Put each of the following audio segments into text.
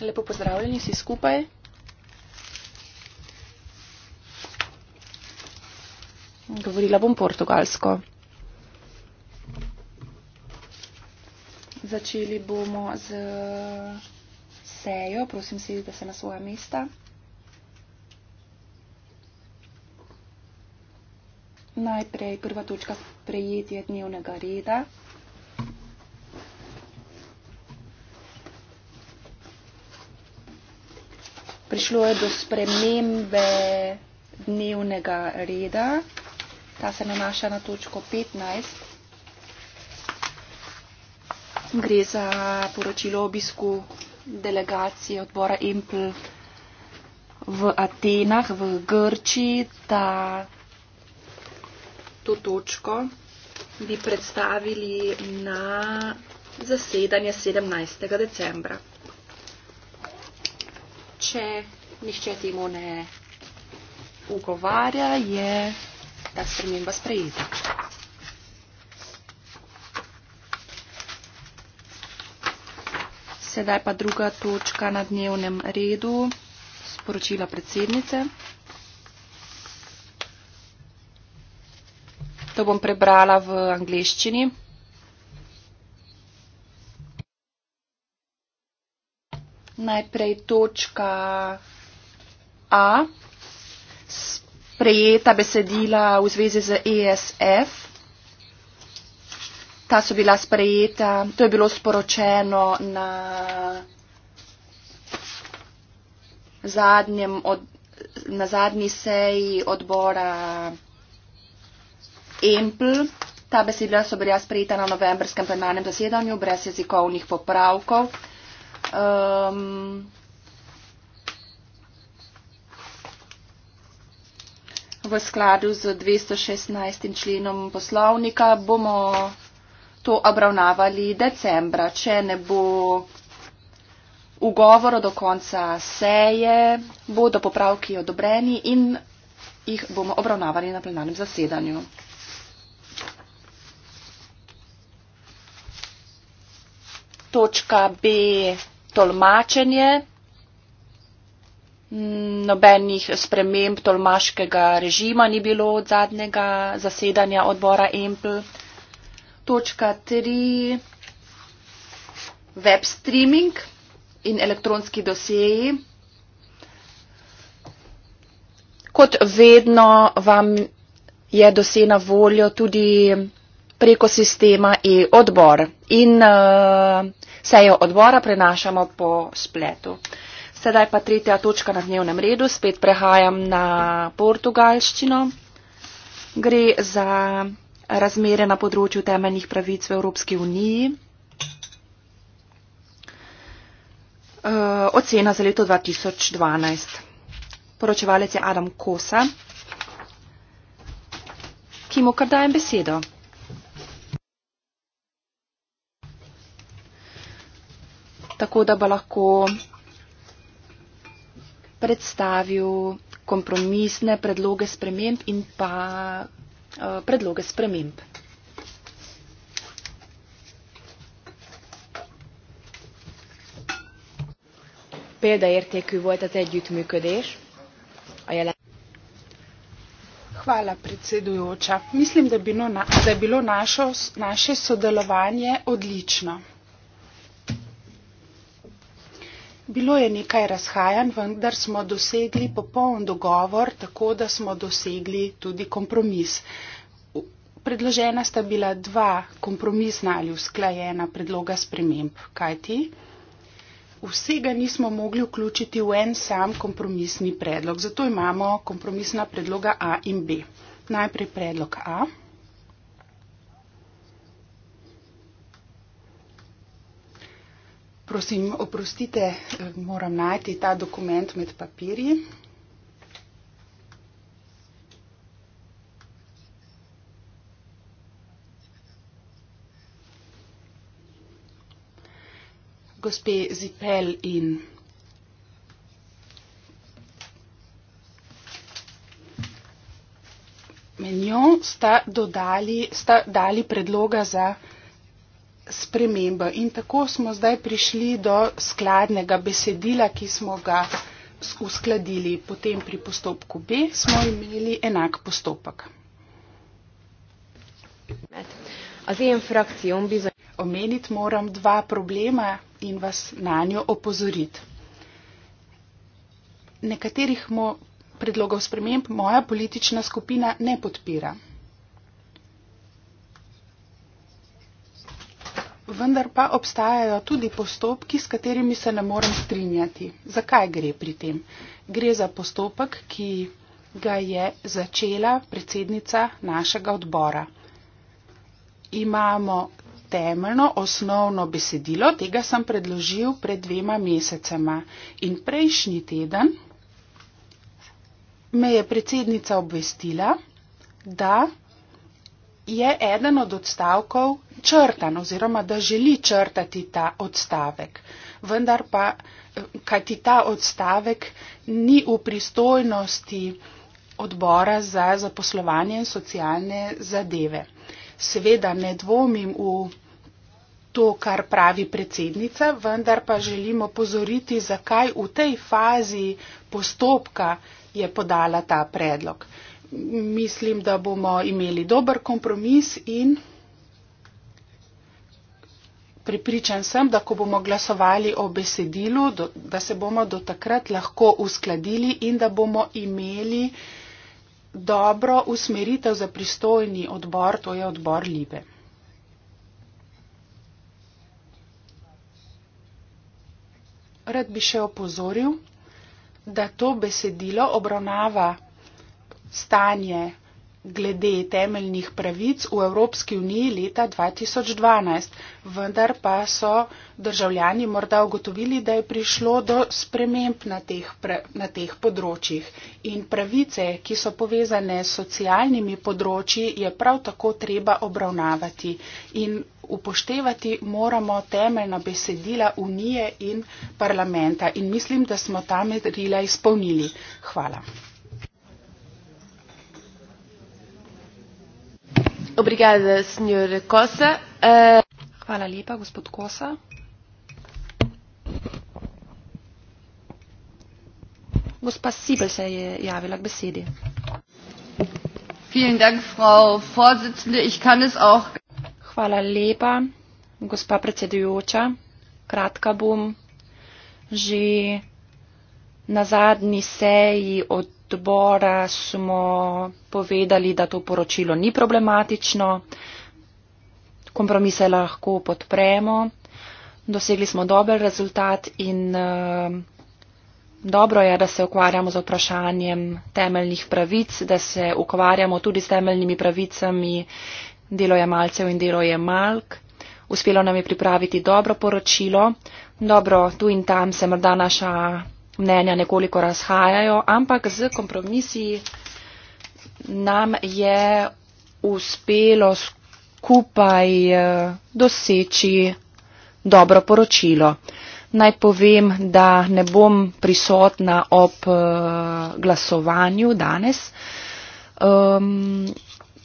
Lepo pozdravljeni vsi skupaj. Govorila bom portugalsko. Začeli bomo z sejo. Prosim, sedite se na svoja mesta. Najprej prva točka sprejetje dnevnega reda. Prišlo je do spremembe dnevnega reda. Ta se nanaša na točko 15. Gre za poročilo obisku delegacije odbora Empl v Atenah v Grčiji to točko bi predstavili na zasedanje 17. decembra. Če nihče temu ne ugovarja, je ta sprememba sprejeta. Sedaj pa druga točka na dnevnem redu, sporočila predsednice. Zato bom prebrala v angliščini. Najprej točka A. Sprejeta besedila v zvezi z ESF. Ta so bila sprejeta, to je bilo sporočeno na zadnjem, od, na zadnji seji odbora EMPL. Ta besedila so bila sprejeta na novembrskem plenarnem zasedanju brez jezikovnih popravkov. Um, v skladu z 216. členom poslovnika bomo to obravnavali decembra. Če ne bo ugovor do konca seje, bodo popravki odobreni in jih bomo obravnavali na plenarnem zasedanju. točka B tolmačenje, nobenih sprememb tolmaškega režima ni bilo od zadnjega zasedanja odbora EMPL. Točka 3 web streaming in elektronski doseji. Kot vedno vam je dosena voljo tudi preko sistema e-odbor in uh, sejo odbora prenašamo po spletu. Sedaj pa tretja točka na dnevnem redu, spet prehajam na portugalščino. Gre za razmere na področju temeljnih pravic v Evropski uniji. Uh, ocena za leto 2012. Poročevalec je Adam Kosa, ki mu kar dajem besedo. tako da bo lahko predstavil kompromisne predloge sprememb in pa eh, predloge sprememb. Példaértékű volt az együttműködés. A jelen... Hvala, predsedujoča. Mislim, da je bilo, no na, da je bilo našo, naše sodelovanje odlično. Bilo je nekaj razhajanj, vendar smo dosegli popoln dogovor, tako da smo dosegli tudi kompromis. Predložena sta bila dva kompromisna ali usklajena predloga sprememb, kajti vsega nismo mogli vključiti v en sam kompromisni predlog. Zato imamo kompromisna predloga A in B. Najprej predlog A. Prosim, oprostite, eh, moram najti ta dokument med papirji. Gospe Zipel in Menjo sta dodali, sta dali predloga za spremembo. In tako smo zdaj prišli do skladnega besedila, ki smo ga uskladili. Potem pri postopku B smo imeli enak postopek. Omeniti moram dva problema in vas na njo opozoriti. Nekaterih mo predlogov sprememb moja politična skupina ne podpira. vendar pa obstajajo tudi postopki, s katerimi se ne morem strinjati. Zakaj gre pri tem? Gre za postopek, ki ga je začela predsednica našega odbora. Imamo temeljno osnovno besedilo, tega sem predložil pred dvema mesecema in prejšnji teden me je predsednica obvestila, da je eden od odstavkov črtan oziroma da želi črtati ta odstavek. Vendar pa, kaj ti ta odstavek ni v pristojnosti odbora za zaposlovanje in socialne zadeve. Seveda ne dvomim v to, kar pravi predsednica, vendar pa želimo pozoriti, zakaj v tej fazi postopka je podala ta predlog mislim, da bomo imeli dober kompromis in pripričan sem, da ko bomo glasovali o besedilu, da se bomo do takrat lahko uskladili in da bomo imeli dobro usmeritev za pristojni odbor, to je odbor Libe. Rad bi še opozoril, da to besedilo obravnava stanje glede temeljnih pravic v Evropski uniji leta 2012. Vendar pa so državljani morda ugotovili, da je prišlo do sprememb na teh, na teh področjih. In pravice, ki so povezane s socialnimi področji, je prav tako treba obravnavati. In upoštevati moramo temeljna besedila unije in parlamenta. In mislim, da smo ta merila izpolnili. Hvala. Obrigada, senhor Cossa. Uh... Eh, Hvala lepa, gospod Cossa. Gospa Sibel se je javila k besedi. Vielen Dank, Frau Vorsitzende. Ich kann es auch. Hvala lepa, gospa predsedujoča. Kratka bom. Že na zadnji seji od odbora smo povedali, da to poročilo ni problematično, kompromise lahko podpremo, dosegli smo dober rezultat in eh, dobro je, da se ukvarjamo z vprašanjem temeljnih pravic, da se ukvarjamo tudi s temeljnimi pravicami delojemalcev in delojemalk. Uspelo nam je pripraviti dobro poročilo. Dobro, tu in tam se morda naša mnenja nekoliko razhajajo, ampak z kompromisi nam je uspelo skupaj eh, doseči dobro poročilo. Naj povem, da ne bom prisotna ob eh, glasovanju danes, ehm,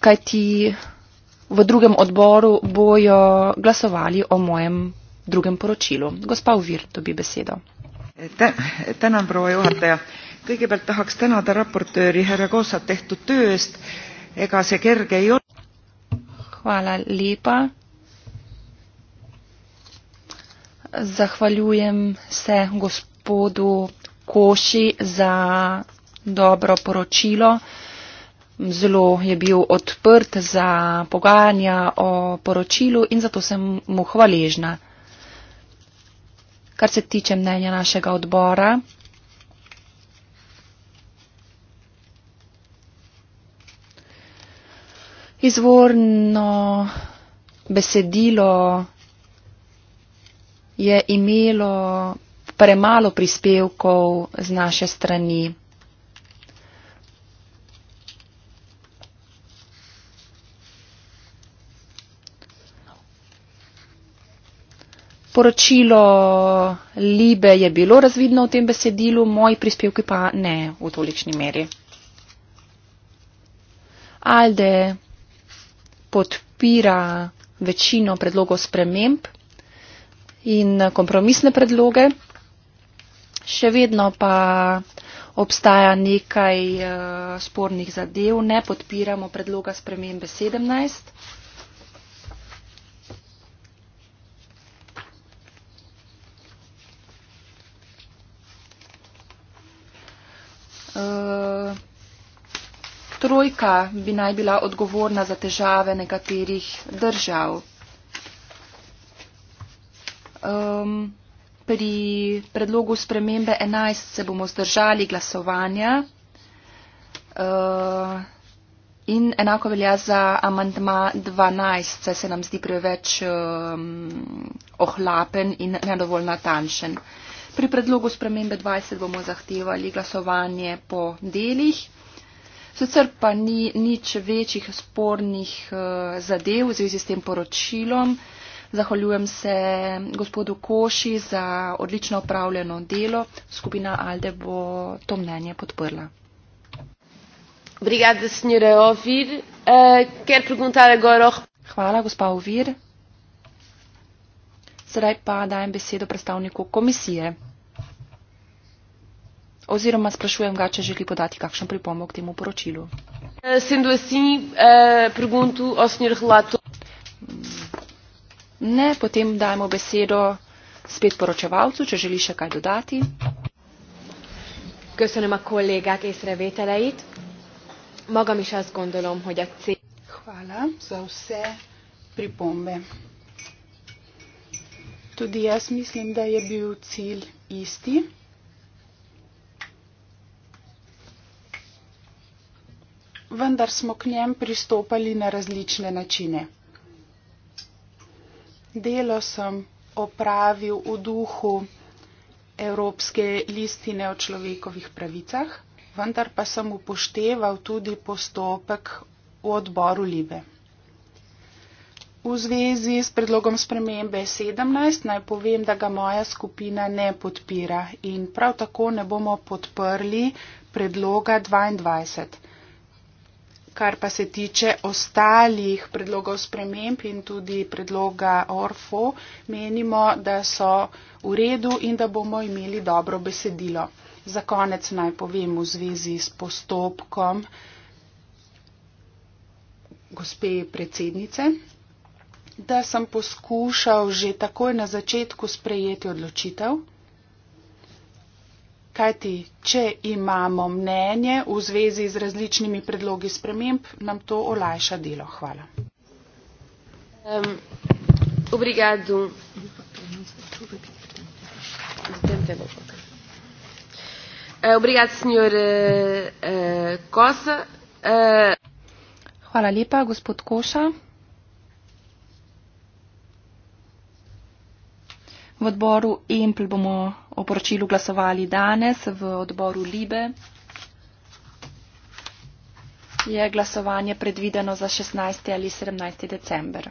kajti v drugem odboru bojo glasovali o mojem drugem poročilu. Gospa Uvir, dobi besedo tänan proua juhataja kõigepealt tahaks tänada raportööri härra kosat tehtud töö eest ega see kerge ei ole hvala lepa zahvaljujem se gospodu koši za dobro poročilo zelo je bil odprt za pogajanja o poročilu in zato sem mu hvaležna kar se tiče mnenja našega odbora. Izvorno besedilo je imelo premalo prispevkov z naše strani. sporočilo Libe je bilo razvidno v tem besedilu, moji prispevki pa ne v tolikšni meri. Alde podpira večino predlogov sprememb in kompromisne predloge, še vedno pa obstaja nekaj uh, spornih zadev, ne podpiramo predloga spremembe 17. Eh, trojka bi naj bila odgovorna za težave nekaterih držav. Um, pri predlogu spremembe 11 se bomo zdržali glasovanja uh, in enako velja za amantma 12, se nam zdi preveč um, ohlapen in nedovolj natančen. Pri predlogu spremembe 20 bomo zahtevali glasovanje po delih. Sicer pa ni nič večjih spornih eh, zadev v zvezi s tem poročilom. Zahvaljujem se gospodu Koši za odlično opravljeno delo. Skupina Alde bo to mnenje podprla. Obrigada, senjora Ovir. Ker eh, preguntare goro. Hvala, gospa Ovir. Sedaj pa dajem besedo predstavniku komisije. Oziroma sprašujem ga, če želi podati kakšen pripomog k temu poročilu. Eh, eh, mm, ne, potem dajmo besedo spet poročevalcu, če želi še kaj dodati. Hvala za vse pripombe. Tudi jaz mislim, da je bil cilj isti. vendar smo k njem pristopali na različne načine. Delo sem opravil v duhu Evropske listine o človekovih pravicah, vendar pa sem upošteval tudi postopek v odboru Libe. V zvezi s predlogom spremembe 17 naj povem, da ga moja skupina ne podpira in prav tako ne bomo podprli predloga 22. Kar pa se tiče ostalih predlogov sprememb in tudi predloga ORFO, menimo, da so v redu in da bomo imeli dobro besedilo. Za konec naj povem v zvezi s postopkom gospe predsednice, da sem poskušal že takoj na začetku sprejeti odločitev kajti če imamo mnenje v zvezi z različnimi predlogi sprememb, nam to olajša delo. Hvala. Um, obrigado. Senhor, uh, uh, Hvala lepa, gospod Koša. v odboru EMPL bomo o poročilu glasovali danes v odboru LIBE. Je glasovanje predvideno za 16. ali 17. december.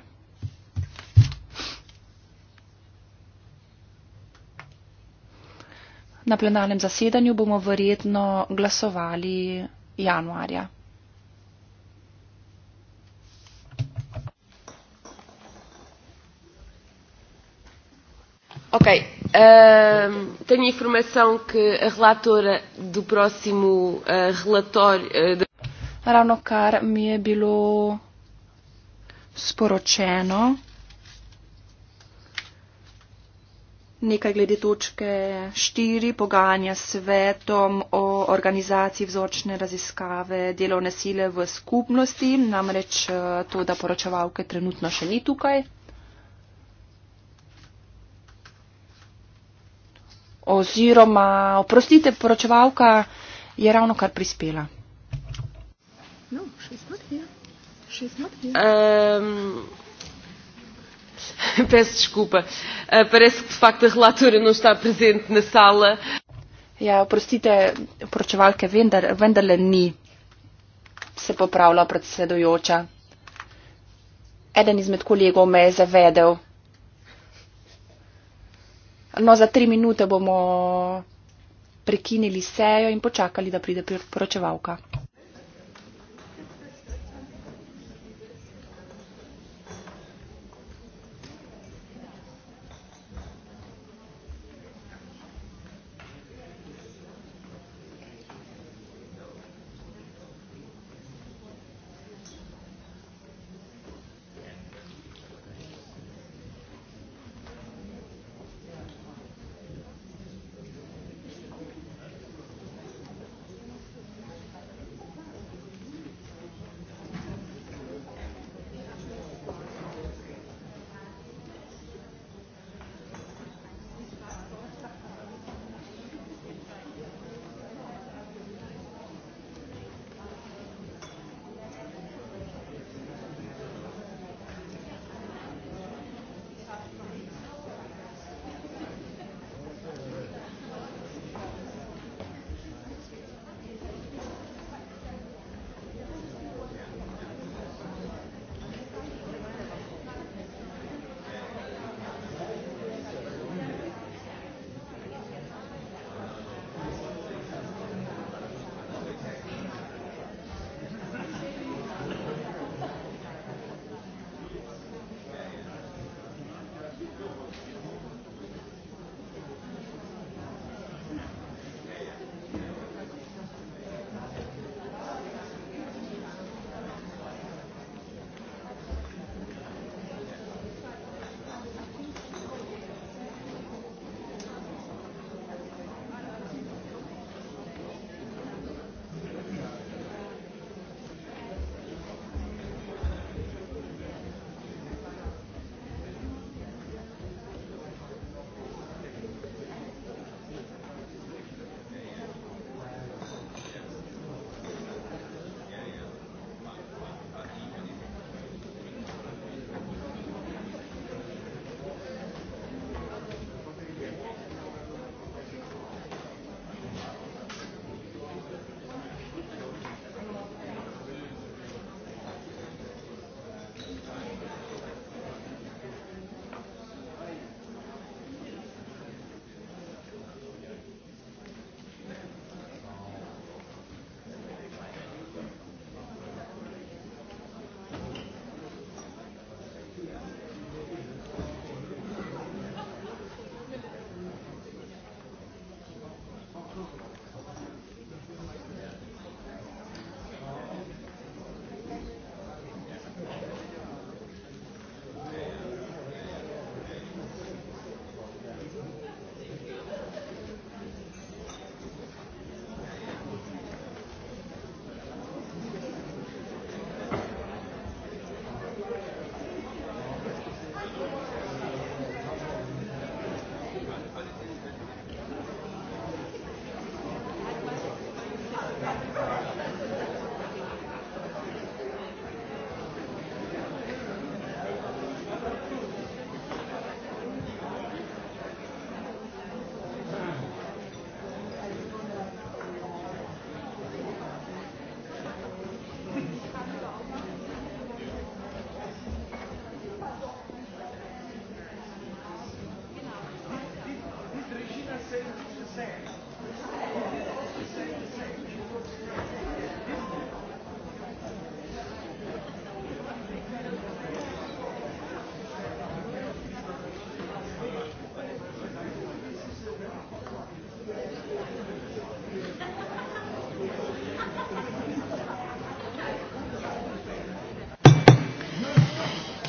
Na plenarnem zasedanju bomo verjetno glasovali januarja. Ok. Um, tenho a informação que a relatora do próximo uh, relatório. Uh, de... Ravnokar mi je bilo sporočeno nekaj glede točke štiri pogajanja s svetom o organizaciji vzočne raziskave delovne sile v skupnosti, namreč eh, to, da poročevalke trenutno še ni tukaj. oziroma, oprostite, poročevalka je ravno kar prispela. No, ehm, Peço desculpa, uh, parece que de facto a relatora não está presente na sala. Ja, oprostite, poročevalke vendar, vendarle ni, se popravlja predsedujoča. Eden izmed kolegov me je zavedel. No, za tri minute bomo prekinili sejo in počakali, da pride poročevalka.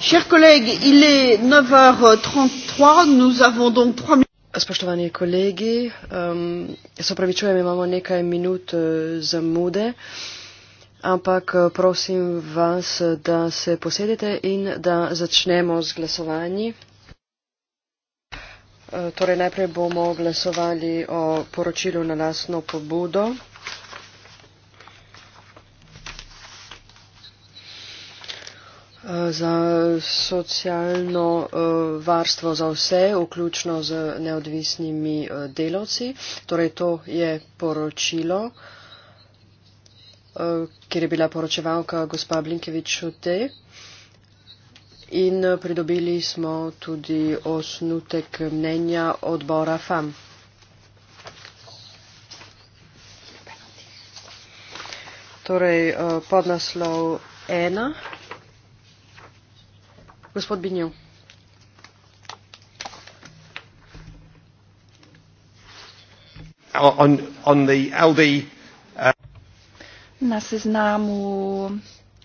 Chers collègues, il est 9h33. Nous avons donc 3 minutes. Spoštovani kolegi, um, se opravičujem, imamo nekaj minut uh, zamude, ampak uh, prosim vas, da se posedete in da začnemo z glasovanji. Uh, torej najprej bomo glasovali o poročilu na lasno pobudo. za socialno eh, varstvo za vse, vključno z neodvisnimi eh, delavci. Torej, to je poročilo, eh, kjer je bila poročevalka gospa Blinkevič Šute. In pridobili smo tudi osnutek mnenja odbora FAM. Torej, podnaslov ena gospod Binjev. On, on the LD, uh... Na seznamu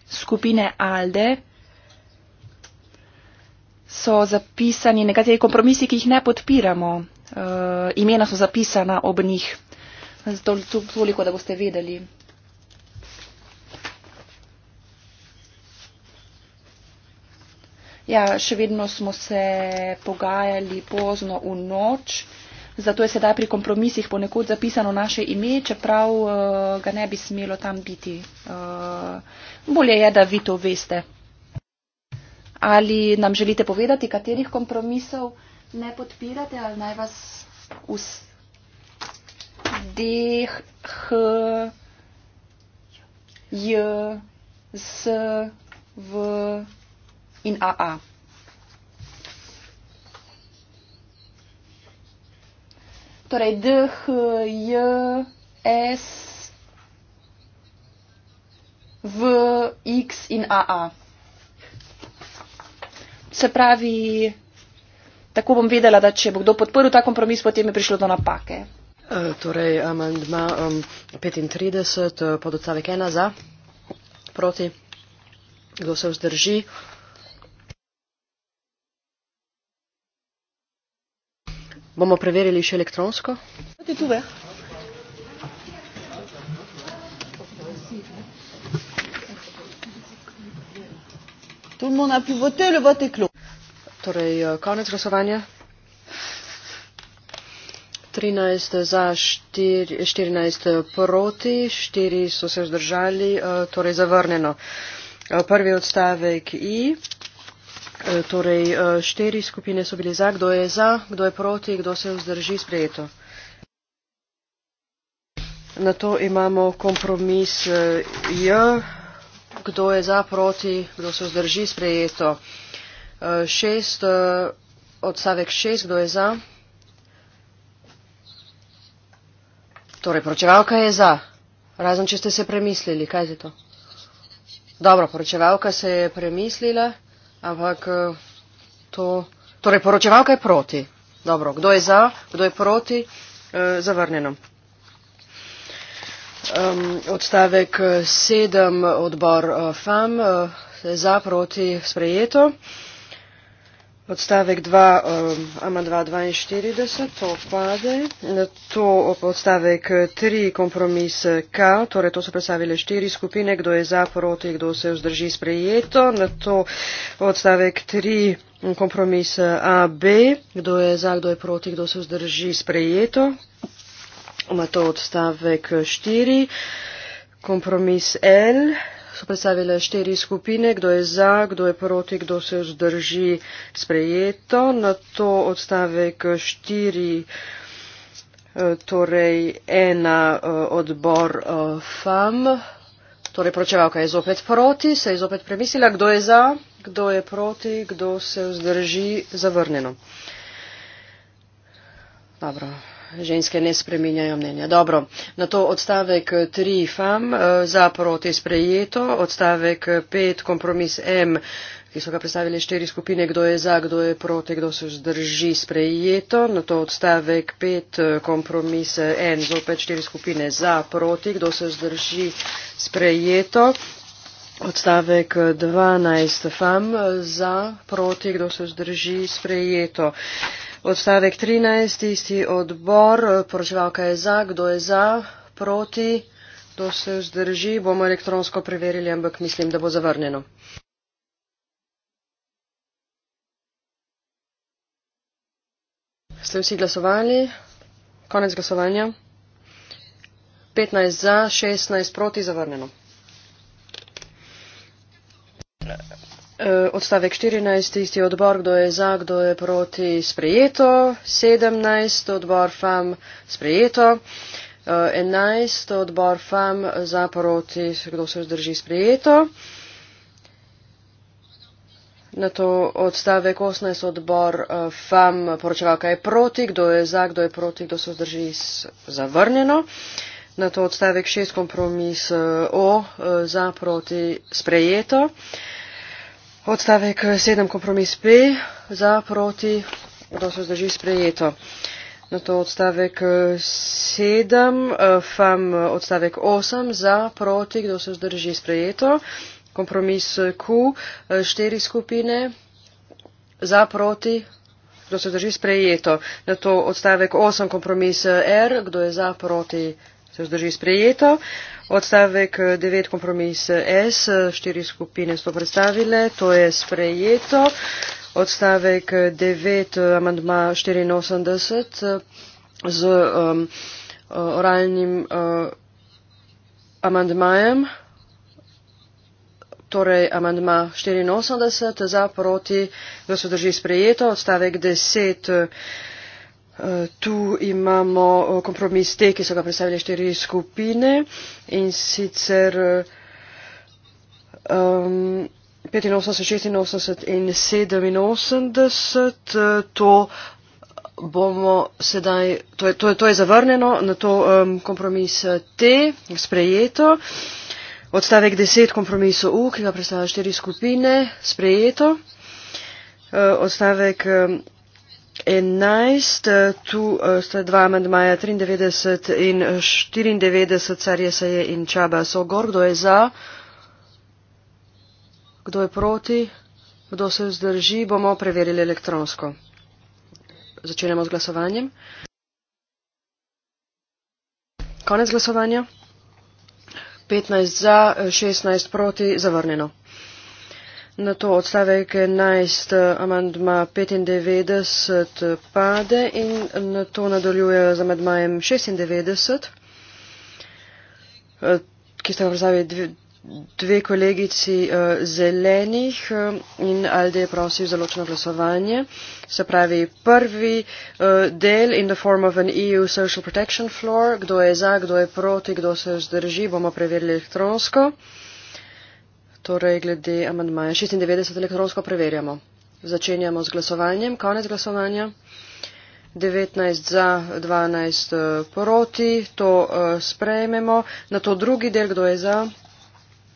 skupine ALDE so zapisani nekateri kompromisi, ki jih ne podpiramo. Uh, imena so zapisana ob njih. Zato toliko, da boste vedeli. Ja, še vedno smo se pogajali pozno v noč, zato je sedaj pri kompromisih ponekod zapisano naše ime, čeprav uh, ga ne bi smelo tam biti. Uh, bolje je, da vi to veste. Ali nam želite povedati, katerih kompromisov ne podpirate ali naj vas vzdih j, s, v in AA. Torej, D, H, J, S, V, X in AA. Se pravi, tako bom vedela, da če bo kdo podprl ta kompromis, potem je prišlo do napake. Uh, torej, amandma um, 35, e, pododstavek 1 za, proti, kdo se vzdrži. Uh, Bomo preverili še elektronsko. Torej, eh, konec glasovanja. 13 eh, za, 4, 14 eh, proti, 4 so se vzdržali, torej zavrneno. Prvi odstavek I. Eh, torej, eh, štiri skupine so bili za, kdo je za, kdo je proti, kdo se vzdrži sprejeto. Na to imamo kompromis eh, J, kdo je za, proti, kdo se vzdrži sprejeto. Šest, odstavek šest, kdo je za. Torej, poročevalka je za, razen če ste se premislili, kaj je to? Dobro, poročevalka se je premislila ampak eh, to. Torej, poročevalka je proti. Dobro, kdo je za, kdo je proti, e, zavrnjeno. E, odstavek 7, eh, odbor FAM, e, za, proti, sprejeto. E, odstavek 2, amandva 42, to pade, to odstavek 3, eh, kompromis eh, K, torej to so predstavile štiri skupine, kdo je za, proti, kdo se vzdrži sprejeto, na to odstavek 3, mm, kompromis eh, AB, kdo je za, kdo je proti, kdo se vzdrži sprejeto, na to odstavek 4, kompromis L, so predstavile štiri skupine, kdo je za, kdo je proti, kdo se vzdrži sprejeto. Na to odstavek štiri, eh, torej ena eh, odbor eh, FAM, torej pročevalka je zopet proti, se je zopet premislila, kdo je za, kdo je proti, kdo se vzdrži zavrnjeno. Dobro ženske ne spreminjajo mnenja. Dobro, na to odstavek 3 FAM eh, za proti sprejeto, odstavek 5 kompromis M, ki so ga predstavili štiri skupine, kdo je za, kdo je proti, kdo se zdrži sprejeto, na to odstavek 5 eh, kompromis N, zopet štiri skupine za, proti, kdo se zdrži sprejeto. Odstavek 12 FAM za, proti, kdo se zdrži sprejeto. Uh, Odstavek 13, isti odbor, poročevalka je za, kdo je za, proti, kdo se vzdrži, bomo elektronsko preverili, ampak mislim, da bo zavrnjeno. Ste vsi glasovali? Konec glasovanja. 15 za, 16 proti, zavrnjeno. E, odstavek 14, tisti odbor, kdo je za, kdo je proti, sprejeto. 17, odbor FAM, sprejeto. 11, e, odbor FAM, za, proti, kdo se vzdrži, sprejeto. Na to odstavek 18, odbor e, FAM, poročevalka je proti, kdo je za, kdo je proti, kdo se vzdrži, zavrnjeno. Na to odstavek 6, kompromis O, za, proti, sprejeto. Odstavek 7 eh, kompromis P za proti, kdo se zdrži sprejeto. Na to odstavek 7, eh, eh, fam odstavek 8 za proti, kdo se zdrži sprejeto. Kompromis Q, štiri skupine za proti, kdo se zdrži sprejeto. Na to odstavek 8 kompromis R, kdo je za proti, se zdrži sprejeto. Odstavek 9 eh, kompromis S, štiri skupine so predstavile, to je sprejeto. Odstavek 9 eh, eh, amandma 84 z um, oralnim uh, amandmajem, torej amandma 84 za proti, da so drži sprejeto. Odstavek 10. Uh, Tu imamo eh, kompromis te, ki so ga predstavili štiri skupine in sicer um, 85, 86 in 87. Eh, to, bomo sedaj, to, je, to, to je zavrneno, na to um, kompromis eh, T sprejeto. Odstavek 10 kompromisu U, ki ga predstavlja štiri skupine, sprejeto. Uh, odstavek um, enajst eh, tu eh, sta dva amandmaja triindevetdeset in štiriindevetdeset carje seje in čaba so gor kdo je za kdo je proti kdo se vzdrži bomo preverili elektronsko začenjamo z glasovanjem konec glasovanja petnajst za eh, šestnajst proti zavrnjeno Na to odstavek 11 eh, amandma 95 eh, pade in na to nadaljuje z amandmajem 96, eh, ki sta vrzavi dve, dve kolegici zelenih in Alde je prosil za ločno glasovanje. Se pravi prvi del in the form of an EU social protection floor. Kdo je za, kdo je proti, kdo se vzdrži, bomo preverili elektronsko torej glede amandmaja 96 elektronsko preverjamo. Začenjamo z glasovanjem, konec glasovanja. 19 za, 12 eh, proti, to eh, sprejmemo. Na to drugi del, kdo je za,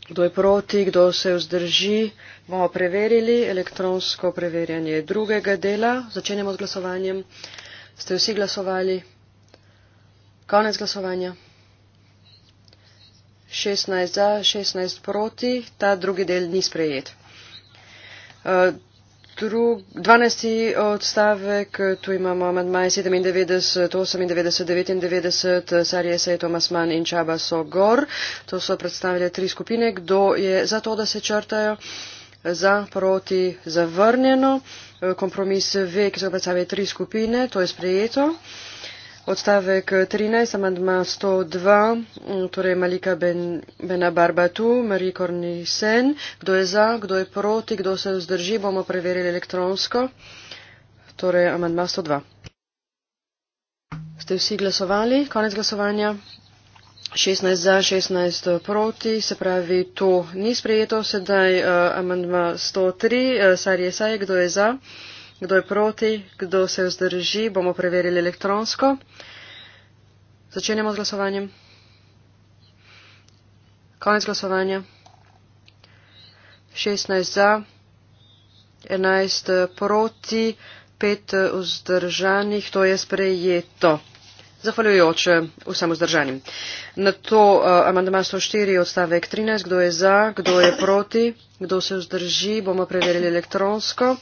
kdo je proti, kdo se vzdrži, bomo preverili. Elektronsko preverjanje drugega dela, začenjamo z glasovanjem. Ste vsi glasovali? Konec glasovanja. 16 za, 16 proti, ta drugi del ni sprejet. E, drug, 12. odstavek, tu imamo amadmaje 97, 98, 99, Sarje Sej, Tomas Mann in Čaba Sogor. To so predstavljali tri skupine, kdo je za to, da se črtajo, za, proti, zavrnjeno. E, kompromis V, ki so predstavljali tri skupine, to je sprejeto. Odstavek 13, amandma 102, torej Malika ben, Benabarbatu, Marie Kornisen. Kdo je za, kdo je proti, kdo se vzdrži, bomo preverili elektronsko. Torej, amandma 102. Ste vsi glasovali? Konec glasovanja. 16 za, 16 eh, proti, se pravi, to ni sprejeto. Sedaj uh, amandma 103, uh, eh, Sarje Saj, kdo je za? Kdo je proti, kdo se vzdrži, bomo preverili elektronsko. Začenjamo z glasovanjem. Konec glasovanja. 16 za, 11 eh, proti, 5 eh, vzdržanih, to je sprejeto. Zahvaljujoč eh, vsem vzdržanim. Na to uh, amandma 104 odstavek 13, kdo je za, kdo je proti, kdo se vzdrži, bomo preverili elektronsko.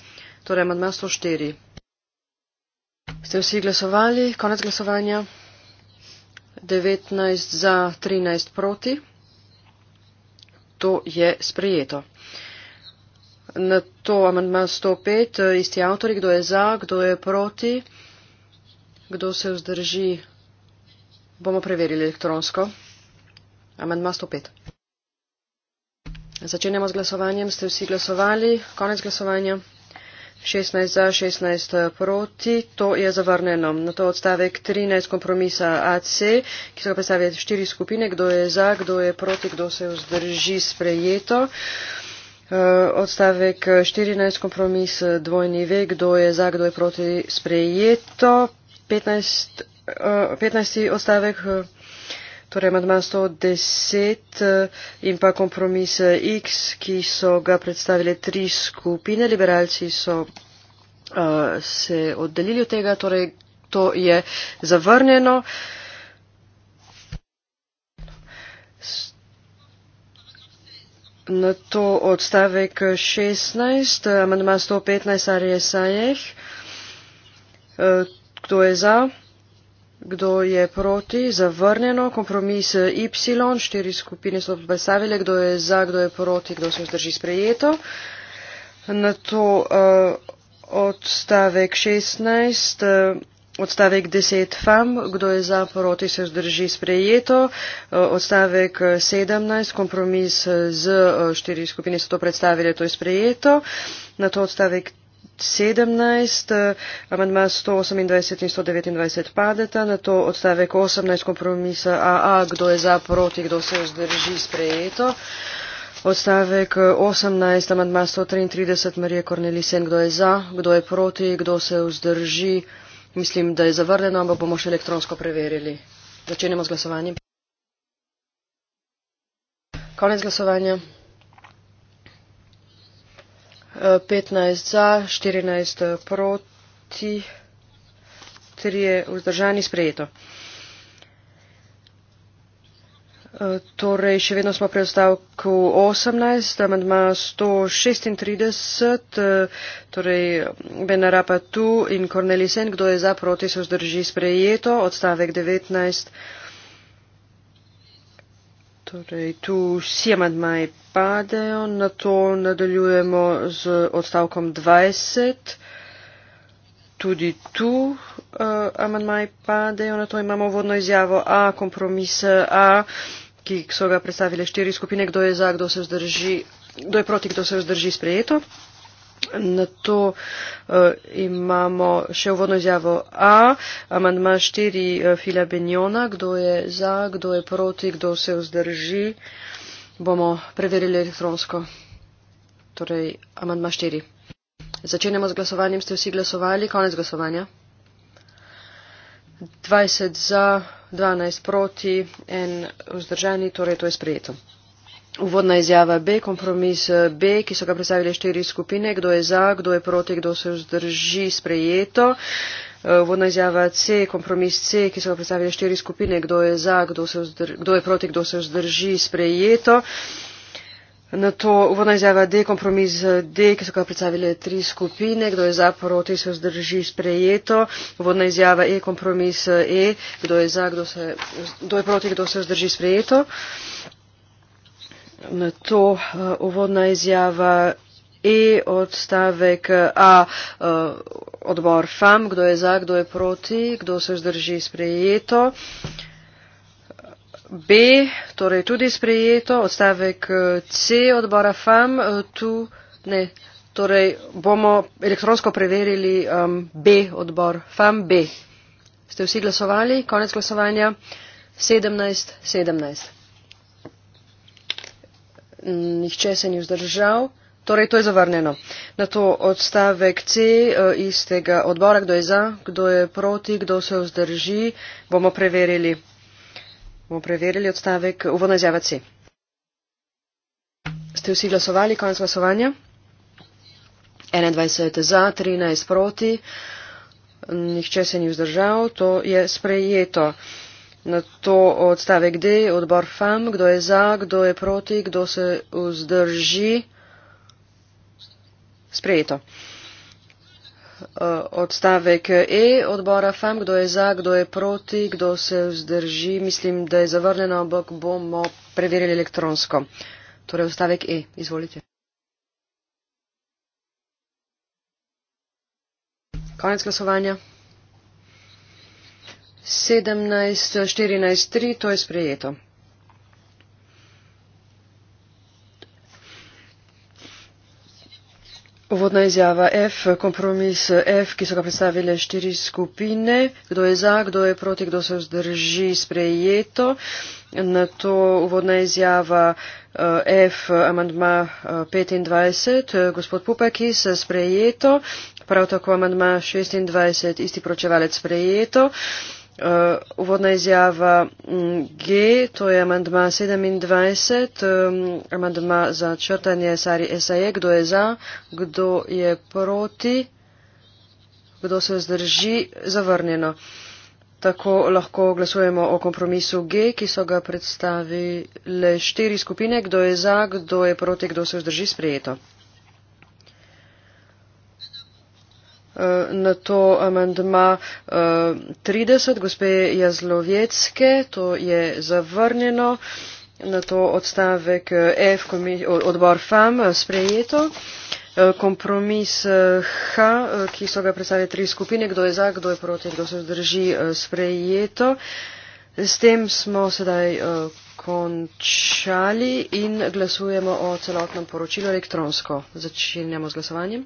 Torej, amadma 104. Ste vsi glasovali? Konec glasovanja. 19 za, 13 proti. To je sprejeto. Na to amadma 105, isti avtori, kdo je za, kdo je proti, kdo se vzdrži, bomo preverili elektronsko. Amadma 105. Začenjamo z glasovanjem. Ste vsi glasovali? Konec glasovanja. 16 za, 16 eh, proti, to je zavrnjeno. Na to odstavek 13 kompromisa AC, ki so ga predstavili štiri skupine, kdo je za, kdo je proti, kdo se vzdrži sprejeto. Eh, odstavek 14 eh, kompromis dvojni ve, kdo je za, kdo je proti sprejeto. 15, 15 odstavek. Torej, amadman 110 eh, in pa kompromis eh, X, ki so ga predstavile tri skupine. Liberalci so uh, se oddelili od tega, torej to je zavrnjeno. Na to odstavek 16, amadman 115, Arije Sajeh. Uh, kdo je za? Kdo je proti? Zavrnjeno. Kompromis eh, Y. Štiri skupine so predstavile, kdo je za, kdo je proti, kdo se vzdrži sprejeto. Na to uh, eh, odstavek 16. Uh, eh, Odstavek 10 FAM, kdo je za, proti se vzdrži sprejeto. Odstavek 17, kompromis z štiri skupine so to predstavili, to je sprejeto. Na to odstavek 17, eh, amandma 128 in 129 padeta, na to odstavek 18 kompromisa AA, kdo je za, proti, kdo se vzdrži sprejeto. Odstavek 18, eh, amandma 133, Marija Kornelisen, kdo je za, kdo je proti, kdo se vzdrži. Mislim, da je zavrneno, ampak bomo še elektronsko preverili. Začenjamo z glasovanjem. Konec glasovanja. 15 za, 14 eh, proti, 3 je vzdržani sprejeto. Eh, torej, še vedno smo pri ostavku 18, amandma 136, eh, torej Benarapa tu in Kornelisen, kdo je za, proti se vzdrži sprejeto, odstavek 19. Torej, tu vsi amadmaji padejo, na to nadaljujemo z odstavkom 20. Tudi tu uh, amadmaji padejo, na to imamo vodno izjavo A, kompromise A, ki so ga predstavile štiri skupine, kdo je za, kdo se vzdrži, kdo je proti, kdo se vzdrži sprejeto. Na to uh, imamo še uvodno izjavo A, amandma 4 uh, eh, Fila Benjona, kdo je za, kdo je proti, kdo se vzdrži, bomo preverili elektronsko. Torej, amandma 4. Začenjamo z glasovanjem, ste vsi glasovali, konec glasovanja. 20 za, 12 proti, en vzdržani, torej to je sprejeto. Uvodna izjava B, kompromis eh, B, ki so ga predstavile štiri skupine, kdo je za, kdo je proti, kdo se vzdrži sprejeto. Eh, uvodna izjava C, kompromis C, ki so ga predstavile štiri skupine, kdo je za, kdo, vzdrži, kdo je proti, kdo se vzdrži sprejeto. Na to uvodna izjava D, kompromis eh, D, ki so ga predstavile tri skupine, kdo je za, proti, se vzdrži sprejeto. Uvodna izjava E, kompromis E, kdo je za, kdo, se, kdo je proti, kdo se vzdrži sprejeto na to eh, uvodna izjava E odstavek A eh, odbor FAM, kdo je za, kdo je proti, kdo se zdrži sprejeto. B, torej tudi sprejeto, odstavek eh, C odbora FAM, tu ne, torej bomo elektronsko preverili um, B odbor FAM, B. Ste vsi glasovali? Konec glasovanja 17.17. 17 nihče se ni vzdržal. Torej, to je zavrnjeno. Na to odstavek C eh, istega odbora, kdo je za, kdo je proti, kdo se vzdrži, bomo preverili. Bomo preverili odstavek uvodna izjava C. Ste vsi glasovali, konec glasovanja? 21 za, 13 proti, nihče se ni vzdržal, to je sprejeto. Uh, na to odstavek D, odbor FAM, kdo je za, kdo je proti, kdo se vzdrži. Sprejeto. E, odstavek E, odbora FAM, kdo je za, kdo je proti, kdo se vzdrži. Mislim, da je zavrnjeno, ampak bomo preverili elektronsko. Torej, odstavek E, izvolite. Konec glasovanja. 17.14.3, to je sprejeto. Uvodna izjava F, kompromis F, ki so ga predstavile štiri skupine. Kdo je za, kdo je proti, kdo se vzdrži sprejeto. Na to uvodna izjava eh, F, amandma 25, eh, gospod Pupakis, sprejeto. Prav tako amandma 26, isti pročevalec, sprejeto. Uh, uvodna izjava mm, G, to je amandma 27, um, amandma za črtanje Sari SAE, kdo je za, kdo je proti, kdo se zdrži, zavrnjeno. Tako lahko glasujemo o kompromisu G, ki so ga predstavile štiri skupine, kdo je za, kdo je proti, kdo se zdrži, sprejeto. Eh, na to amandma 30 eh, gospe Jazlovecke, to je zavrnjeno, na to odstavek eh, F, odbor FAM, sprejeto. Kompromis H, ki so ga predstavili tri skupine, kdo je za, kdo je proti, kdo se zdrži, sprejeto. S tem smo sedaj končali in glasujemo o celotnem poročilu elektronsko. Začenjamo z glasovanjem.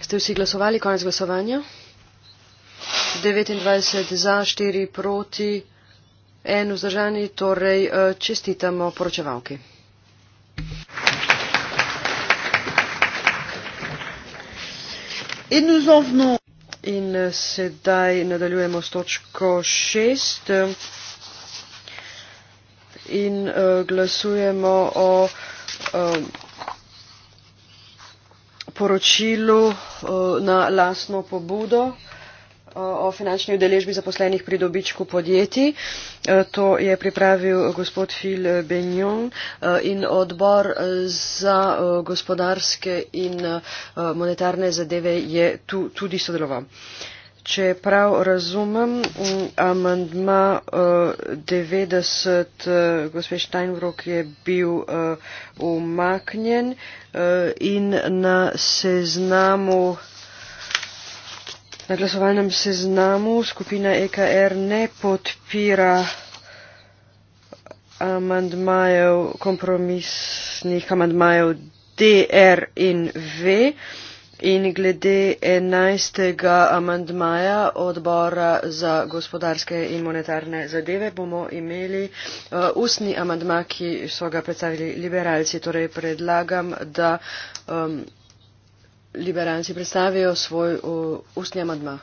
Ste vsi glasovali, konec glasovanja? 29 za, 4 proti, 1 vzdržani, torej eh, čestitamo poročevalki. In eh, sedaj nadaljujemo s točko 6 in uh, glasujemo o. Um, poročilu eh, na lastno pobudo eh, o finančni udeležbi zaposlenih pri dobičku podjetij. Eh, to je pripravil gospod Phil Benjon in odbor za gospodarske in monetarne zadeve je tu tudi sodeloval. Če prav razumem, amandma 90, eh, eh, gospe Štajnvrok, je bil eh, umaknjen in na seznamu, na glasovalnem seznamu skupina EKR ne podpira amandmajev, kompromisnih amandmajev DR in V. In glede enajstega amandmaja odbora za gospodarske in monetarne zadeve bomo imeli uh, ustni amandma, ki so ga predstavili liberalci. Torej predlagam, da um, liberalci predstavijo svoj uh, ustni amandma.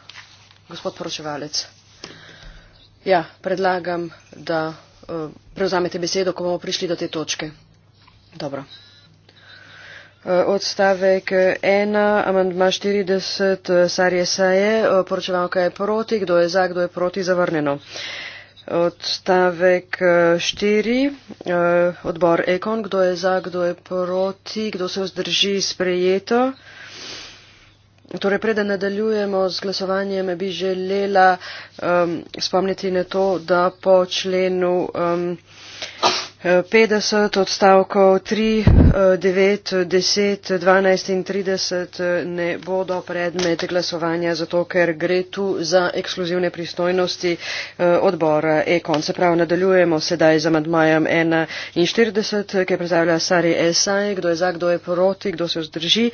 Gospod poročevalec. Ja, predlagam, da uh, prevzamete besedo, ko bomo prišli do te točke. Dobro. Eh, odstavek eh, ena, amandma štirideset eh, Sarje Saje, poročevalka je proti, kdo je za, kdo je proti, zavrnjeno. Odstavek štiri, odbor Ekon, kdo je za, kdo je proti, kdo se vzdrži sprejeto. Torej, preden nadaljujemo z glasovanjem, bi želela um, spomniti na to, da po členu um, 50 odstavkov 3, 9, 10, 12 in 30 ne bodo predmet glasovanja, zato ker gre tu za ekskluzivne pristojnosti eh, odbora Ekon. Se pravi, nadaljujemo sedaj z amadmajem 41, ki je predstavlja Sari Esaj, kdo je za, kdo je proti, kdo se vzdrži.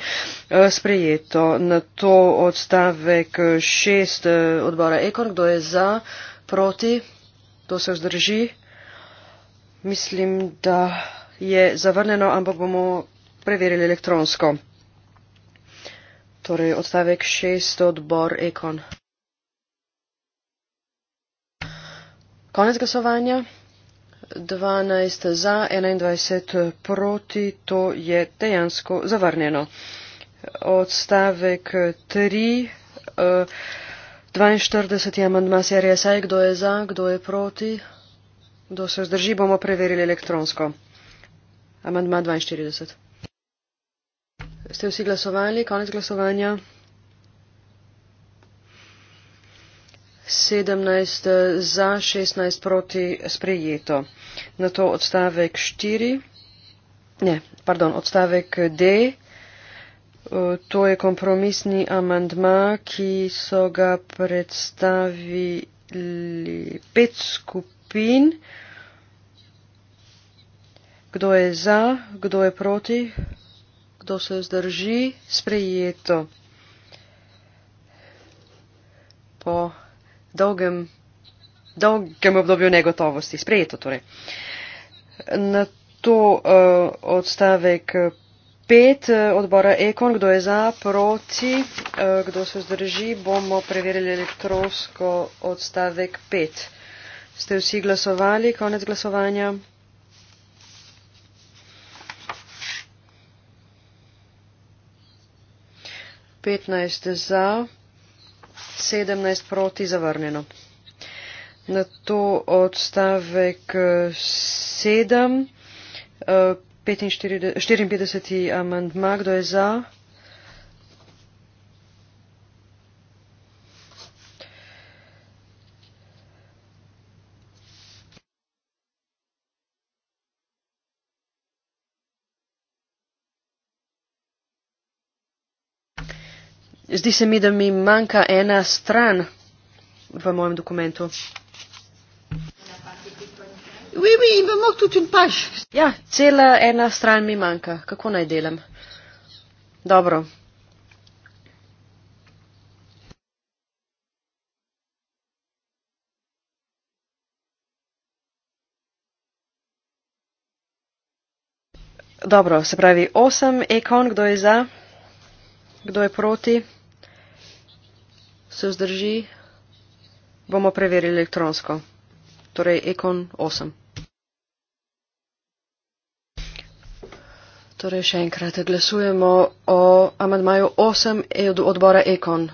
Eh, sprejeto na to odstavek 6 eh, odbora Ekon, kdo je za, proti, kdo se vzdrži mislim, da je zavrnjeno, ampak bomo preverili elektronsko. Torej, odstavek 6 odbor Ekon. Konec glasovanja. 12 za, 21 proti, to je dejansko zavrnjeno. Odstavek 3, 42 eh, je amandma serije SAJ, kdo je za, kdo je proti, Kdo se vzdrži, bomo preverili elektronsko. Amandma 42. Ste vsi glasovali? Konec glasovanja. 17 za, 16 proti sprejeto. Na to odstavek 4. Ne, pardon, odstavek D. E, to je kompromisni amandma, ki so ga predstavili pet skupaj skupin. Kdo je za, kdo je proti, kdo se zdrži, sprejeto. Po dolgem, dolgem obdobju negotovosti, sprejeto torej. Na to uh, eh, odstavek pet eh, odbora Ekon, kdo je za, proti, uh, kdo se zdrži, bomo preverili elektronsko odstavek pet. Ste vsi glasovali? Konec glasovanja. Petnajst za, sedemnajst proti zavrnjeno. Na to odstavek sedem, eh, petinštirideset amandma, kdo je za? Zdi se mi, da mi manjka ena stran v mojem dokumentu. Oui, oui, il me manque toute une page. Ja, cela ena stran mi manjka. Kako naj delam? Dobro. Dobro, se pravi 8 ekon, kdo je za, kdo je proti se vzdrži, bomo preverili elektronsko. Torej, ekon 8. Torej, še enkrat glasujemo o amadmaju 8 od odbora ekon.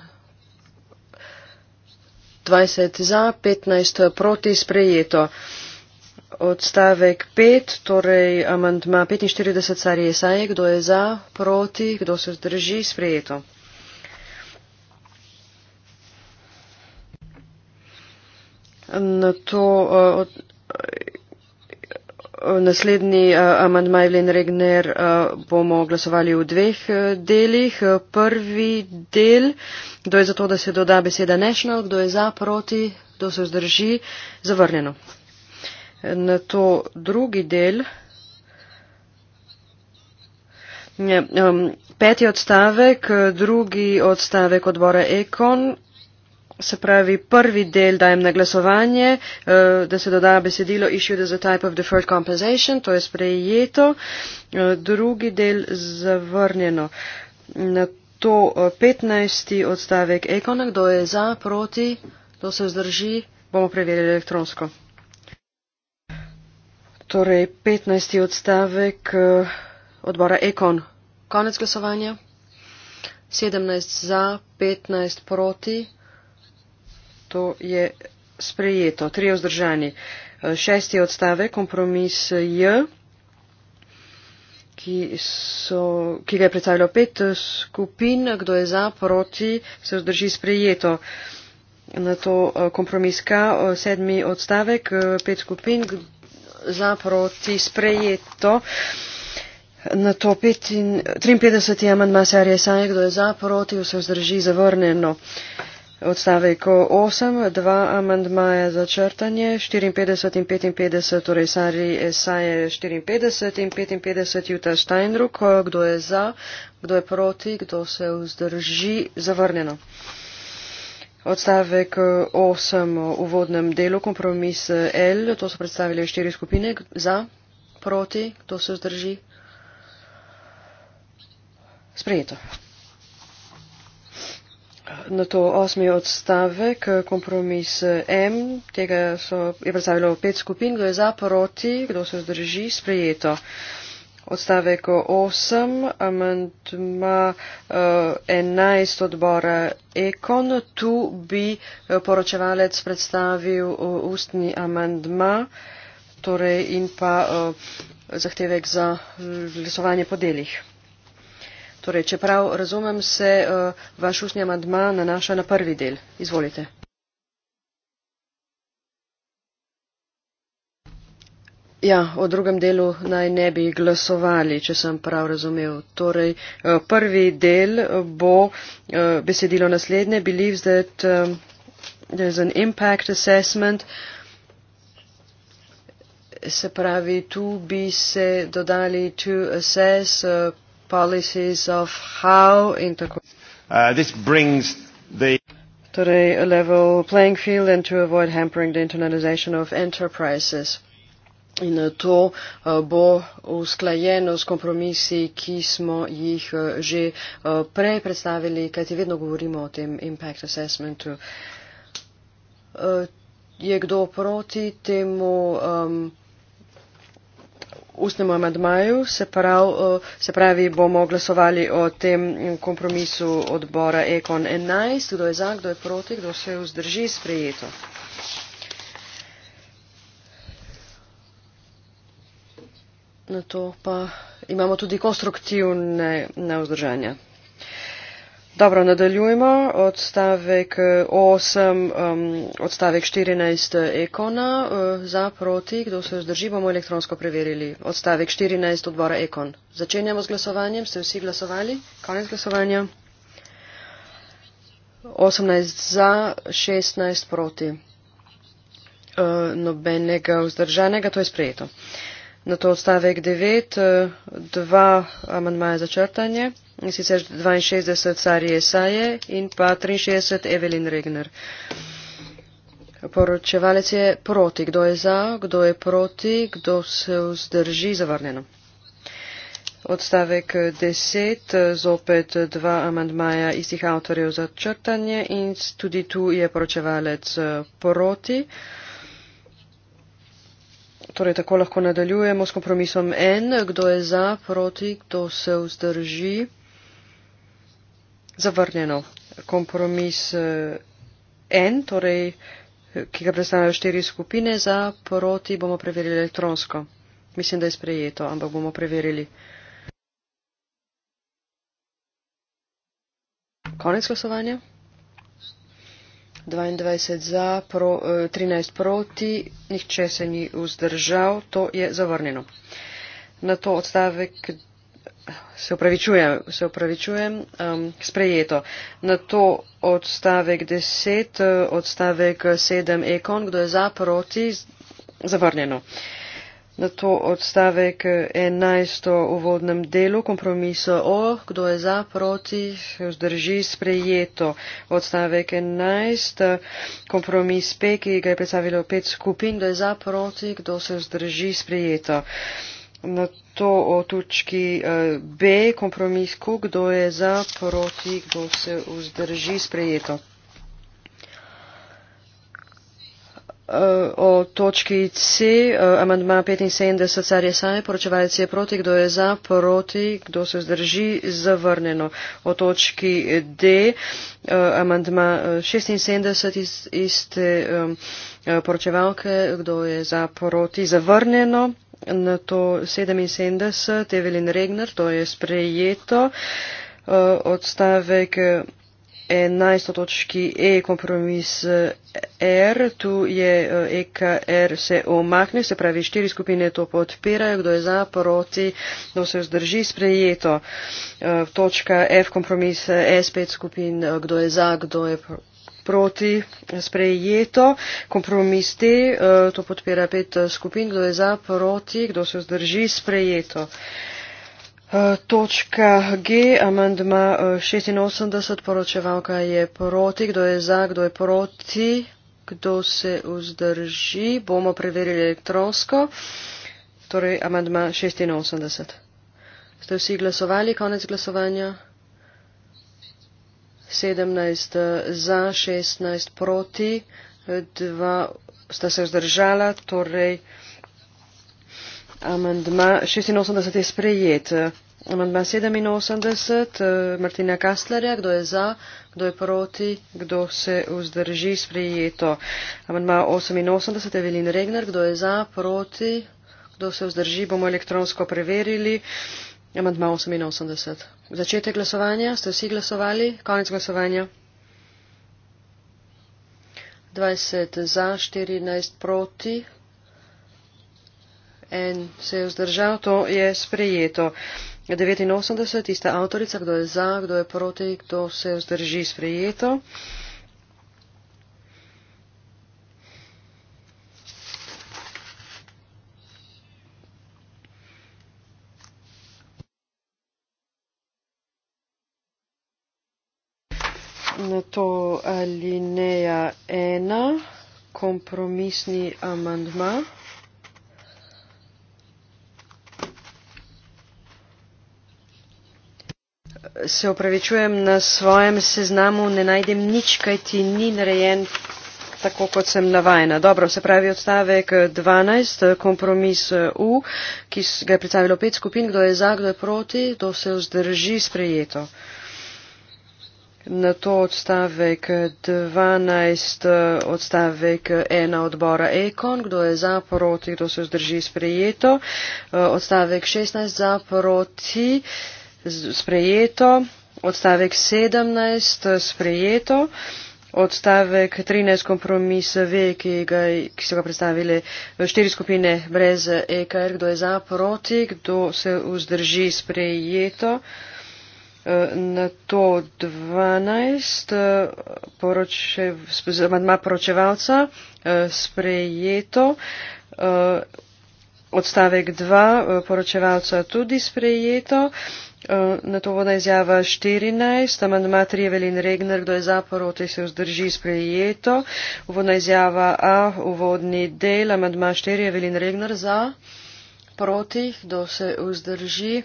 20 za, 15 proti sprejeto. Odstavek 5, torej amandma 45 carije saje, kdo je za, proti, kdo se zdrži, sprejeto. na to eh, od, eh, naslednji eh, amandmaj Len Regner bomo glasovali v dveh delih. Prvi del, kdo je za to, da se doda beseda national, kdo je za, proti, kdo se vzdrži, zavrnjeno. Na to drugi del. Ja, peti odstavek, drugi odstavek odbora Ekon, Se pravi, prvi del dajem na glasovanje, eh, da se doda besedilo issued as a type of deferred compensation, to je sprejeto, eh, drugi del zavrnjeno. Na to 15. Eh, odstavek ekona, kdo je za, proti, kdo se vzdrži, bomo preverili elektronsko. Torej, 15. odstavek odbora ekon. Konec glasovanja. 17 za, 15 proti to je sprejeto. Tri vzdržani. Eh, šesti odstave, kompromis J, ki, so, ki ga je predstavljalo pet eh, skupin, kdo je za, proti, se vzdrži sprejeto. Na to eh, kompromis K, sedmi odstavek, pet skupin, za, proti, sprejeto. Na to 53. amandma se arje saj, kdo je za, proti, vse vzdrži, zavrnjeno odstavek 8, dva amandmaja za črtanje, 54 in 55, torej Sari Esaje 54 in 55, Juta Steinruck, kdo je za, kdo je proti, kdo se vzdrži, zavrnjeno. Odstavek 8 v uvodnem delu, kompromis L, to so predstavili štiri skupine, za, proti, kdo se vzdrži. Sprejeto na to osmi odstavek, kompromis M, tega so, je predstavilo pet skupin, kdo je za, proti, kdo se zdrži, sprejeto. Odstavek 8, amantma 11 odbora Ekon, tu bi eh, poročevalec predstavil eh, ustni amantma, torej in pa eh, zahtevek za glasovanje po delih. Torej, čeprav razumem, se uh, vaš ustni amadma nanaša na prvi del. Izvolite. Ja, o drugem delu naj ne bi glasovali, če sem prav razumel. Torej, eh, prvi del eh, bo besedilo naslednje. Believes that um, there is an impact assessment. Se pravi, tu bi se dodali to assess, uh, policies of how intercourse. Uh, this brings the. Today, torej, a level playing field and to avoid hampering the internalization of enterprises. In to uh, bo usklajeno s kompromisi, ki smo jih uh, že uh, prej predstavili, kajti vedno govorimo o tem impact assessmentu. Je kdo proti temu? Um, ustnemu amadmaju, se, prav, se pravi, bomo glasovali o tem kompromisu odbora Ekon 11. Kdo je za, kdo je proti, kdo se vzdrži, sprejeto. Na to pa imamo tudi konstruktivne neuzdržanja. Dobro, nadaljujemo. Odstavek 8, um, odstavek 14 eh, Ekona uh, za proti, kdo se vzdrži, bomo elektronsko preverili. Odstavek 14 odbora Ekon. Začenjamo z glasovanjem, ste vsi glasovali? Konec glasovanja. 18 za, 16 proti. Uh, nobenega vzdržanega, to je sprejeto. Uh, Na to odstavek 9, eh, dva amandmaja za črtanje, in sicer 62 Sarije Saje in pa 63 Evelin Regner. Poročevalec je proti. Kdo je za, kdo je proti, kdo se vzdrži zavrnjeno. Odstavek 10, eh, zopet dva amandmaja istih avtorjev za črtanje in tudi tu je poročevalec eh, proti. Torej, tako lahko nadaljujemo s kompromisom N. Kdo je za, proti, kdo se vzdrži? Zavrnjeno. Kompromis eh, N, torej, eh, ki ga predstavljajo štiri skupine za, proti, bomo preverili elektronsko. Mislim, da je sprejeto, ampak bomo preverili. Konec glasovanja. 22 za, pro, 13 eh, proti, nihče se ni vzdržal, to je zavrnjeno. Na to odstavek, se upravičujem, se upravičujem, um, sprejeto. Na to odstavek 10, eh, odstavek 7 ekon, kdo je za, proti, zavrnjeno. Uh, na to odstavek 11 o uvodnem delu kompromisa o, kdo je za, proti, vzdrži sprejeto odstavek 11, kompromis P, ki ga je predstavilo pet skupin, kdo je za, proti, kdo se vzdrži sprejeto. Na to o točki eh, B kompromis Q, kdo je za, proti, kdo se vzdrži sprejeto. o točki C, eh, amandma 75, car je saj, poročevalec je proti, kdo je za, proti, kdo se zdrži, zavrneno. O točki D, eh, amandma 76, eh, iste poročevalke, kdo je za, proti, zavrneno. Na to 77, Evelyn Regner, to je sprejeto. Odstavek 11. točki E kompromis eh, R, tu je EKR eh, e se omakne, se pravi štiri skupine to podpirajo, kdo je za, proti, kdo se vzdrži, sprejeto. Eh, točka F kompromis S5 skupin, kdo je za, kdo je proti, sprejeto. Kompromis T, to podpira pet skupin, kdo je za, proti, kdo se vzdrži, sprejeto. Točka G, amandma 86, e, poročevalka je proti, kdo je za, kdo je proti, kdo se vzdrži, bomo preverili elektronsko. Torej, amandma 86. Ste vsi glasovali, konec glasovanja? 17 e, za, 16 proti, 2 e, sta se vzdržala, torej. Amendma 86 je sprejet. Amendma 87, eh, Martina Kastlerja, kdo je za, kdo je proti, kdo se vzdrži sprejeto. Amendma 88, Evelin Regner, kdo je za, proti, kdo se vzdrži, bomo elektronsko preverili. Amendma 88. Začete glasovanja, ste vsi glasovali, konec glasovanja. 20 za, 14 proti, en se je vzdržal, to je sprejeto. 89, tista avtorica, kdo je za, kdo je proti, kdo se je vzdrži sprejeto. Na to alineja ena, kompromisni amandma. se opravičujem na svojem seznamu ne najdem nič kajti ni narejen tako kot sem navajena. Dobro, se pravi odstavek 12, kompromis U, ki ga je predstavilo pet skupin, kdo je za, kdo je proti, to se vzdrži sprejeto. Na to odstavek 12, odstavek 1 odbora Ekon, kdo je za, proti, kdo se vzdrži sprejeto. Odstavek 16 za, proti sprejeto, odstavek 17 sprejeto, odstavek 13 kompromis V, ki, ga, ki so ga predstavili v eh, štiri skupine brez EKR, kdo je za, proti, kdo se vzdrži sprejeto. Na to 12 poroče, zamadma poročevalca eh, sprejeto, eh, odstavek 2 poročevalca tudi sprejeto. Eh, na to voda izjava 14, amandma Trivelin Regner, kdo je za poroti, se vzdrži sprejeto. Uvodna izjava A, uvodni del, amandma 4, Evelin Regner za proti, kdo se vzdrži.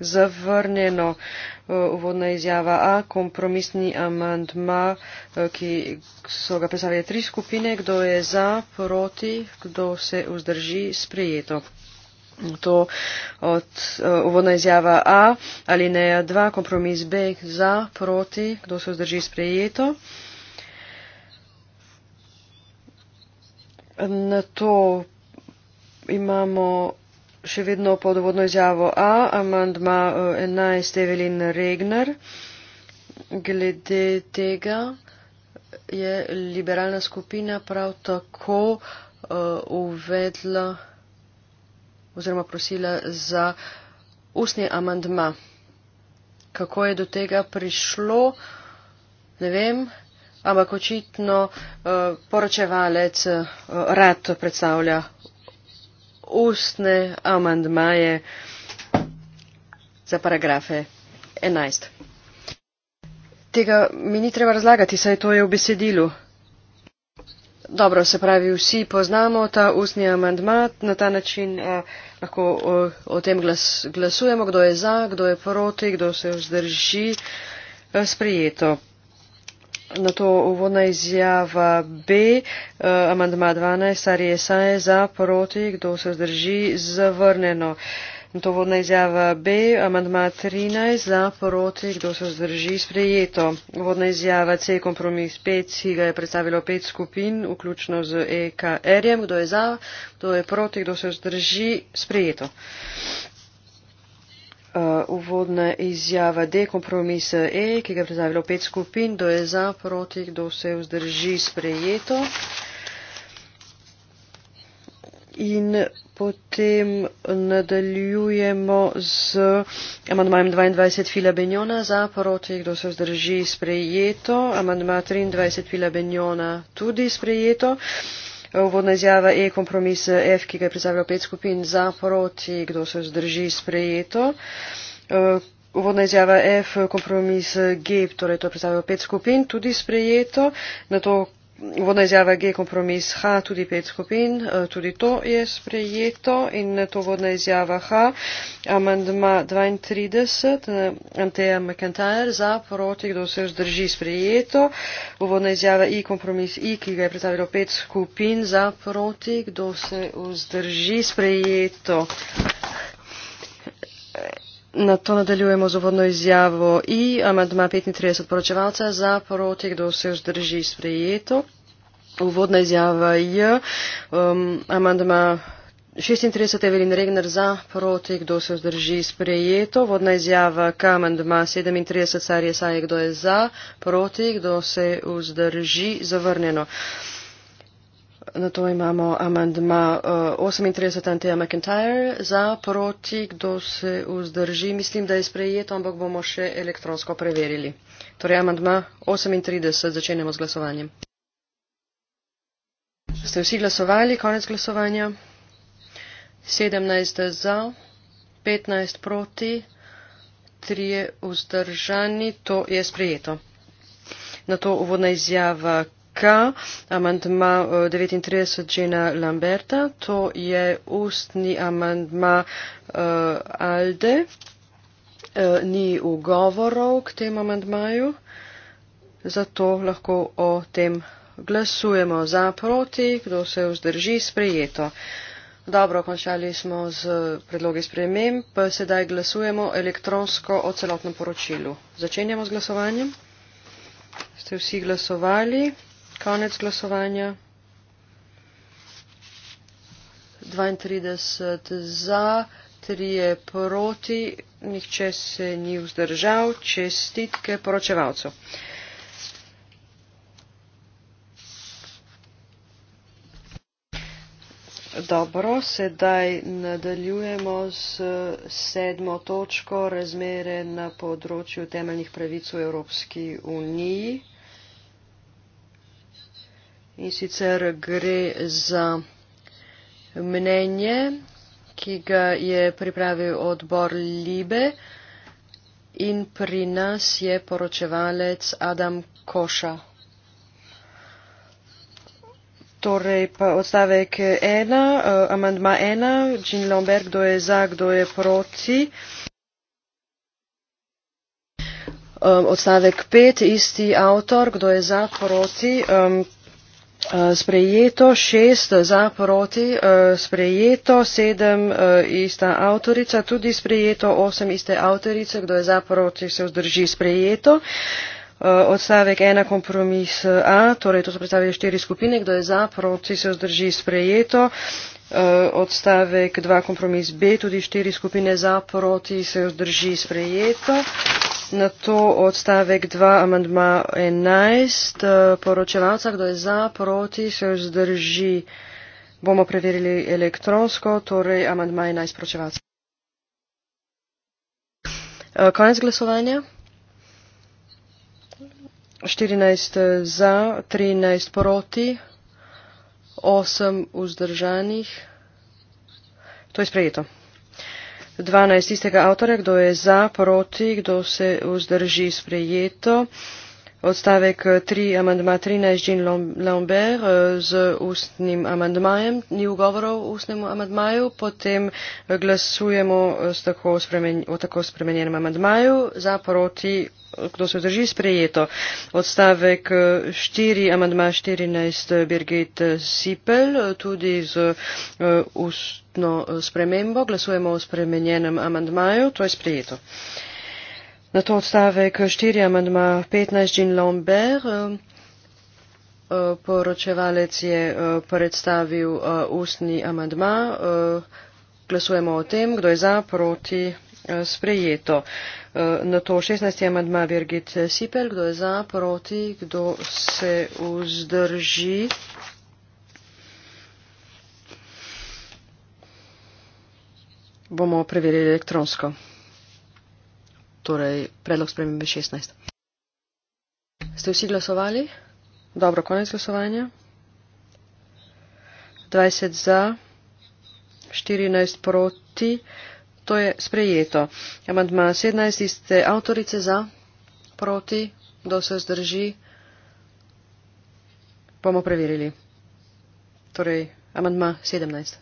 Zavrnjeno eh, uvodna izjava A, kompromisni amandma, eh, ki so ga predstavljali tri skupine, kdo je za, proti, kdo se vzdrži, sprejeto. To od eh, uvodna izjava A ali ne A2, kompromis B za, proti, kdo se vzdrži sprejeto. Na to imamo še vedno pod uvodno izjavo A, amandma 11 eh, Evelin Regner. Glede tega je liberalna skupina prav tako uh, uvedla oziroma prosila za ustni amandma. Kako je do tega prišlo, ne vem, ampak očitno eh, poročevalec eh, rad predstavlja ustne amandmaje za paragrafe 11. Tega mi ni treba razlagati, saj to je v besedilu. Dobro, se pravi, vsi poznamo ta ustni amandma, na ta način eh, lahko o, eh, o tem glas, glasujemo, kdo je za, kdo je proti, kdo se vzdrži eh, sprijeto. Na to uvodna izjava B, eh, amandma 12, ali je saj za, proti, kdo se vzdrži, zavrneno. Eh, Dovodna izjava B, amantma 13, za, proti, kdo se vzdrži, sprejeto. Dovodna izjava C, kompromis 5, si ga je predstavilo 5 skupin, vključno z EKR-jem, kdo je za, kdo je proti, kdo se vzdrži, sprejeto. Uh, uvodna izjava D, kompromis E, ki ga je predstavilo pet skupin, kdo je za, proti, kdo se vzdrži, sprejeto in potem nadaljujemo z amandmajem 22 Fila Benjona za, proti, kdo se vzdrži sprejeto, amandma 23 Fila Benjona tudi sprejeto. Vodna izjava E, kompromis F, ki ga je predstavljal pet skupin, za, proti, kdo se vzdrži sprejeto. Uvodna izjava F, kompromis G, torej to je predstavljal pet skupin, tudi sprejeto. Na to Uvodna izjava G kompromis H, tudi pet skupin, eh, tudi to je sprejeto in to uvodna izjava H, amandma 32, eh, Anteja McIntyre za, proti, kdo se vzdrži sprejeto, uvodna izjava I kompromis I, ki ga je predstavilo pet skupin, za, proti, kdo se vzdrži sprejeto. Na to nadaljujemo z uvodno izjavo i amadma 35 poročevalca za proti, kdo se vzdrži sprejeto. Uvodna izjava je um, amadma 36 Evelin Regner za proti, kdo se vzdrži sprejeto. Vodna izjava k amadma 37 Sarje Saje, kdo je za proti, kdo se vzdrži zavrnjeno. Um, Na to imamo amendma uh, eh, 38 Antea McIntyre za proti, kdo se vzdrži. Mislim, da je sprejeto, ampak bomo še elektronsko preverili. Torej, amendma 38, začenjamo z glasovanjem. Ste vsi glasovali, konec glasovanja? 17 za, 15 proti, 3 vzdržani, to je sprejeto. Na to uvodna izjava, replika, amandma 39 eh, Džena Lamberta, to je ustni amandma uh, Alde. Uh, ni ugovorov k tem amandmaju, zato lahko o tem glasujemo za, proti, kdo se vzdrži, sprejeto. Dobro, končali smo z predlogi spremem, pa sedaj glasujemo elektronsko o celotnem poročilu. Začenjamo z glasovanjem. Ste vsi glasovali? Konec glasovanja. 32 za, 3 je proti, nihče se ni vzdržal. Čestitke poročevalcu. Dobro, sedaj nadaljujemo s sedmo točko razmere na področju temeljnih pravic v Evropski uniji. In sicer gre za mnenje, ki ga je pripravil odbor Libe in pri nas je poročevalec Adam Koša. Torej pa odstavek 1, uh, eh, amandma 1, Jean Lomberg, kdo je za, kdo je proti. Um, odstavek 5, isti avtor, kdo je za, proti. Um, Eh, sprejeto, šest za proti, eh, sprejeto, sedem eh, ista avtorica, tudi sprejeto, osem iste avtorice, kdo je za proti, se vzdrži sprejeto. Eh, odstavek ena kompromis eh, A, torej to so predstavili štiri skupine, kdo je za, proti se vzdrži sprejeto. Eh, odstavek 2 kompromis B, tudi štiri skupine za, proti se vzdrži sprejeto. Na to odstavek 2 amandma 11, poročevalca, kdo je za, proti se vzdrži, bomo preverili elektronsko, torej amandma 11 poročevalca. Konec glasovanja štirinajst eh, za trinajst proti osem vzdržanih to je sprejeto dvanajst istega avtorja kdo je za proti kdo se vzdrži sprejeto odstavek eh, tri amandma trinajst jean lambert eh, z ustnim amandmajem ni ugovorov ustnemu amandmaju potem eh, glasujemo s tako spremen, o tako spremenjenem amandmaju za proti kdo se drži sprejeto odstavek štiri amandma štirinajst birgit sipel tudi z ustno spremembo glasujemo o spremenjenem amandmaju to je sprejeto Na to odsta avec 4 amendma 15 Jean Lambert. Eh, eh, poročevalec je eh, predstavil ustni amendma. Glasujemo o tem, kdo je za, proti, sprejeto. Na to 16. amendma Virgit Sipel, kdo je za, proti, kdo se vzdrži. Bomo preverili elektronsko torej predlog spremembe 16. Ste vsi glasovali? Dobro, konec glasovanja. 20 za, 14 proti. To je sprejeto. Amandma 17 ste avtorice za, proti, kdo se zdrži. Bomo preverili. Torej, amandma 17.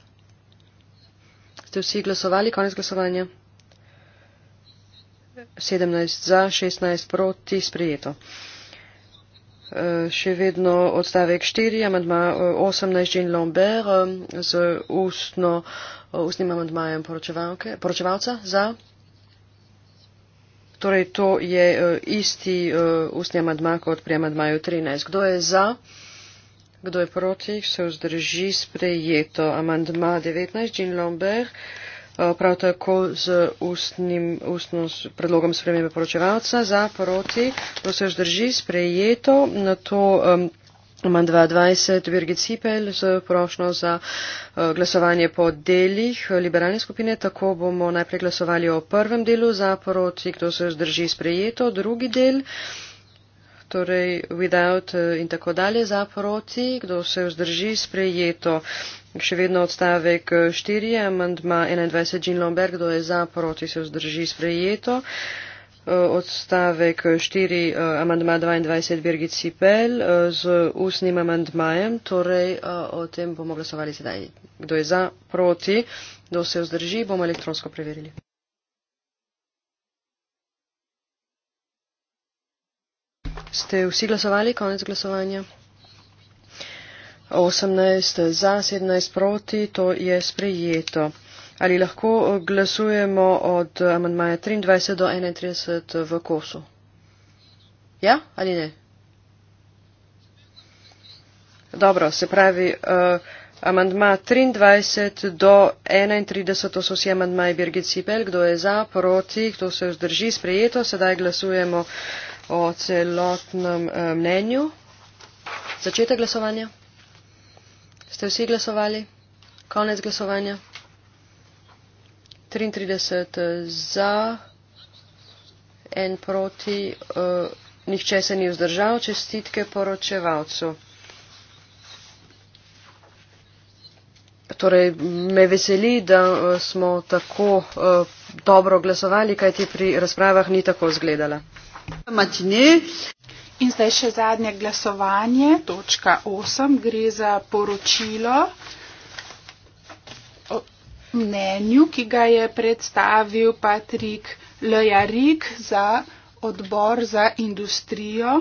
Ste vsi glasovali? Konec glasovanja sedemnajst za šestnajst proti sprejeto. E, še vedno odstavek štiri, amandma e, osemnajst Jean Lambert e, z ustno, ustnim amandmajem poročevalca za. Torej, to je uh, isti uh, ustni amadma kot pri amadmaju 13. Kdo je za, kdo je proti, se vzdrži sprejeto amadma 19, Jean Lambert. Eh, prav tako z ustnim, ustno s predlogom spremembe poročevalca za proti, to se vzdrži sprejeto, na to ima um, 22 Birgit Sipel z prošno za uh, glasovanje po delih liberalne skupine, tako bomo najprej glasovali o prvem delu za proti, to se vzdrži sprejeto, drugi del. Um, torej without eh, in tako dalje za proti, kdo se vzdrži sprejeto. Še vedno odstavek 4, eh, amandma 21, Jean Lomberg, kdo je za proti, se vzdrži sprejeto. Eh, odstavek 4, amandma 22, Birgit Sipel z usnim amandmajem, torej o tem bomo glasovali sedaj. Kdo je za, proti, kdo se vzdrži, bomo elektronsko preverili. Ste vsi glasovali, konec glasovanja? 18 za, 17 proti, to je sprejeto. Ali lahko eh, glasujemo od amandmaja 23 do 31 v kosu? Ja ali ne? Dobro, se pravi, uh, amandma 23 do 31, to so vsi amandmaji Birgit Sipel, kdo je za, proti, kdo se vzdrži, sprejeto, sedaj glasujemo uh, o celotnem eh, mnenju. Začetek glasovanja. Ste vsi glasovali? Konec glasovanja. 33 eh, za, en proti, uh, nihče se ni vzdržal, čestitke poročevalcu. Torej, me veseli, da smo tako uh, dobro glasovali, kaj ti pri razpravah ni tako izgledala. In zdaj še zadnje glasovanje, točka 8, gre za poročilo o mnenju, ki ga je predstavil Patrik Lejarik za odbor za industrijo.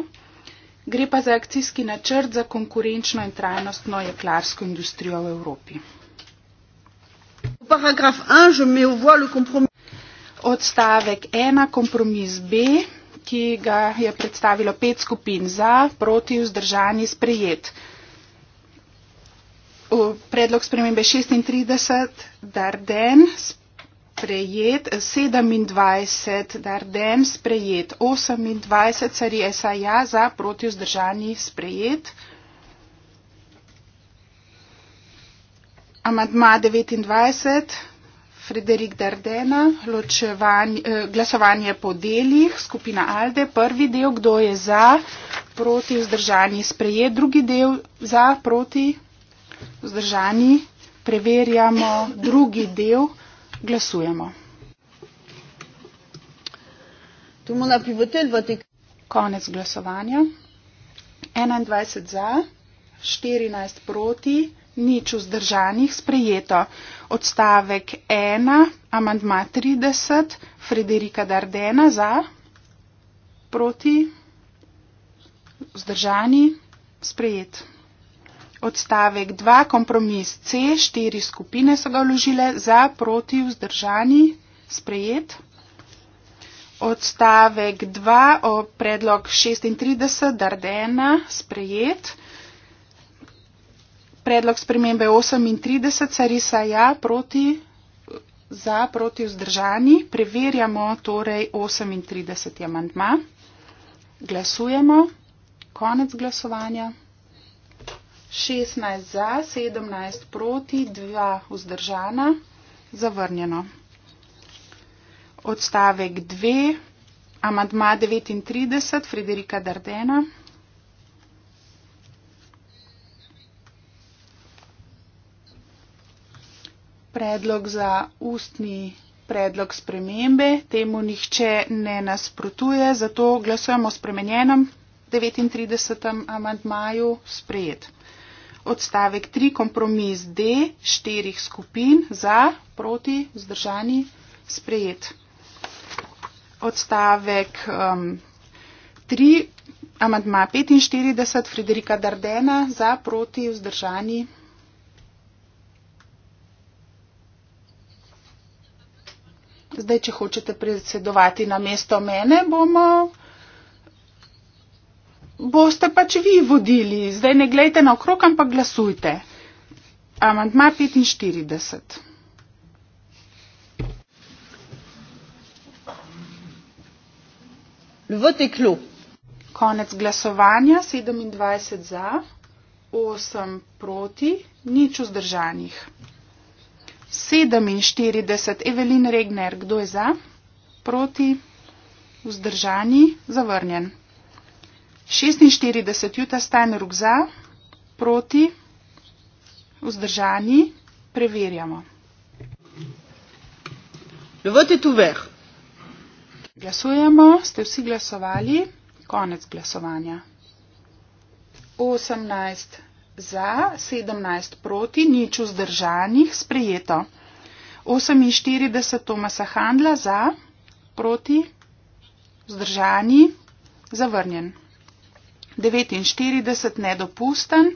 Gre pa za akcijski načrt za konkurenčno in trajnostno jeklarsko industrijo v Evropi. Odstavek 1, kompromis B ki ga je predstavilo pet skupin za, proti, vzdržani, sprejet. V predlog spremembe 36, Darden, sprejet, 27, Darden, sprejet, 28, Sari S.A.J.A. za, proti, vzdržani, sprejet. Amadma 29, Frederik Dardena, eh, glasovanje po delih, skupina Alde, prvi del, kdo je za, proti, vzdržani, sprejet, drugi del, za, proti, vzdržani, preverjamo, drugi del, glasujemo. Konec glasovanja. 21 za, 14 proti nič vzdržanih, sprejeto. Odstavek 1, amantma 30, Frederika Dardena za, proti, vzdržani, sprejet. Odstavek 2, kompromis C, štiri skupine so ga vložile za, proti, vzdržani, sprejet. Odstavek 2, predlog 36, Dardena, sprejet. Predlog spremembe 38, carisa ja, proti, za, proti vzdržani. Preverjamo torej 38. amantma. Glasujemo. Konec glasovanja. 16 za, 17 proti, 2 vzdržana. Zavrnjeno. Odstavek 2, amantma 39, Frederika Dardena. predlog za ustni predlog spremembe. Temu nihče ne nasprotuje, zato glasujemo o spremenjenem 39. amantmaju sprejet. Odstavek 3, kompromis D, štirih skupin za, proti, zdržani, sprejet. Odstavek 3, um, amantma 45, Frederika Dardena, za, proti, vzdržani, sprejet. Zdaj, če hočete predsedovati na mesto mene, bomo, boste pač vi vodili. Zdaj ne gledajte na okrog, ampak glasujte. Amandma 45. V teklu. Konec glasovanja, 27 za, 8 proti, nič vzdržanih. 47, Evelin Regner, kdo je za, proti, vzdržani, zavrnjen. 46, Juta Steinruk za, proti, vzdržani, preverjamo. Le vote tu ver. Glasujemo, ste vsi glasovali, konec glasovanja. 18 za, 17 proti, nič vzdržanih, sprejeto. 48 Tomasa Handla za, proti, vzdržani, zavrnjen. 49 nedopusten.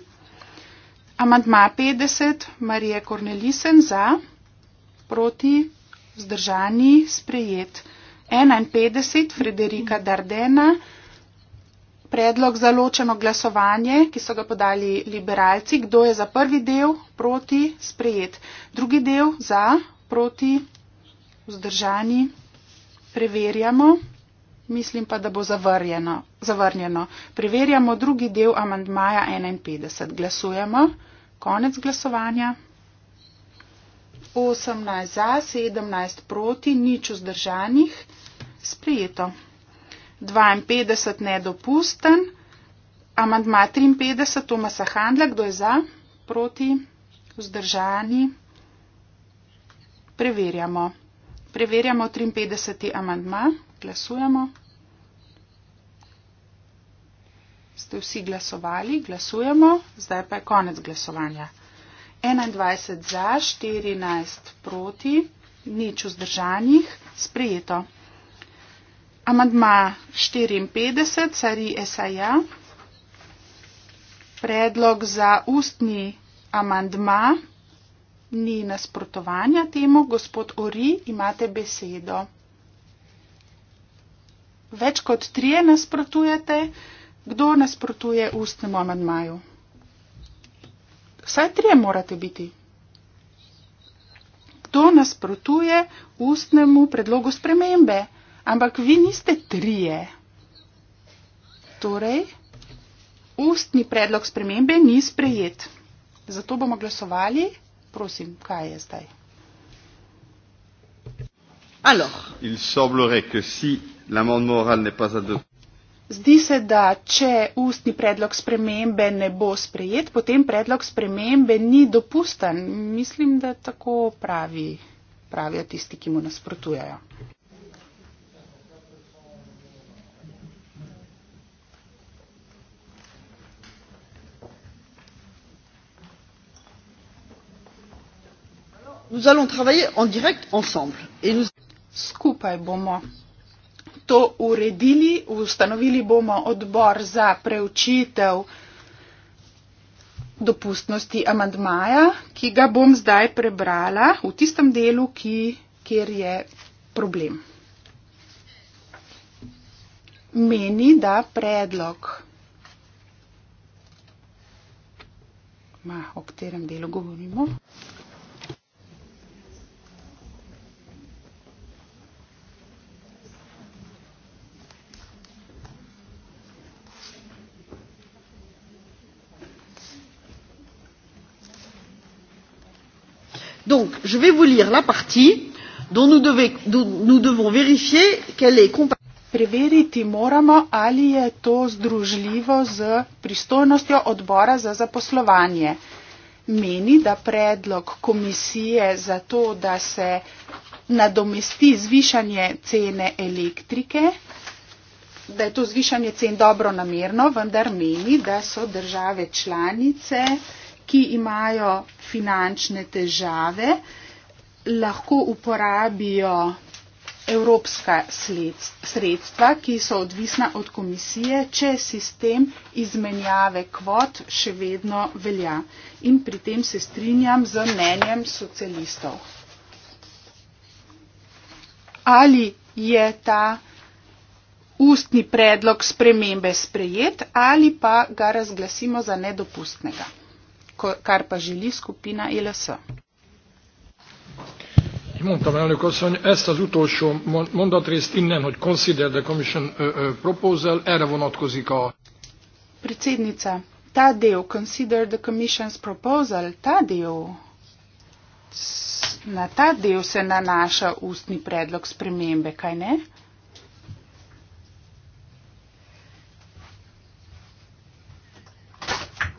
Amandma 50 Marije Kornelisen za, proti, vzdržani, sprejet. 51 Frederika Dardena predlog za ločeno glasovanje, ki so ga podali liberalci, kdo je za prvi del proti sprejet, drugi del za proti vzdržani. Preverjamo, mislim pa, da bo zavrjeno, zavrnjeno. Preverjamo drugi del amandmaja 51. Glasujemo. Konec glasovanja. 18 za, 17 proti, nič vzdržanih. Sprijeto. 52 nedopusten. Amandma 53 Tomasa Handla, kdo je za, proti, vzdržani. Preverjamo. Preverjamo 53. amandma, glasujemo. Ste vsi glasovali, glasujemo, zdaj pa je konec glasovanja. 21 za, 14 proti, nič vzdržanih, sprejeto. Amandma 54, Cari Esaja, predlog za ustni amandma, ni nasprotovanja temu, gospod Ori, imate besedo. Več kot trije nasprotujete, kdo nasprotuje ustnemu amandmaju? Vsaj trije morate biti. Kdo nasprotuje ustnemu predlogu spremembe? ampak vi niste trije. Torej, ustni predlog spremembe ni sprejet. Zato bomo glasovali. Prosim, kaj je zdaj? Zdi se, da če ustni predlog spremembe ne bo sprejet, potem predlog spremembe ni dopusten. Mislim, da tako pravi, pravijo tisti, ki mu nasprotujejo. nous allons travailler en direct ensemble et nous skupaj bomo to uredili ustanovili bomo odbor za preučitev dopustnosti amandmaja ki ga bom zdaj prebrala v tistem delu ki kjer je problem meni da predlog ma o katerem delu govorimo je vais vous lire la partie dont nous devons vérifier qu'elle est compatible Preveriti moramo, ali je to združljivo z pristojnostjo odbora za zaposlovanje. Meni, da predlog komisije za to, da se nadomesti zvišanje cene elektrike, da je to zvišanje cen dobro namerno, vendar meni, da so države članice ki imajo finančne težave, lahko uporabijo evropska sredstva, ki so odvisna od komisije, če sistem izmenjave kvot še vedno velja. In pri tem se strinjam z mnenjem socialistov. Ali je ta ustni predlog spremembe sprejet ali pa ga razglasimo za nedopustnega kar pa želi skupina ILS. Mondtam elnök asszony, ezt az utolsó mondatrészt innen, hogy consider the commission uh, uh, proposal, erre vonatkozik a... Precédnica, tá deo, consider the commission's proposal, tá deo. Na tá deo se nanáša ústni predlog spremembe, kaj ne? Uh,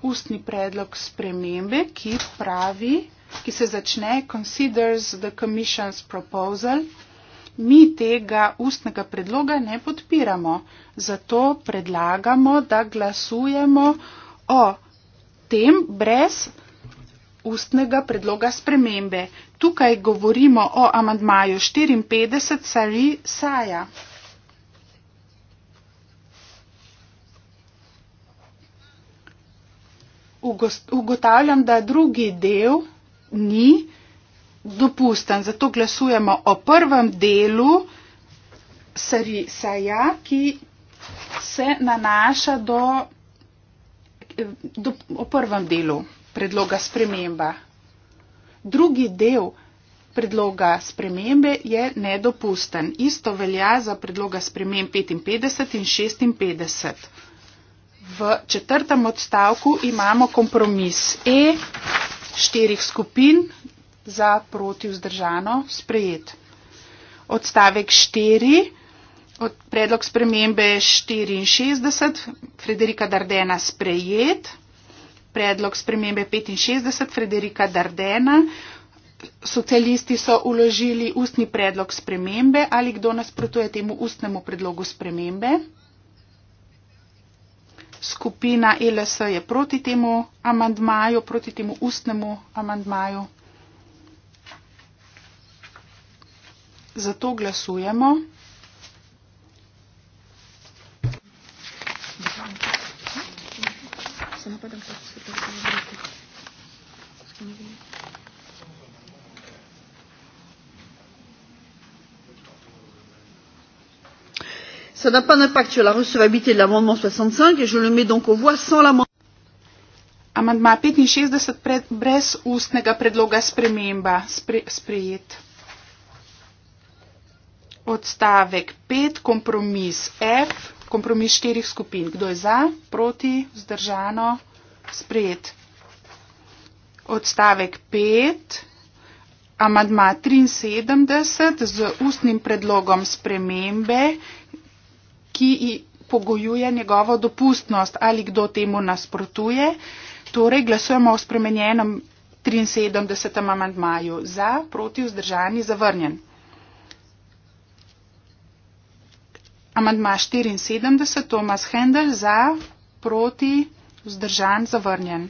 ustni predlog spremembe, ki pravi, ki se začne considers the commission's proposal. Mi tega ustnega predloga ne podpiramo, zato predlagamo, da glasujemo o tem brez ustnega predloga spremembe. Tukaj govorimo o amandmaju 54 Sari Saja. ugotavljam, da drugi del ni dopusten. Zato glasujemo o prvem delu Sarisaja, ki se nanaša do, do, o prvem delu predloga sprememba. Drugi del predloga spremembe je nedopusten. Isto velja za predloga sprememb 55 in 56 v četrtem odstavku imamo kompromis E štirih skupin za proti vzdržano sprejet. Odstavek 4, od predlog spremembe 64, Frederika Dardena sprejet, predlog spremembe 65, Frederika Dardena, socialisti so uložili ustni predlog spremembe ali kdo nasprotuje temu ustnemu predlogu spremembe skupina LS je proti temu amandmaju, proti temu ustnemu amandmaju. Zato glasujemo. Samo pa da se to zgodi. cela n'a pas d'impact sur la recevabilité de l'amendement soixante cinq et je le mets donc aux voix sans l'amendement. Amendement 65 pred, brez ustnega predloga sprememba spre, sprejet. Odstavek 5, kompromis F, kompromis štirih skupin. Kdo je za, proti, vzdržano, sprejet. Odstavek 5, amadma 73 z ustnim predlogom spremembe ki pogojuje njegovo dopustnost ali kdo temu nasprotuje. Torej glasujemo o spremenjenem 73. amandmaju za, proti, vzdržani, zavrnjen. Amandma 74. Tomas Hendel za, proti, vzdržan, zavrnjen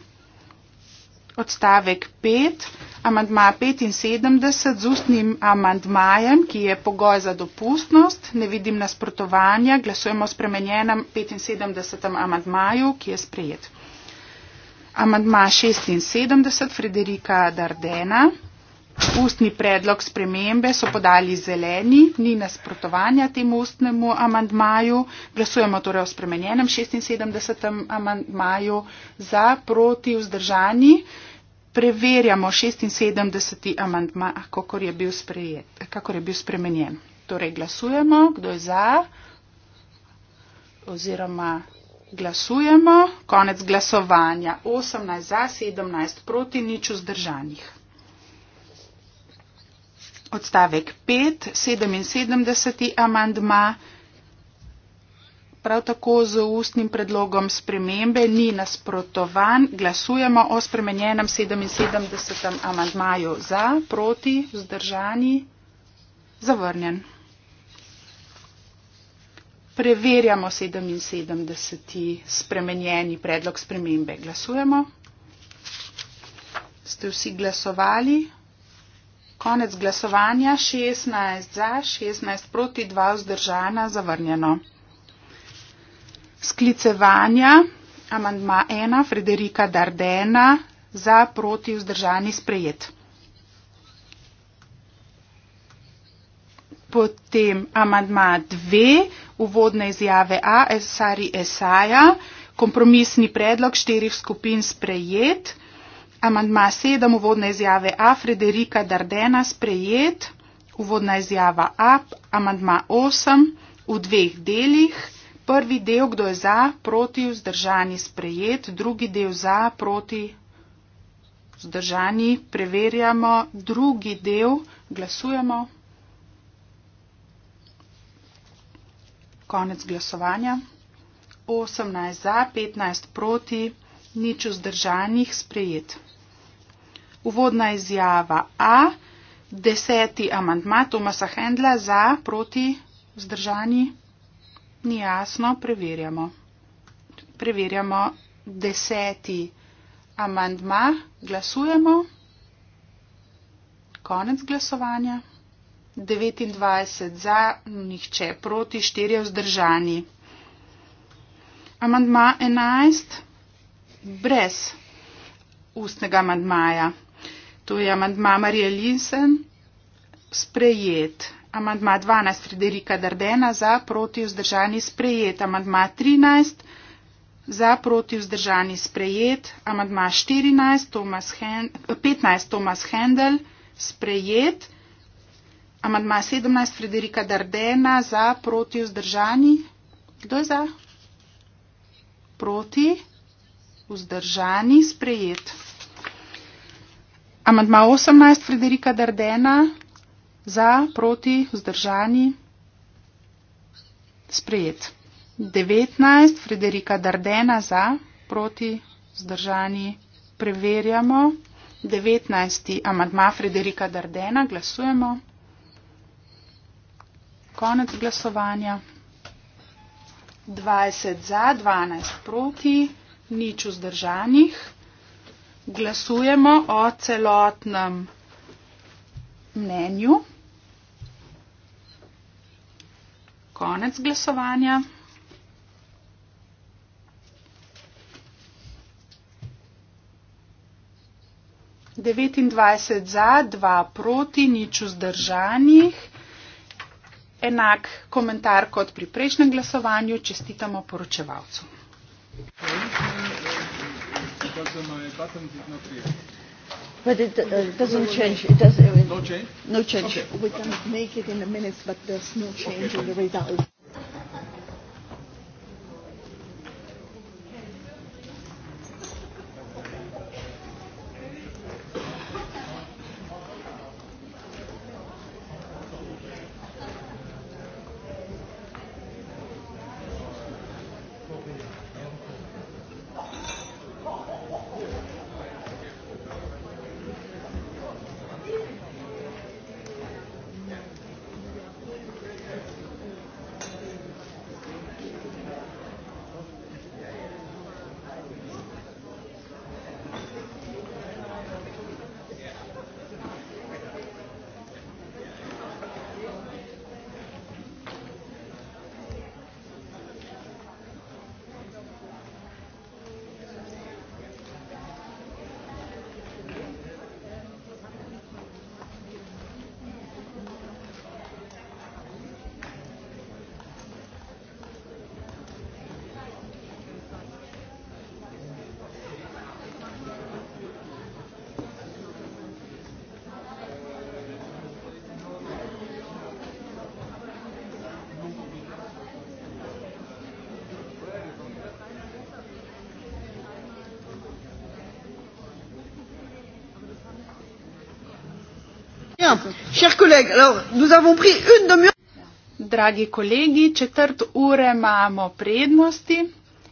odstavek 5, amantma 75 z ustnim amantmajem, ki je pogoj za dopustnost. Ne vidim nasprotovanja, glasujemo o spremenjenem 75. amantmaju, ki je sprejet. Amantma 76 Frederika Dardena. Ustni predlog spremembe so podali zeleni, ni nasprotovanja temu ustnemu amantmaju. Glasujemo torej o spremenjenem 76. amantmaju za proti vzdržani preverjamo 76. amandma, kakor je bil, sprejet, kakor je bil spremenjen. Torej glasujemo, kdo je za oziroma glasujemo, konec glasovanja, 18 za, 17 proti, nič vzdržanih. Odstavek 5, 77. amandma prav tako z ustnim predlogom spremembe ni nasprotovan. Glasujemo o spremenjenem 77. amandmaju za, proti, vzdržani, zavrnjen. Preverjamo 77. spremenjeni predlog spremembe. Glasujemo. Ste vsi glasovali? Konec glasovanja. 16 za, 16 proti, 2 vzdržana, zavrnjeno sklicevanja amandma ena Frederika Dardena za proti vzdržani sprejet. Potem amandma dve uvodne izjave A Esari Esaja, kompromisni predlog štirih skupin sprejet. Amandma sedem uvodne izjave A Frederika Dardena sprejet. Uvodna izjava A, amandma 8 v dveh delih prvi del, kdo je za, proti, vzdržani, sprejet, drugi del za, proti, vzdržani, preverjamo, drugi del, glasujemo. Konec glasovanja. 18 za, 15 proti, nič vzdržanih, sprejet. Uvodna izjava A, deseti amantma Tomasa Hendla za, proti, vzdržani, sprejet ni jasno, preverjamo. Preverjamo deseti amandma, glasujemo. Konec glasovanja. 29 za, nihče proti, 4 vzdržani. Amandma 11 brez ustnega amandmaja. To je amandma Marija Linsen, sprejet. Amandma 12 Frederika Dardena za proti vzdržani sprejet. Amandma 13 za proti vzdržani sprejet. Amandma 14, Thomas Hen, 15 Tomas Hendel sprejet. Amandma 17 Frederika Dardena za proti vzdržani. Kdo je za? Proti vzdržani sprejet. Amandma 18 Frederika Dardena. Za, proti, vzdržani. Sprejet. 19. Frederika Dardena za, proti, vzdržani. Preverjamo. 19. amadma Frederika Dardena. Glasujemo. Konec glasovanja. 20 za, 12 proti, nič vzdržanih. Glasujemo o celotnem mnenju. konec glasovanja. Devetindvajset za, dva proti, nič vzdržanih. Enak komentar kot pri prejšnjem glasovanju, čestitamo poročevalcu. Hvala. But it uh, doesn't change. It doesn't. Uh, no change. No change. Okay. We can make it in a minute, but there's no change okay. in the result. Dragi kolegi, četrt ure imamo prednosti,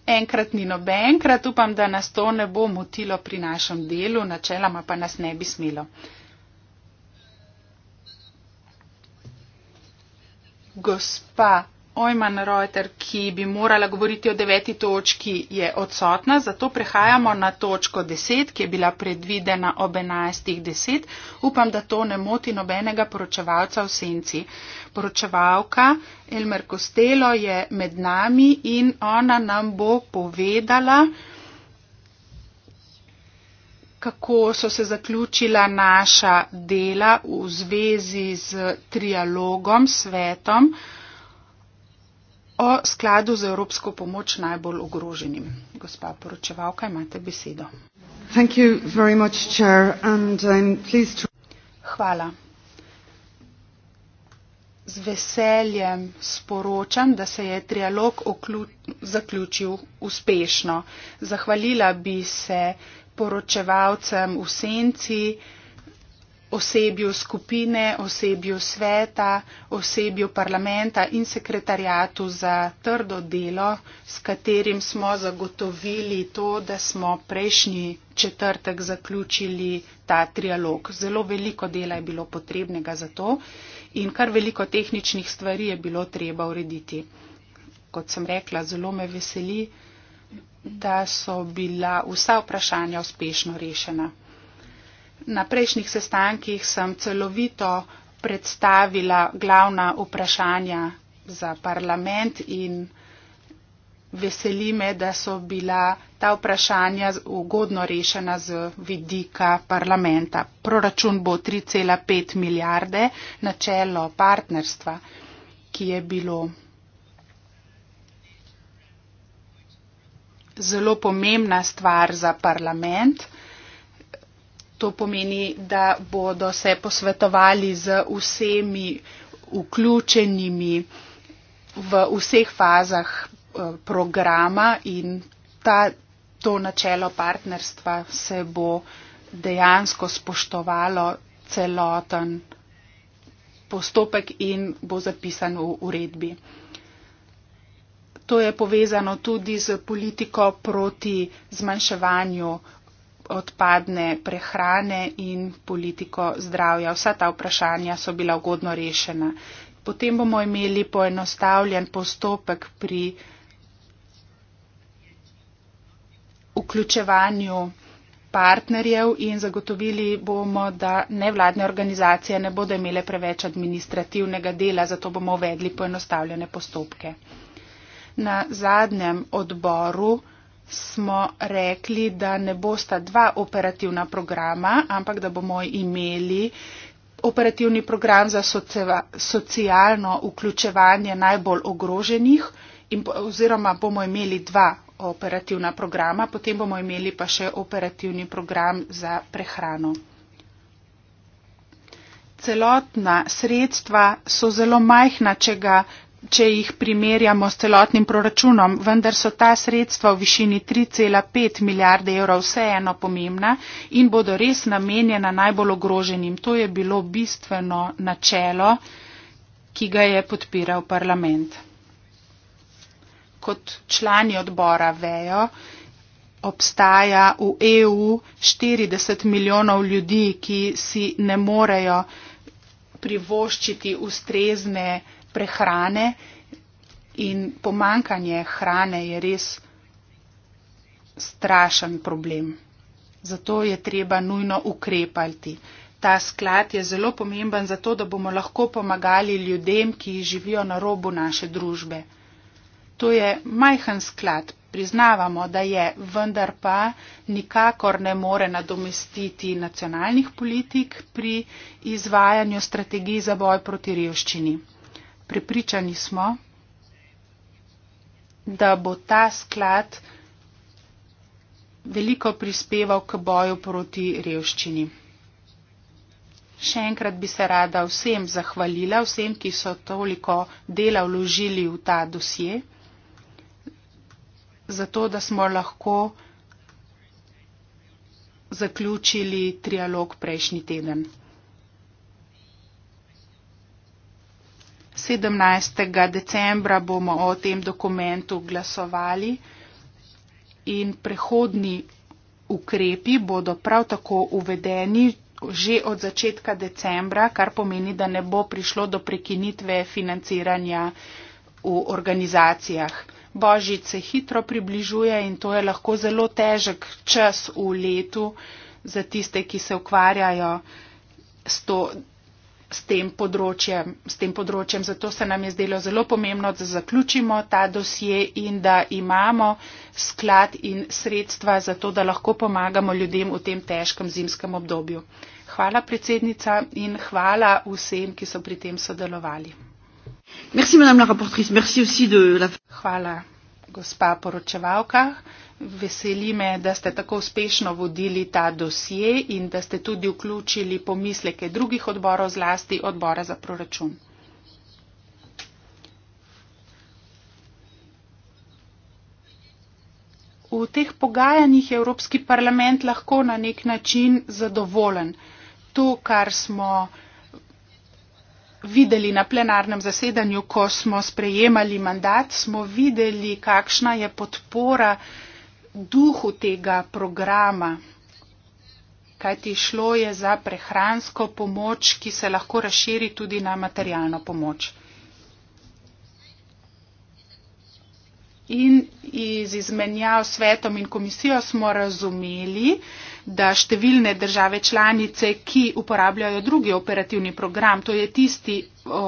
enkrat ni nobenkrat, upam, da nas to ne bo motilo pri našem delu, načeloma pa nas ne bi smelo. Gospa Ojman Reuter, ki bi morala govoriti o deveti točki, je odsotna, zato prehajamo na točko deset, ki je bila predvidena ob enajstih deset. Upam, da to ne moti nobenega poročevalca v senci. Poročevalka Elmer Kostelo je med nami in ona nam bo povedala, kako so se zaključila naša dela v zvezi z trialogom, svetom o skladu za evropsko pomoč najbolj ogroženim. Gospa poročevalka, imate besedo. Much, Chair, to... Hvala. Z veseljem sporočam, da se je trialog zaključil uspešno. Zahvalila bi se poročevalcem v senci osebju skupine, osebju sveta, osebju parlamenta in sekretarjatu za trdo delo, s katerim smo zagotovili to, da smo prejšnji četrtek zaključili ta trialog. Zelo veliko dela je bilo potrebnega za to in kar veliko tehničnih stvari je bilo treba urediti. Kot sem rekla, zelo me veseli, da so bila vsa vprašanja uspešno rešena na prejšnjih sestankih sem celovito predstavila glavna vprašanja za parlament in veseli me, da so bila ta vprašanja ugodno rešena z vidika parlamenta. Proračun bo 3,5 milijarde, načelo partnerstva, ki je bilo zelo pomembna stvar za parlament. To pomeni, da bodo se posvetovali z vsemi vključenimi v vseh fazah eh, programa in ta, to načelo partnerstva se bo dejansko spoštovalo celoten postopek in bo zapisan v uredbi. To je povezano tudi z politiko proti zmanjševanju odpadne prehrane in politiko zdravja. Vsa ta vprašanja so bila ugodno rešena. Potem bomo imeli poenostavljen postopek pri vključevanju partnerjev in zagotovili bomo, da nevladne organizacije ne bodo imele preveč administrativnega dela, zato bomo uvedli poenostavljene postopke. Na zadnjem odboru smo rekli, da ne bosta dva operativna programa, ampak da bomo imeli operativni program za soceva, socijalno vključevanje najbolj ogroženih in, oziroma bomo imeli dva operativna programa, potem bomo imeli pa še operativni program za prehrano. Celotna sredstva so zelo majhna, če ga če jih primerjamo s celotnim proračunom, vendar so ta sredstva v višini 3,5 milijarde evrov vseeno pomembna in bodo res namenjena najbolj ogroženim. To je bilo bistveno načelo, ki ga je podpiral parlament. Kot člani odbora vejo, obstaja v EU 40 milijonov ljudi, ki si ne morejo privoščiti ustrezne prehrane in pomankanje hrane je res strašen problem. Zato je treba nujno ukrepati. Ta sklad je zelo pomemben zato, da bomo lahko pomagali ljudem, ki živijo na robu naše družbe. To je majhen sklad, priznavamo, da je, vendar pa nikakor ne more nadomestiti nacionalnih politik pri izvajanju strategij za boj proti revščini. Pripričani smo, da bo ta sklad veliko prispeval k boju proti revščini. Še enkrat bi se rada vsem zahvalila, vsem, ki so toliko dela vložili v ta dosje, zato da smo lahko zaključili trialog prejšnji teden. 17. decembra bomo o tem dokumentu glasovali in prehodni ukrepi bodo prav tako uvedeni že od začetka decembra, kar pomeni, da ne bo prišlo do prekinitve financiranja v organizacijah. Božič se hitro približuje in to je lahko zelo težek čas v letu za tiste, ki se ukvarjajo s to s tem področjem. S tem področjem. Zato se nam je zdelo zelo pomembno, da zaključimo ta dosje in da imamo sklad in sredstva za to, da lahko pomagamo ljudem v tem težkem zimskem obdobju. Hvala predsednica in hvala vsem, ki so pri tem sodelovali. Merci, la Merci aussi de la... Hvala, gospa poročevalka. Veseli me, da ste tako uspešno vodili ta dosje in da ste tudi vključili pomisleke drugih odborov, zlasti odbora za proračun. V teh pogajanjih je Evropski parlament lahko na nek način zadovoljen. To, kar smo videli na plenarnem zasedanju, ko smo sprejemali mandat, smo videli, kakšna je podpora duhu tega programa, kajti šlo je za prehransko pomoč, ki se lahko razširi tudi na materialno pomoč. In iz izmenjav svetom in komisijo smo razumeli, da številne države članice, ki uporabljajo drugi operativni program, to je tisti o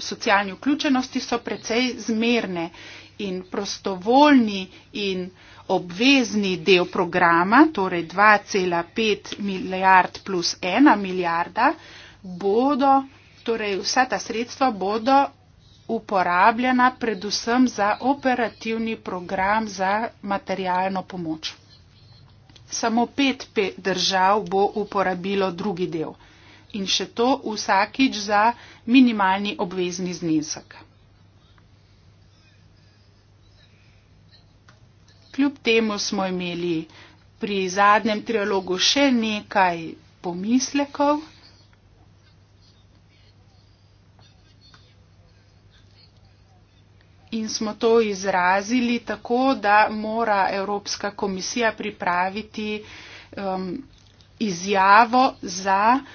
socialni vključenosti, so precej zmerne in prostovoljni in uh, obvezni del programa, torej 2,5 milijard plus 1 milijarda, bodo, torej vsa ta sredstva bodo uporabljena predvsem za operativni program za materialno pomoč. Samo pet držav bo uporabilo drugi del in še to vsakič za minimalni obvezni znesek. Kljub temu smo imeli pri zadnjem trialogu še nekaj pomislekov. In smo to izrazili tako, da mora Evropska komisija pripraviti um, izjavo za uh,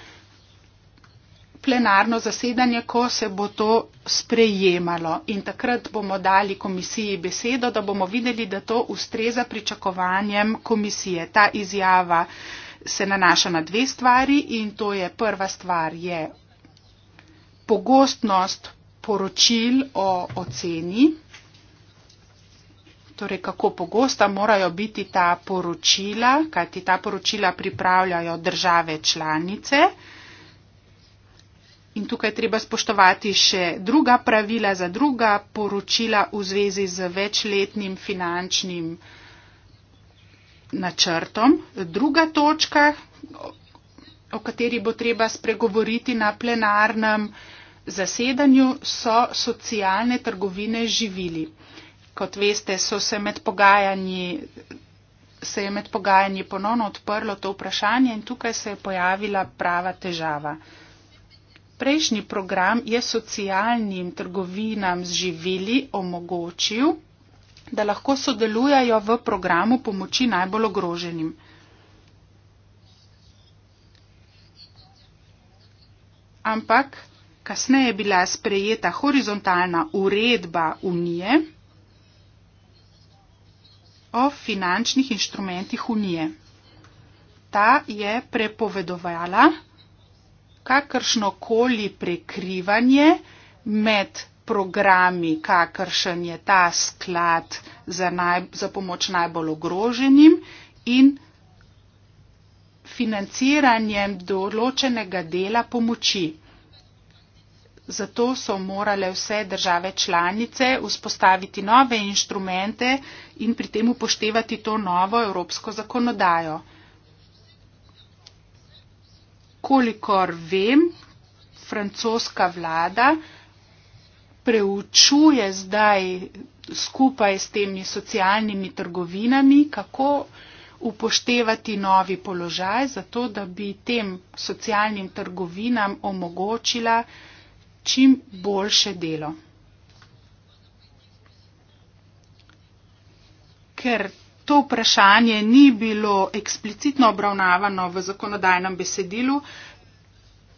plenarno zasedanje, ko se bo to sprejemalo. In takrat bomo dali komisiji besedo, da bomo videli, da to ustreza pričakovanjem komisije. Ta izjava se nanaša na dve stvari in to je prva stvar je pogostnost poročil o oceni, torej kako pogosta morajo biti ta poročila, kajti ta poročila pripravljajo države članice. In tukaj treba spoštovati še druga pravila za druga poročila v zvezi z večletnim finančnim načrtom. Druga točka, o kateri bo treba spregovoriti na plenarnem zasedanju, so socialne trgovine živili. Kot veste, so se med pogajanji se je med pogajanji ponovno odprlo to vprašanje in tukaj se je pojavila prava težava. Prejšnji program je socialnim trgovinam z živili omogočil, da lahko sodelujajo v programu pomoči najbolj ogroženim. Ampak kasneje je bila sprejeta horizontalna uredba Unije o finančnih inštrumentih Unije. Ta je prepovedovala kakršno koli prekrivanje med programi, kakršen je ta sklad za, naj, za pomoč najbolj ogroženim in financiranjem določenega dela pomoči. Zato so morale vse države članice vzpostaviti nove inštrumente in pri tem upoštevati to novo evropsko zakonodajo kolikor vem, francoska vlada preučuje zdaj skupaj s temi socialnimi trgovinami, kako upoštevati novi položaj, zato da bi tem socialnim trgovinam omogočila čim boljše delo. Ker to vprašanje ni bilo eksplicitno obravnavano v zakonodajnem besedilu,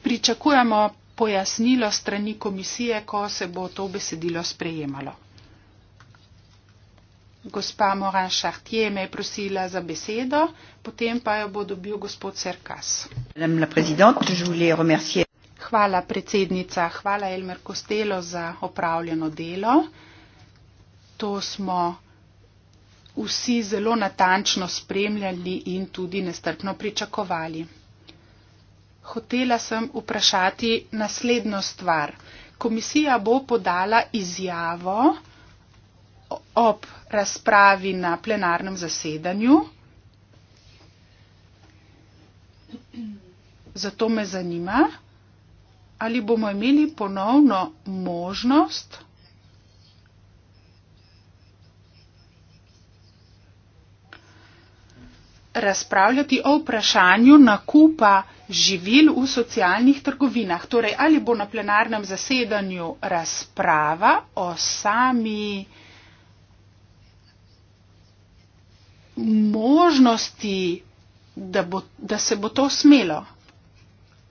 pričakujemo pojasnilo strani komisije, ko se bo to besedilo sprejemalo. Gospa Moran Šartje me je prosila za besedo, potem pa jo bo dobil gospod Serkas. Hvala predsednica, hvala Elmer Kostelo za opravljeno delo. To smo vsi zelo natančno spremljali in tudi nestrpno pričakovali. Hotela sem vprašati naslednjo stvar. Komisija bo podala izjavo ob razpravi na plenarnem zasedanju. Zato me zanima, ali bomo imeli ponovno možnost razpravljati o vprašanju nakupa živil v socialnih trgovinah. Torej, ali bo na plenarnem zasedanju razprava o sami možnosti, da, bo, da se bo to smelo.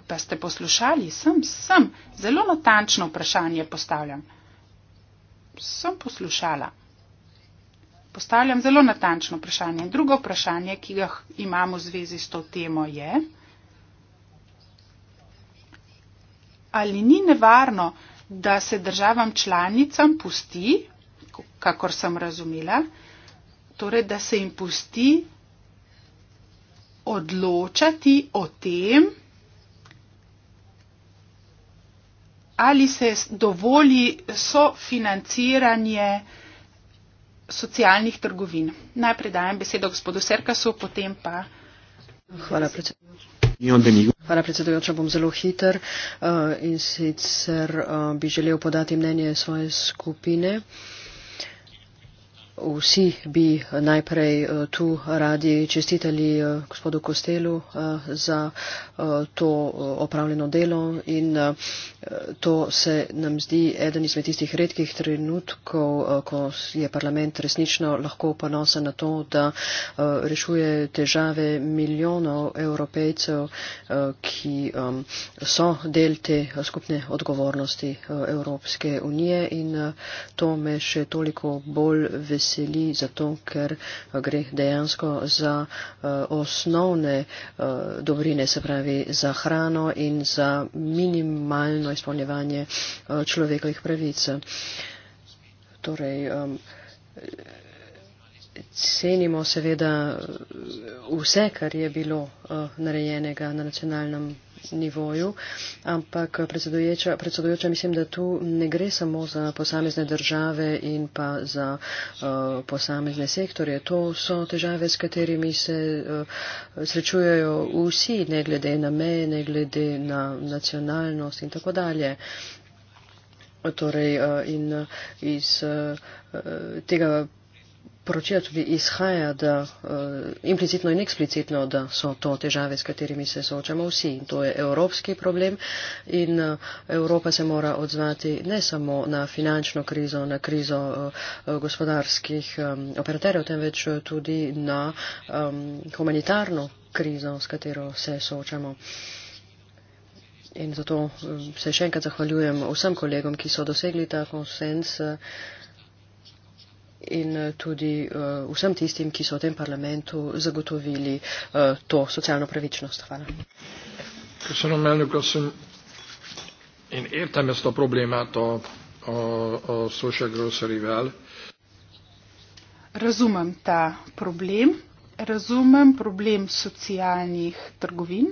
Pa ste poslušali, sem, sem, zelo natančno vprašanje postavljam. Sem poslušala postavljam zelo natančno vprašanje. In drugo vprašanje, ki ga imamo v zvezi s to temo, je, ali ni nevarno, da se državam članicam pusti, kakor sem razumela, torej, da se jim pusti odločati o tem, ali se dovoli sofinanciranje eh, socialnih trgovin. Najprej dajem besedo gospodu Serkasu, potem pa. Hvala, predsedujoča. Hvala, predsedujoča, bom zelo hiter uh, in sicer uh, bi želel podati mnenje svoje skupine. Uh, Vsi bi najprej eh, tu radi čestitali eh, gospodu Kostelu eh, za to opravljeno delo in to se nam zdi eden izmed tistih redkih trenutkov, ko je parlament resnično lahko ponosen na to, da rešuje težave milijonov evropejcev, ki um, so del te skupne odgovornosti Evropske unije in to me še toliko bolj veseli veseli, zato ker eh, gre dejansko za eh, osnovne eh, dobrine, se pravi za hrano in za minimalno izpolnjevanje človekovih pravic. Torej, cenimo seveda vse, kar je bilo narejenega na nacionalnem nivoju, ampak predsedujoča, predsedujoča mislim, da tu ne gre samo za posamezne države in pa za uh, posamezne sektorje. To so težave, s katerimi se uh, srečujejo vsi, ne glede na meje, ne glede na nacionalnost in tako dalje. Torej, uh, in uh, iz uh, uh tega poročila tudi izhaja, da eh, implicitno in eksplicitno, da so to težave, s katerimi se soočamo vsi. In to je evropski problem in eh, Evropa se mora odzvati ne samo na finančno krizo, na krizo eh, gospodarskih operaterjev, temveč tudi na humanitarno krizo, s katero se soočamo. In zato se še enkrat zahvaljujem vsem kolegom, ki so dosegli ta konsens in eh, tudi uh, vsem tistim, ki so v tem parlamentu zagotovili uh, to socialno pravičnost. Hvala. Ker sem omenil, ko sem in ertam je to problema, to social grocery vel. Razumem ta problem. Razumem problem socialnih trgovin.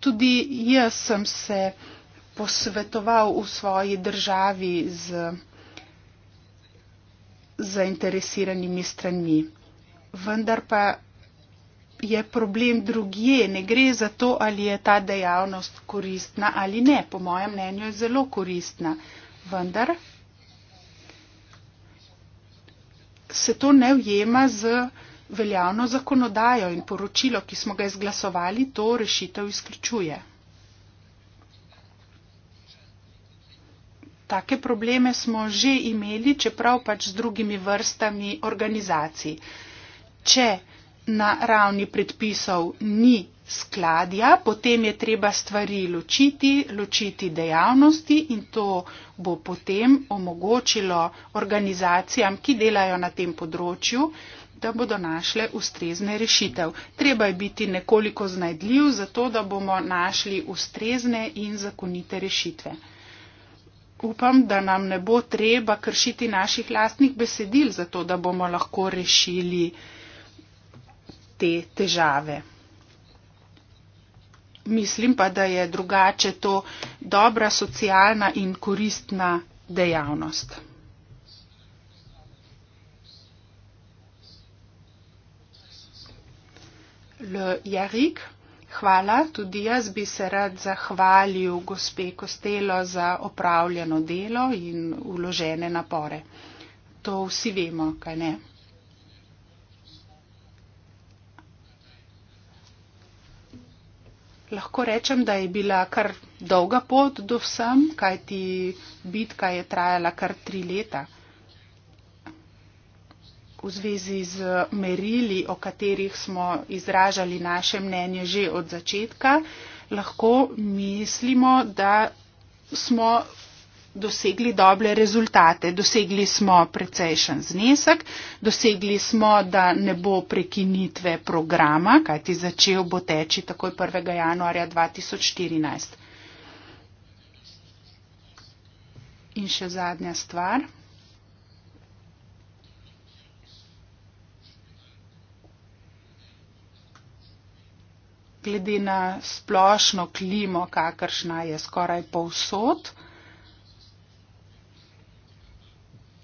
Tudi jaz sem se posvetoval v svoji državi z zainteresiranimi stranmi. Vendar pa je problem drugje, ne gre za to, ali je ta dejavnost koristna ali ne. Po mojem mnenju je zelo koristna. Vendar se to ne ujema z veljavno zakonodajo in poročilo, ki smo ga izglasovali, to rešitev izključuje. take probleme smo že imeli, čeprav pač z drugimi vrstami organizacij. Če na ravni predpisov ni skladja, potem je treba stvari ločiti, ločiti dejavnosti in to bo potem omogočilo organizacijam, ki delajo na tem področju, da bodo našle ustrezne rešitev. Treba je biti nekoliko znajdljiv, zato da bomo našli ustrezne in zakonite rešitve upam, da nam ne bo treba kršiti naših lastnih besedil, zato da bomo lahko rešili te težave. Mislim pa, da je drugače to dobra socialna in koristna dejavnost. Le Yarik. Hvala. Tudi jaz bi se rad zahvalil gospe Kostelo za opravljeno delo in uložene napore. To vsi vemo, kaj ne. Lahko rečem, da je bila kar dolga pot do vsem, kajti bitka je trajala kar tri leta v zvezi z merili, o katerih smo izražali naše mnenje že od začetka, lahko mislimo, da smo dosegli dobre rezultate. Dosegli smo precejšen znesek, dosegli smo, da ne bo prekinitve programa, kajti začel bo teči takoj 1. januarja 2014. In še zadnja stvar. glede na splošno klimo, kakršna je skoraj povsod,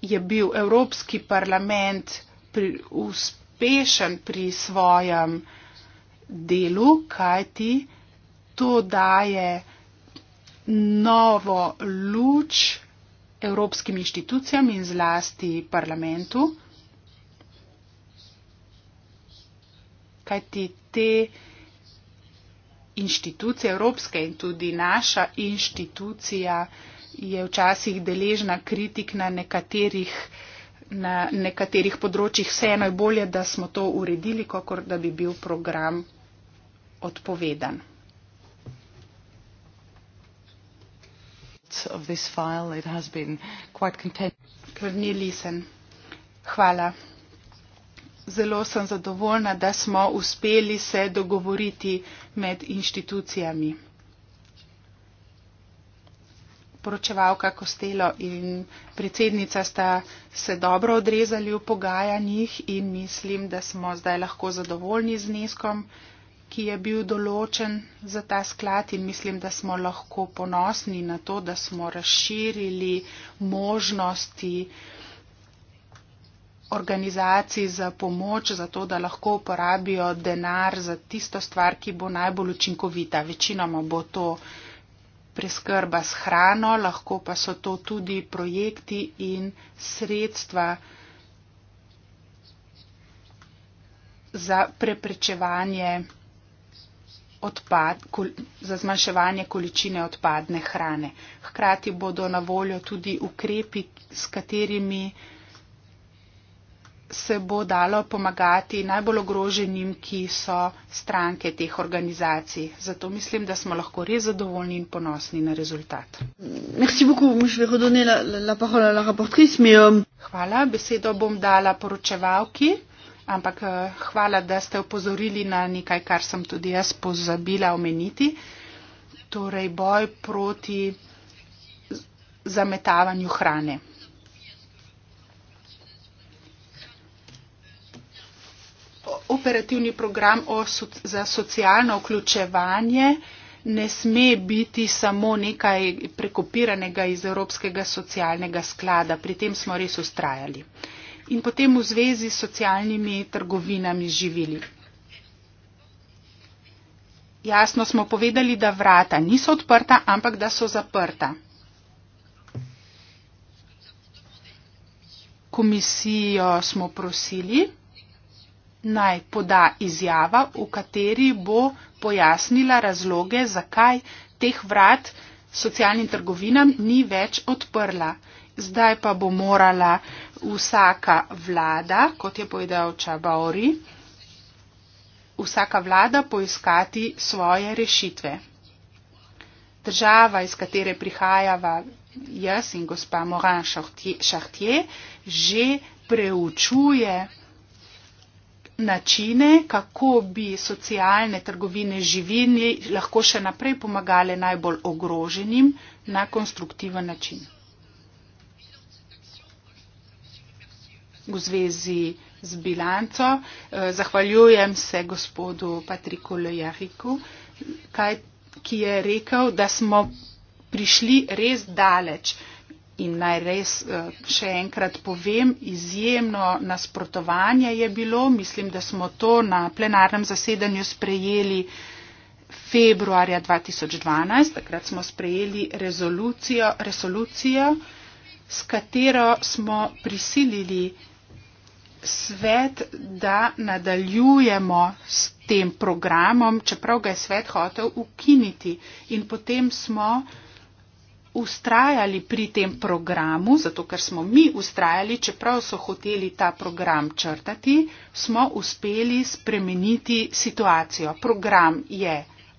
je bil Evropski parlament pri, uspešen pri svojem delu, kajti to daje novo luč evropskim inštitucijam in zlasti parlamentu, kajti te inštitucija evropske in tudi naša inštitucija je včasih deležna kritik na nekaterih, na nekaterih področjih. Vseeno je bolje, da smo to uredili, kot da bi bil program odpovedan. Hvala zelo sem zadovoljna, da smo uspeli se dogovoriti med inštitucijami. Poročevalka Kostelo in predsednica sta se dobro odrezali v pogajanjih in mislim, da smo zdaj lahko zadovoljni z neskom, ki je bil določen za ta sklad in mislim, da smo lahko ponosni na to, da smo razširili možnosti organizacij za pomoč, za to, da lahko uporabijo denar za tisto stvar, ki bo najbolj učinkovita. Večinoma bo to preskrba s hrano, lahko pa so to tudi projekti in sredstva za preprečevanje odpad, za zmanjševanje količine odpadne hrane. Hkrati bodo na voljo tudi ukrepi, s katerimi se bo dalo pomagati najbolj ogroženim, ki so stranke teh organizacij. Zato mislim, da smo lahko res zadovoljni in ponosni na rezultat. Euh, hvala, besedo bom dala poročevalki, ampak eh, hvala, da ste upozorili na nekaj, kar sem tudi jaz pozabila omeniti. Torej, boj proti zametavanju hrane. operativni program za socialno vključevanje ne sme biti samo nekaj prekopiranega iz Evropskega socialnega sklada. Pri tem smo res ustrajali. In potem v zvezi s socialnimi trgovinami živili. Jasno smo povedali, da vrata niso odprta, ampak da so zaprta. Komisijo smo prosili, naj poda izjava, v kateri bo pojasnila razloge, zakaj teh vrat socialnim trgovinam ni več odprla. Zdaj pa bo morala vsaka vlada, kot je povedal Čabauri, vsaka vlada poiskati svoje rešitve. Država, iz katere prihajava jaz in gospa Moran Šahtje, že preučuje načine, kako bi socialne trgovine živini lahko še naprej pomagale najbolj ogroženim na konstruktiven način. V zvezi z bilanco eh, zahvaljujem se gospodu Patriku Lejariku, ki je rekel, da smo prišli res daleč in naj res eh, še enkrat povem, izjemno nasprotovanje je bilo. Mislim, da smo to na plenarnem zasedanju sprejeli februarja 2012. Takrat smo sprejeli rezolucijo, resolucijo, s katero smo prisilili svet, da nadaljujemo s tem programom, čeprav ga je svet hotel ukiniti. In potem smo ustrajali pri tem programu, zato ker smo mi ustrajali, čeprav so hoteli ta program črtati, smo uspeli spremeniti situacijo. Program je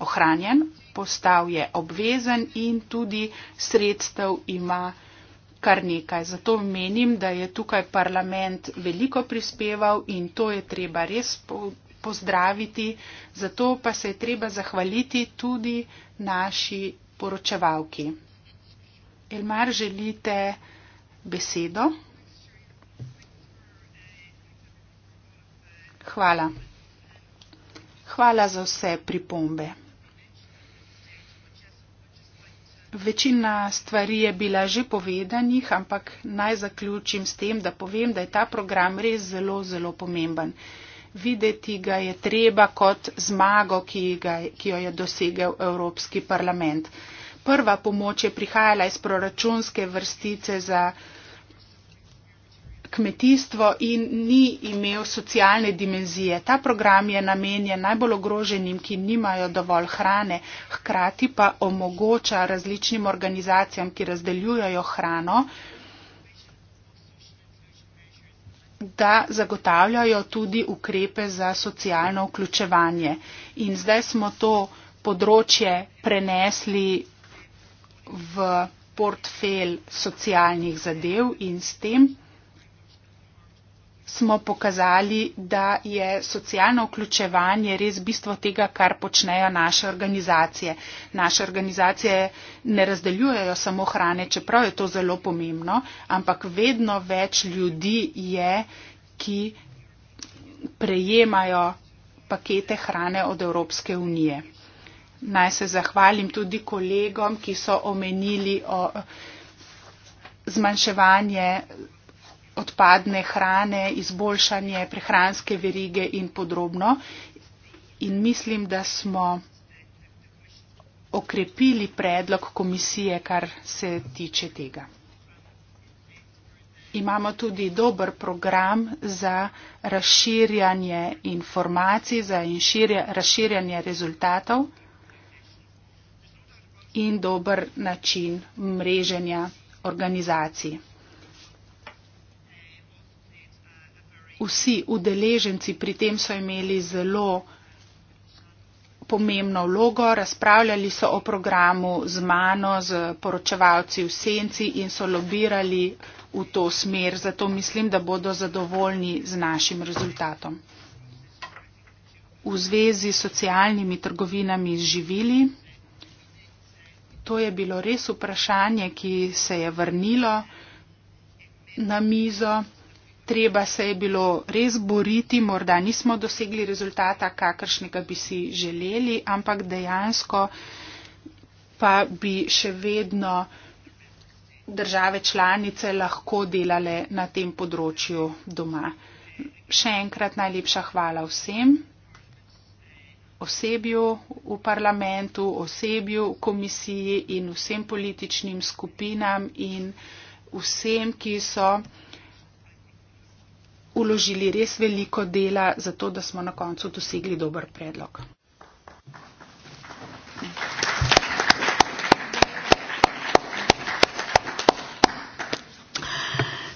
ohranjen, postal je obvezen in tudi sredstev ima kar nekaj. Zato menim, da je tukaj parlament veliko prispeval in to je treba res pozdraviti. Zato pa se je treba zahvaliti tudi naši poročevalki. Elmar, želite besedo? Hvala. Hvala za vse pripombe. Večina stvari je bila že povedanih, ampak naj zaključim s tem, da povem, da je ta program res zelo, zelo pomemben. Videti ga je treba kot zmago, ki, ga, ki jo je dosegel Evropski parlament prva pomoč je prihajala iz proračunske vrstice za kmetijstvo in ni imel socialne dimenzije. Ta program je namenjen najbolj ogroženim, ki nimajo dovolj hrane, hkrati pa omogoča različnim organizacijam, ki razdeljujejo hrano, da zagotavljajo tudi ukrepe za socialno vključevanje. In zdaj smo to področje prenesli v portfelj socialnih zadev in s tem smo pokazali, da je socialno vključevanje res bistvo tega, kar počnejo naše organizacije. Naše organizacije ne razdeljujejo samo hrane, čeprav je to zelo pomembno, ampak vedno več ljudi je, ki prejemajo pakete hrane od Evropske unije. Naj se zahvalim tudi kolegom, ki so omenili o zmanjševanje odpadne hrane, izboljšanje prehranske verige in podrobno. In mislim, da smo okrepili predlog komisije, kar se tiče tega. Imamo tudi dober program za razširjanje informacij, za razširjanje rezultatov in dober način mreženja organizacij. Vsi udeleženci pri tem so imeli zelo pomembno vlogo, razpravljali so o programu z mano, z poročevalci v senci in so lobirali v to smer. Zato mislim, da bodo zadovoljni z našim rezultatom. V zvezi s socialnimi trgovinami živili to je bilo res vprašanje, ki se je vrnilo na mizo. Treba se je bilo res boriti, morda nismo dosegli rezultata, kakršnega bi si želeli, ampak dejansko pa bi še vedno države članice lahko delale na tem področju doma. Še enkrat najlepša hvala vsem osebju v parlamentu, osebju v komisiji in vsem političnim skupinam in vsem, ki so uložili res veliko dela za to, da smo na koncu dosegli dober predlog.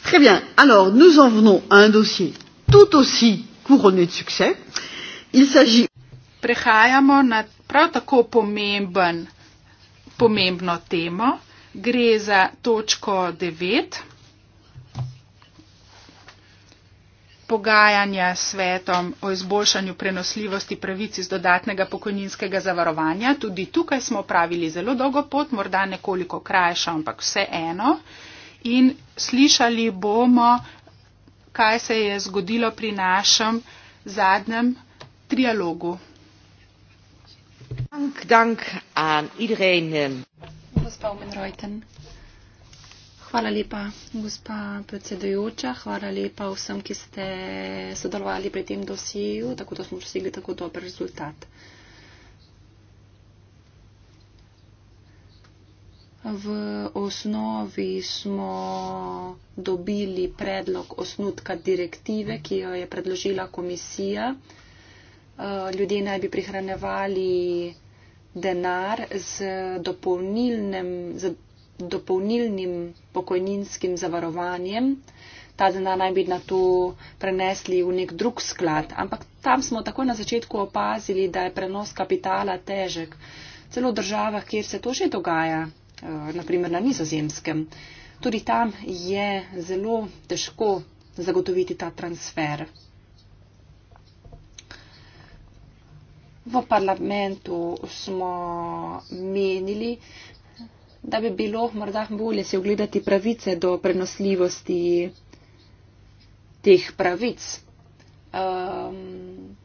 Très bien. Alors, nous en venons à un dossier tout aussi couronné de succès. Il s'agit prehajamo na prav tako pomemben, pomembno temo. Gre za točko 9. Pogajanja s svetom o izboljšanju prenosljivosti pravici z dodatnega pokojninskega zavarovanja. Tudi tukaj smo pravili zelo dolgo pot, morda nekoliko krajša, ampak vse eno. In slišali bomo, kaj se je zgodilo pri našem zadnjem trialogu dank dank aan iedereen. Eh. Hvala lepa, gospa predsedujoča, hvala lepa vsem, ki ste sodelovali pri tem dosiju, tako da smo dosegli tako dober rezultat. V osnovi smo dobili predlog osnutka direktive, ki jo je predložila komisija. Eh, ljudje naj bi prihranevali denar z, z dopolnilnim pokojninskim zavarovanjem. Ta denar naj bi na to prenesli v nek drug sklad. Ampak tam smo takoj na začetku opazili, da je prenos kapitala težek. Celo v državah, kjer se to že dogaja, eh, naprimer na nizozemskem, tudi tam je zelo težko zagotoviti ta transfer. V parlamentu smo menili, da bi bilo morda bolje se ogledati pravice do prenosljivosti teh pravic. Um,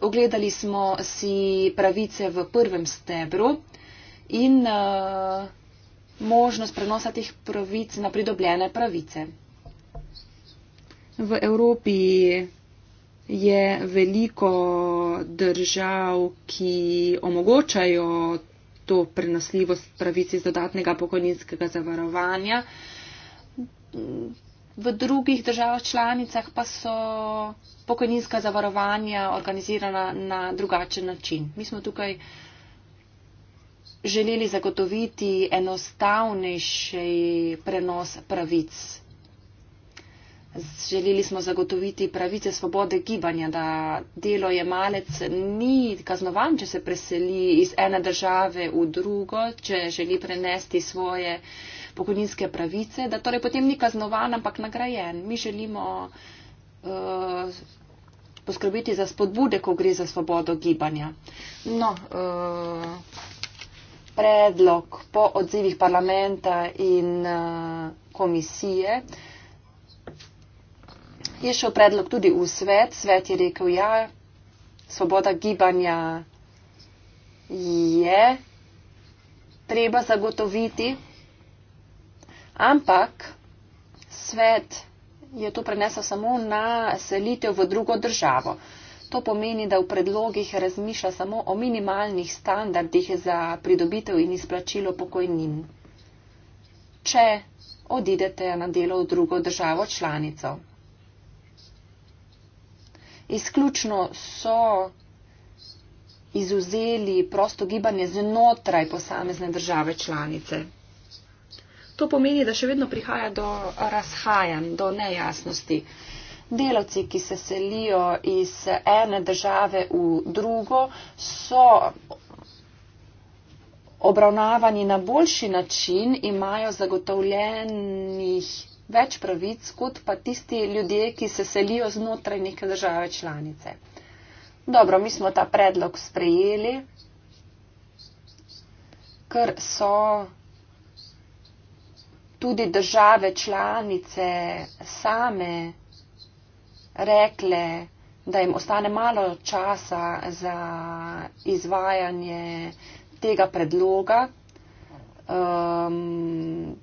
ogledali smo si pravice v prvem stebru in uh, možnost prenosa teh pravic na pridobljene pravice. V Evropi je veliko držav, ki omogočajo to prenosljivost pravici iz dodatnega pokojninskega zavarovanja. V drugih državah članicah pa so pokojninska zavarovanja organizirana na drugačen način. Mi smo tukaj želeli zagotoviti enostavnejši prenos pravic Želeli smo zagotoviti pravice svobode gibanja, da delo jemalec ni kaznovan, če se preseli iz ene države v drugo, če želi prenesti svoje pokojninske pravice, da torej potem ni kaznovan, ampak nagrajen. Mi želimo uh, eh, poskrbiti za spodbude, ko gre za svobodo gibanja. No, uh, predlog po odzivih parlamenta in uh, komisije. Uh, je šel predlog tudi v svet. Svet je rekel, ja, svoboda gibanja je treba zagotoviti, ampak svet je to prenesel samo na selitev v drugo državo. To pomeni, da v predlogih razmišlja samo o minimalnih standardih za pridobitev in izplačilo pokojnin, če odidete na delo v drugo državo članico izključno so izuzeli prosto gibanje znotraj posamezne države članice. To pomeni, da še vedno prihaja do razhajanj, do nejasnosti. Delavci, ki se selijo iz ene države v drugo, so obravnavani na boljši način, imajo zagotovljenih več pravic, kot pa tisti ljudje, ki se selijo znotraj neke države članice. Dobro, mi smo ta predlog sprejeli, ker so tudi države članice same rekle, da jim ostane malo časa za izvajanje tega predloga. Um,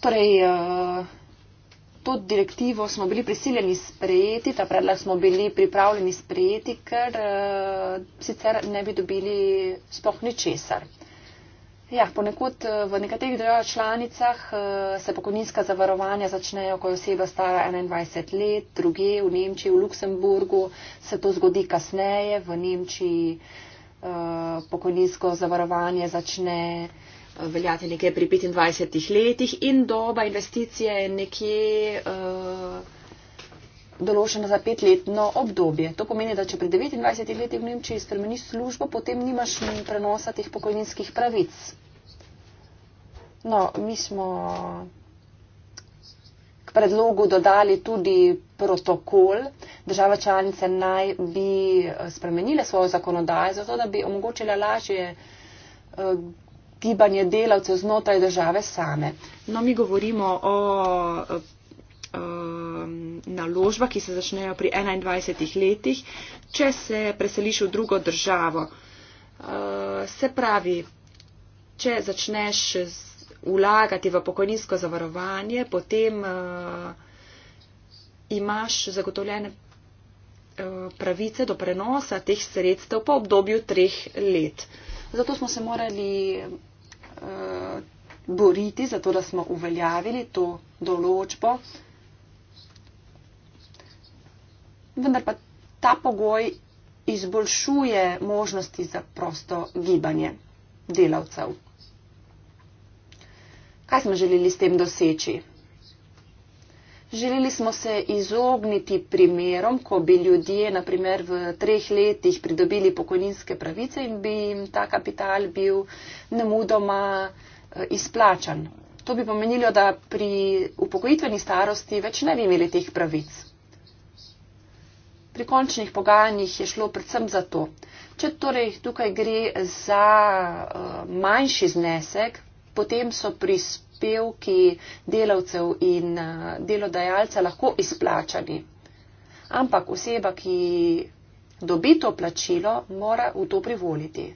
Torej, eh, to direktivo smo bili prisiljeni sprejeti, ta predlog smo bili pripravljeni sprejeti, ker eh, sicer ne bi dobili spoh ničesar. Ja, ponekud eh, v nekaterih državah članicah se pokojninska zavarovanja začnejo, ko je oseba stara 21 let, druge v Nemčiji, v Luksemburgu se to zgodi kasneje, v Nemčiji pokojninsko zavarovanje začne veljati nekje pri 25 letih in doba investicije je nekje eh, določena za petletno obdobje. To pomeni, da če pri 29 letih v Nemčiji spremeniš službo, potem nimaš prenosa teh pokojninskih pravic. No, mi smo k predlogu dodali tudi protokol. Država članice naj bi eh, spremenile svojo zakonodajo, zato da bi omogočila lažje eh, gibanje delavcev znotraj države same. No, mi govorimo o um, naložba, ki se začnejo pri 21 letih, če se preseliš v drugo državo. Uh, se pravi, če začneš vlagati v pokojninsko zavarovanje, potem uh, imaš zagotovljene uh, pravice do prenosa teh sredstev po obdobju treh let. Zato smo se morali uh, boriti, zato da smo uveljavili to določbo. Vendar pa ta pogoj izboljšuje možnosti za prosto gibanje delavcev. Kaj smo želeli s tem doseči? Želeli smo se izogniti primerom, ko bi ljudje naprimer v treh letih pridobili pokojninske pravice in bi jim ta kapital bil nemudoma eh, izplačan. To bi pomenilo, da pri upokojitveni starosti več ne bi imeli teh pravic. Pri končnih pogajanjih je šlo predvsem za to. Če torej tukaj gre za eh, manjši znesek, potem so pri spremljanju prispevki delavcev in eh, delodajalca lahko izplačani. Ampak oseba, ki dobi to plačilo, mora v to privoliti.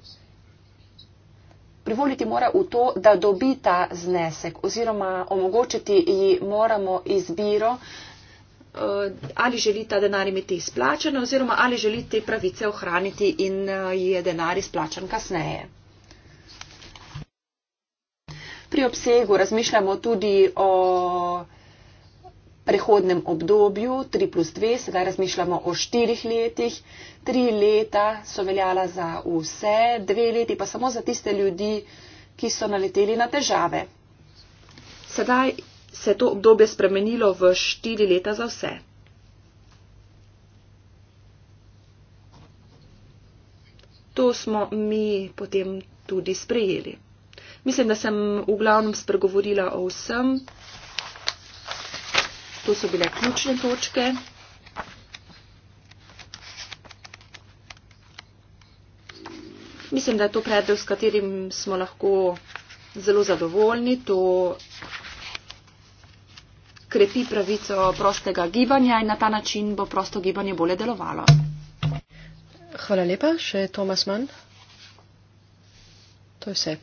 Privoliti mora v to, da dobi ta znesek oziroma omogočiti ji moramo izbiro, eh, ali želi ta denar imeti izplačen oziroma ali želi te pravice ohraniti in eh, ji je denar izplačen kasneje pri obsegu razmišljamo tudi o prehodnem obdobju 3 plus 2, sedaj razmišljamo o 4 letih. 3 leta so veljala za vse, 2 leti pa samo za tiste ljudi, ki so naleteli na težave. Sedaj se je to obdobje spremenilo v 4 leta za vse. To smo mi potem tudi sprejeli. Mislim, da sem v glavnem spregovorila o vsem. To so bile ključne točke. Mislim, da je to predlog, s katerim smo lahko zelo zadovoljni. To krepi pravico prostega gibanja in na ta način bo prosto gibanje bolje delovalo. Hvala lepa. Še Tomas Mann. To je vse.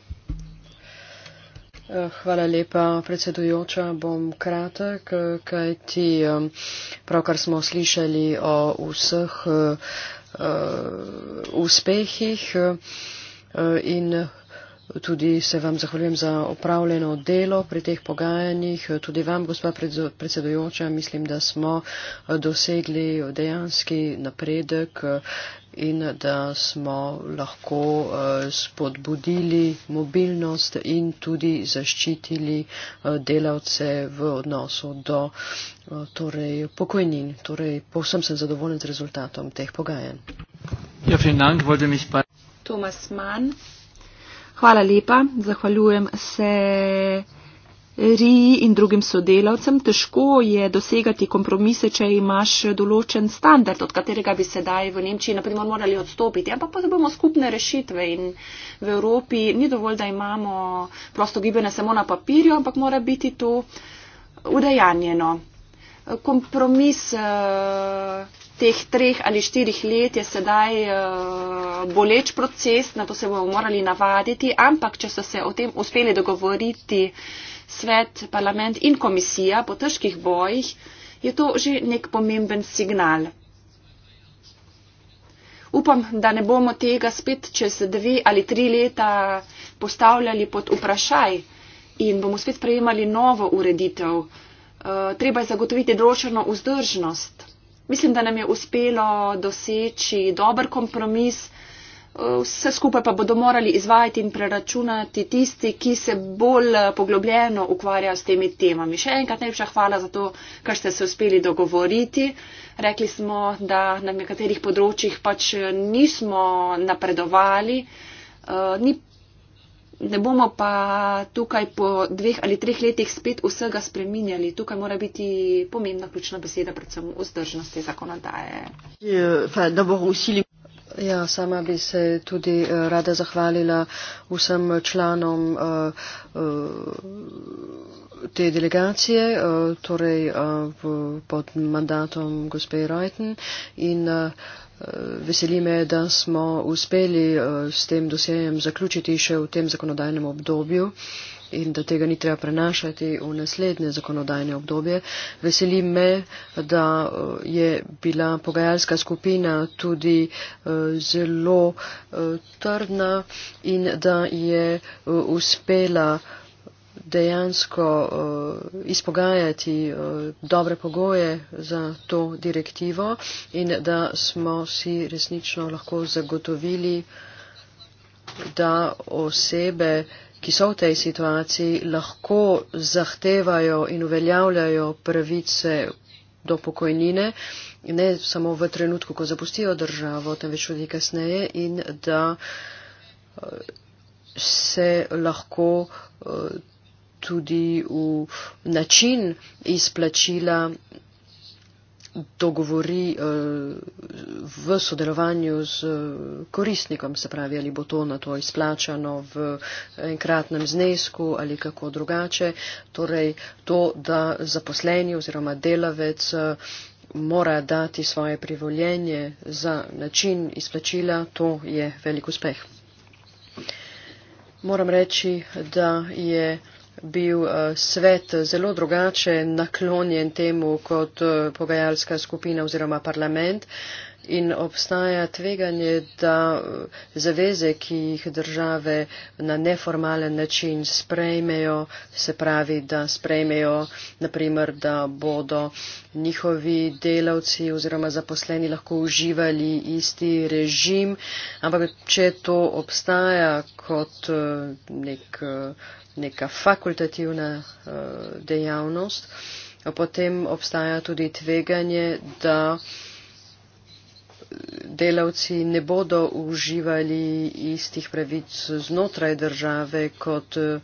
Eh, hvala lepa, predsedujoča. Bom kratek, eh, kajti eh, pravkar smo slišali o vseh uh, uspehih uh, in Tudi se vam zahvaljujem za opravljeno delo pri teh pogajanjih. Tudi vam, gospa predsedujoča, mislim, da smo eh, dosegli dejanski napredek eh, in da smo lahko eh, spodbudili mobilnost in tudi zaščitili delavce v odnosu do torej, pokojnin. Torej, povsem sem zadovoljen z rezultatom teh pogajanj. Ja, Tomas Mann. Hvala lepa, zahvaljujem se Riji in drugim sodelavcem. Težko je dosegati kompromise, če imaš določen standard, od katerega bi sedaj v Nemčiji naprimer morali odstopiti. Ampak pa bomo skupne rešitve in v Evropi ni dovolj, da imamo prosto gibanje samo na papirju, ampak mora biti to udejanjeno. Kompromis. Uh, teh treh ali štirih let je sedaj uh, boleč proces, na to se bomo morali navaditi, ampak če so se o tem uspeli dogovoriti svet, parlament in komisija po težkih bojih, je to že nek pomemben signal. Upam, da ne bomo tega spet čez dve ali tri leta postavljali pod vprašaj in bomo spet sprejemali novo ureditev. Uh, treba je zagotoviti določeno vzdržnost Mislim, da nam je uspelo doseči dober kompromis, vse skupaj pa bodo morali izvajati in preračunati tisti, ki se bolj poglobljeno ukvarjajo s temi temami. Še enkrat najlepša hvala za to, kar ste se uspeli dogovoriti. Rekli smo, da na nekaterih področjih pač nismo napredovali. Eh, ni Ne bomo pa tukaj po dveh ali treh letih spet vsega spreminjali. Tukaj mora biti pomembna ključna beseda, predvsem vzdržnost te zakonodaje. Ja, sama bi se tudi eh, rada zahvalila vsem članom eh, eh, te delegacije, torej pod mandatom gospe Reuten in. Veseli me, da smo uspeli eh, s tem dosjejem zaključiti še v tem zakonodajnem obdobju in da tega ni treba prenašati v naslednje zakonodajne obdobje. Veseli me, da eh, je bila pogajalska skupina tudi eh, zelo trdna in da je uspela dejansko uh, izpogajati uh, dobre pogoje za to direktivo in da smo si resnično lahko zagotovili, da osebe, ki so v tej situaciji, lahko zahtevajo in uveljavljajo pravice do pokojnine, ne samo v trenutku, ko zapustijo državo, temveč tudi kasneje in da eh, se lahko tudi v način izplačila dogovori eh, v sodelovanju z eh, koristnikom, se pravi, ali bo to na to izplačano v enkratnem znesku ali kako drugače. Torej, to, da zaposleni oziroma delavec eh, mora dati svoje privoljenje za način izplačila, to je velik uspeh. Moram reči, da je bil eh, svet zelo drugače naklonjen temu kot eh, pogajalska skupina oziroma parlament in obstaja tveganje, da eh, zaveze, ki jih države na neformalen način sprejmejo, se pravi, da sprejmejo, naprimer, da bodo njihovi delavci oziroma zaposleni lahko uživali isti režim, ampak če to obstaja kot nek neka fakultativna eh, dejavnost. Potem obstaja tudi tveganje, da eh, delavci ne bodo uživali istih pravic znotraj države kot eh,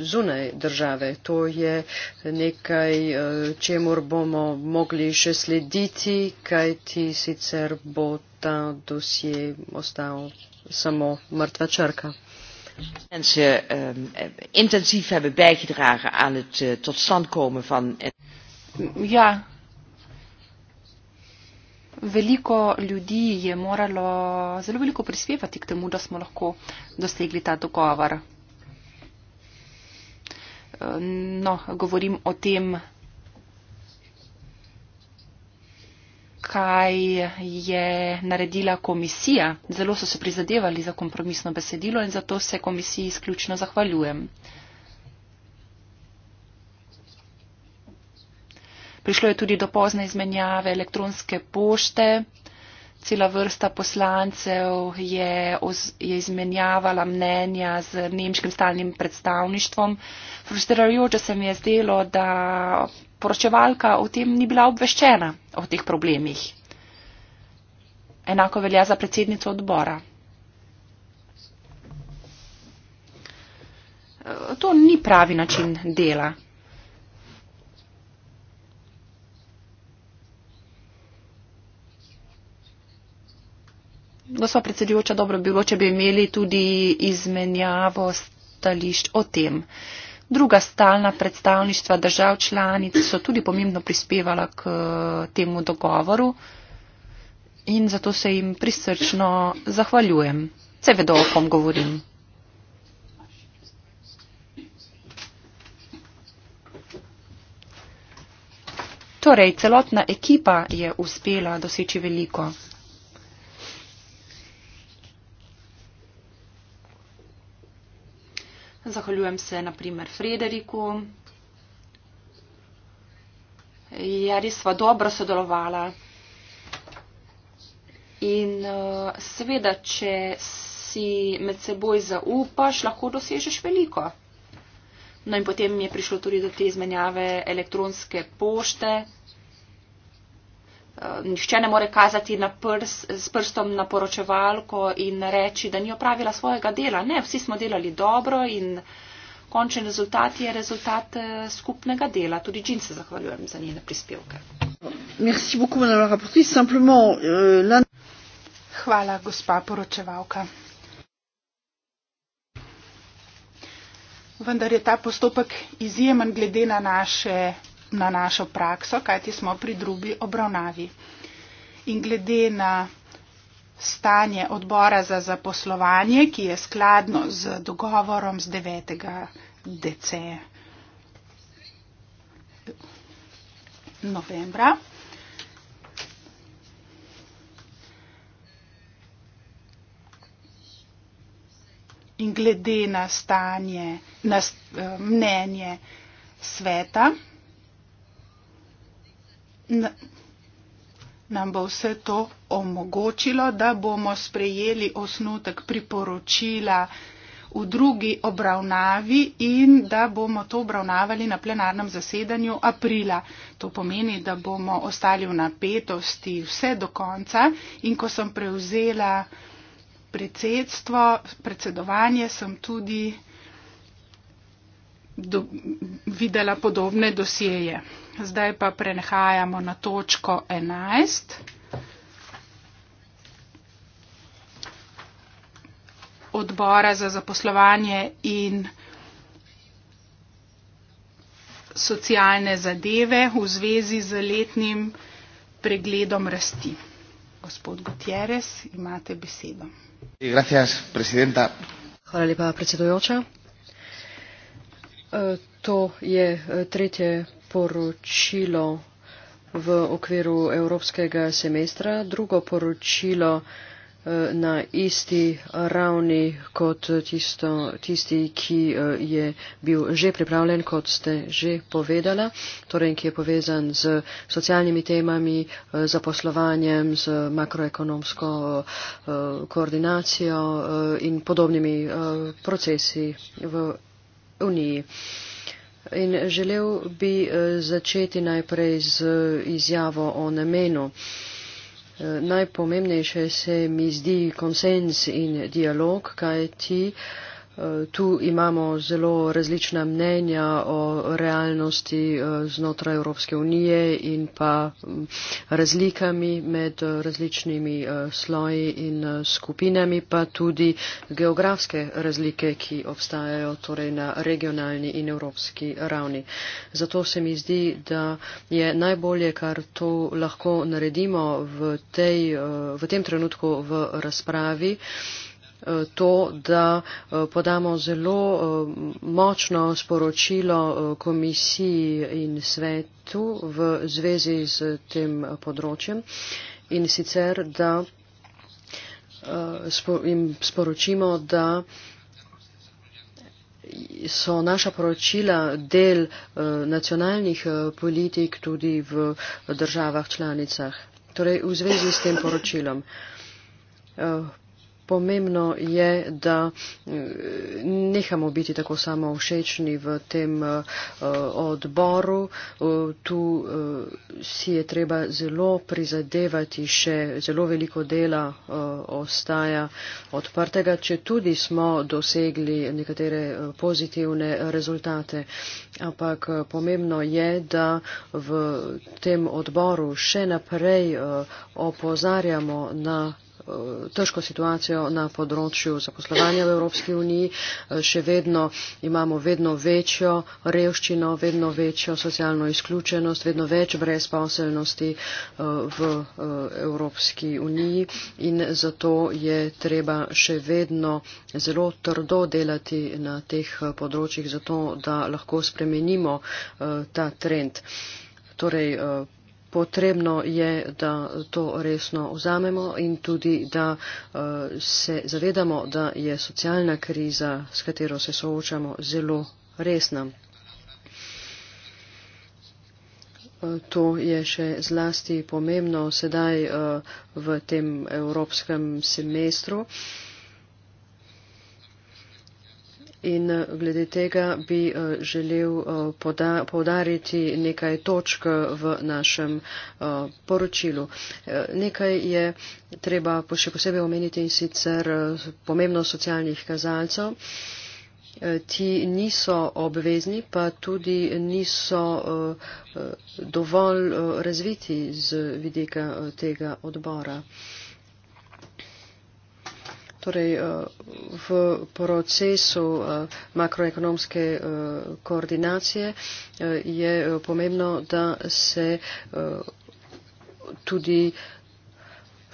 zunaj države. To je nekaj, čemur bomo mogli še slediti, kaj ti sicer bo ta dosje ostal samo mrtva črka mensen ehm, eh, intensief hebben bijgedragen aan het eh, tot stand komen van... Ja. Veliko ljudi je moralo zelo veliko prispevati k temu, da smo lahko dosegli ta dogovor. Eh, no, govorim o tem, da kaj je naredila komisija. Zelo so se prizadevali za kompromisno besedilo in zato se komisiji izključno zahvaljujem. Prišlo je tudi do pozne izmenjave elektronske pošte cela vrsta poslancev je, je izmenjavala mnenja z nemškim stalnim predstavništvom. Frustrirajoče se mi je zdelo, da poročevalka o tem ni bila obveščena o teh problemih. Enako velja za predsednico odbora. To ni pravi način dela. gospod predsedujoča, dobro bilo, če bi imeli tudi izmenjavo stališč o tem. Druga stalna predstavništva držav članic so tudi pomembno prispevala k temu dogovoru in zato se jim prisrčno zahvaljujem. Se vedo, o kom govorim. Torej, celotna ekipa je uspela doseči veliko. Zahvaljujem se na primer Frederiku. Je ja, res sva dobro sodelovala. In eh, seveda, če si med seboj zaupaš, lahko dosežeš veliko. No in potem je prišlo tudi do te izmenjave elektronske pošte. Eh, nihče ne more kazati prs, s prstom na poročevalko in reči, da ni opravila svojega dela. Ne, vsi smo delali dobro in končen rezultat je rezultat eh, skupnega dela. Tudi Džin se zahvaljujem za njene prispevke. Euh, Hvala, gospa poročevalka. Vendar je ta postopek izjemen glede na naše na našo prakso, kajti smo pri drugi obravnavi. In glede na stanje odbora za zaposlovanje, ki je skladno z dogovorom z 9. decembra novembra, In glede na stanje, na eh, mnenje sveta, nam bo vse to omogočilo, da bomo sprejeli osnutek priporočila v drugi obravnavi in da bomo to obravnavali na plenarnem zasedanju aprila. To pomeni, da bomo ostali v napetosti vse do konca in ko sem prevzela predsedstvo, predsedovanje, sem tudi do, videla podobne dosjeje. Zdaj pa prenehajamo na točko 11. odbora za zaposlovanje in socialne zadeve v zvezi z letnim pregledom rasti. Gospod Gutierrez, imate besedo. Hvala lepa, predsedujoča. Eh, to je eh, tretje poročilo v okviru evropskega semestra, drugo poročilo eh, na isti ravni kot tisto, tisti, ki je bil že pripravljen, kot ste že povedala, torej ki je povezan z socialnimi temami, zaposlovanjem, z makroekonomsko koordinacijo in podobnimi procesi v uniji. In želel bi eh, začeti najprej z eh, izjavo o namenu. Eh, najpomembnejše se mi zdi konsens in dialog, kaj ti. Eh, tu imamo zelo različna mnenja o realnosti eh, znotraj Evropske unije in pa mm, razlikami med eh, različnimi sloji in skupinami, pa tudi geografske razlike, ki obstajajo torej na regionalni in evropski ravni. Zato se mi zdi, da je najbolje, kar to lahko naredimo v, tej, v tem trenutku v razpravi, to, da eh, podamo zelo eh, močno sporočilo eh, komisiji in svetu v zvezi z tem področjem in sicer, da jim sporočimo, da so naša poročila del nacionalnih politik tudi v državah članicah. Torej, v zvezi s tem poročilom. Pomembno je, da eh, nehamo biti tako samo všečni v tem eh, odboru. Eh, tu si je treba zelo prizadevati, še zelo veliko dela ostaja odprtega, če tudi smo dosegli nekatere pozitivne rezultate. Ampak pomembno je, da v tem odboru še naprej opozarjamo na težko situacijo na področju zaposlovanja v Evropski uniji. E, še vedno imamo vedno večjo revščino, vedno večjo socialno izključenost, vedno več brezposelnosti e, v e, Evropski uniji in zato je treba še vedno zelo trdo delati na teh področjih, zato da lahko spremenimo ta trend. Torej, potrebno je, da to resno vzamemo in tudi, da eh, se zavedamo, da je socialna kriza, s katero se soočamo, zelo resna. Eh, to je še zlasti pomembno sedaj eh, v tem evropskem semestru. In eh, glede tega bi eh, želel eh, povdariti nekaj točk v našem poročilu. Nekaj je treba še posebej omeniti in sicer pomembno socialnih kazalcev. Ti niso obvezni, pa tudi niso dovolj razviti z vidika tega odbora torej eh, v procesu eh, makroekonomske eh, koordinacije je pomembno, da se tudi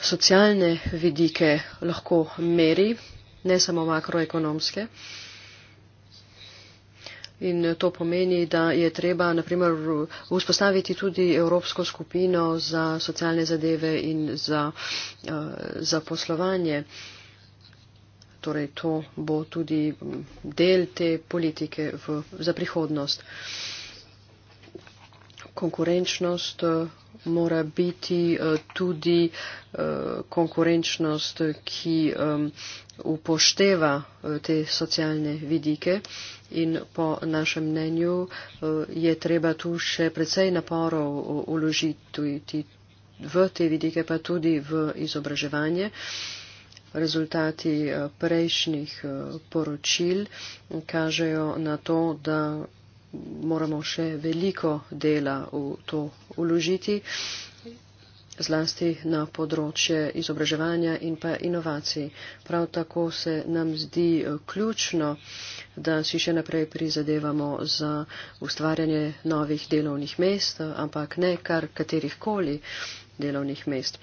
socialne vidike lahko meri, ne samo makroekonomske. In to pomeni, da je treba, na primer, vzpostaviti tudi Evropsko skupino za socialne zadeve in za, za poslovanje torej to bo tudi del te politike v, za prihodnost. Konkurenčnost eh, mora biti eh, tudi eh, konkurenčnost, ki upošteva te socialne vidike in po našem mnenju je treba tu še precej naporov uložiti v te vidike, pa tudi v izobraževanje rezultati eh, prejšnjih eh, poročil kažejo na to, da moramo še veliko dela v to uložiti, zlasti na področje izobraževanja in pa inovacij. Prav tako se nam zdi eh, ključno, da si še naprej prizadevamo za ustvarjanje novih delovnih mest, ampak ne kar katerihkoli delovnih mest.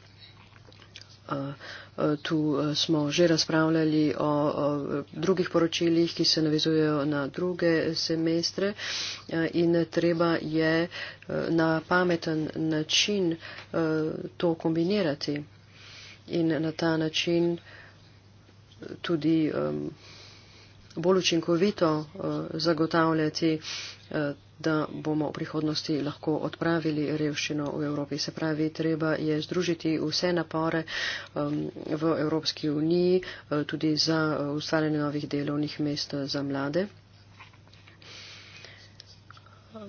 Tu smo že razpravljali o drugih poročilih, ki se navezujejo na druge semestre in treba je na pameten način to kombinirati in na ta način tudi bolj učinkovito zagotavljati da bomo v prihodnosti lahko odpravili revščino v Evropi. Se pravi, treba je združiti vse napore um, v Evropski uniji uh, tudi za ustvarjanje novih delovnih mest za mlade.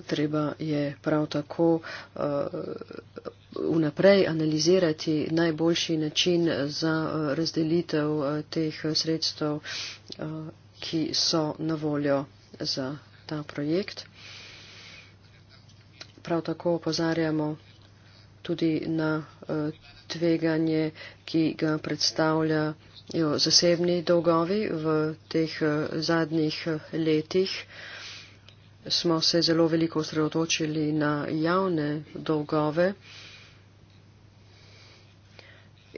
Treba je prav tako uh, vnaprej analizirati najboljši način za uh, razdelitev teh sredstev, ki so na voljo za ta projekt prav tako opozarjamo tudi na eh, tveganje, ki ga predstavljajo zasebni dolgovi. V teh eh, zadnjih eh, letih smo se zelo veliko osredotočili na javne dolgove.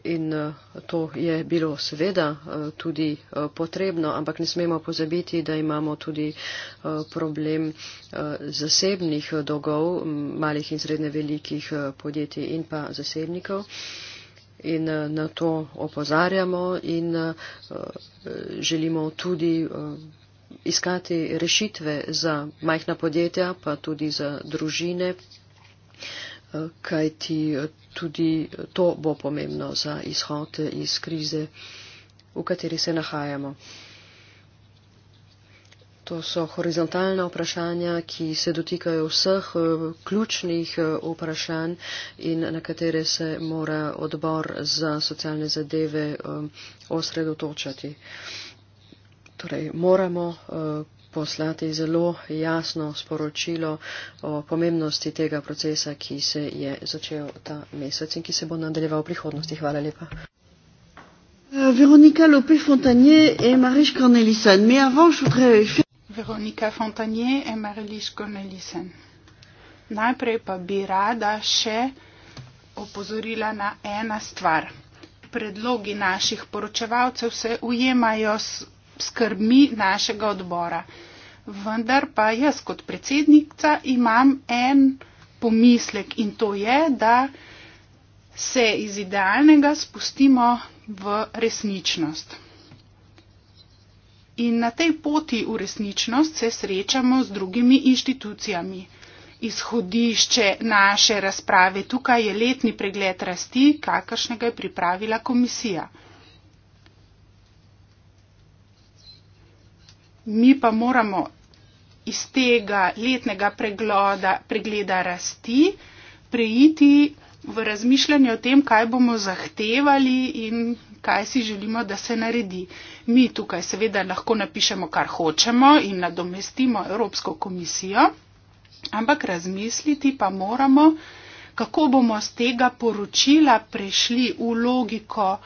In eh, to je bilo seveda eh, tudi eh, potrebno, ampak ne smemo pozabiti, da imamo tudi problem zasebnih dolgov, malih in srednje velikih podjetij in pa zasebnikov. In na to opozarjamo in želimo tudi iskati rešitve za majhna podjetja, pa tudi za družine kajti eh, tudi to bo pomembno za izhod eh, iz krize, v kateri se nahajamo. To so horizontalna vprašanja, ki se dotikajo vseh eh, ključnih vprašanj in na katere se mora odbor za socialne zadeve osredotočati. Torej, moramo poslati zelo jasno sporočilo o pomembnosti tega procesa, ki se je začel ta mesec in ki se bo nadaljeval v prihodnosti. Hvala lepa. Euh, Veronika Lope Fontanje in Mariš Cornelisen. Mi avant, je voudrais... treba. Veronika Fontanje in Mariš Cornelisen. Najprej pa bi rada še opozorila na ena stvar. Predlogi naših poročevalcev se ujemajo s skrbmi našega odbora. Vendar pa jaz kot predsednica imam en pomislek in to je, da se iz idealnega spustimo v resničnost. In na tej poti v resničnost se srečamo z drugimi inštitucijami. Izhodišče naše razprave tukaj je letni pregled rasti, kakršnega je pripravila komisija. mi pa moramo iz tega letnega pregloda, pregleda rasti preiti v razmišljanje o tem, kaj bomo zahtevali in kaj si želimo, da se naredi. Mi tukaj seveda lahko napišemo, kar hočemo in nadomestimo Evropsko komisijo, ampak razmisliti pa moramo, kako bomo z tega poročila prešli v logiko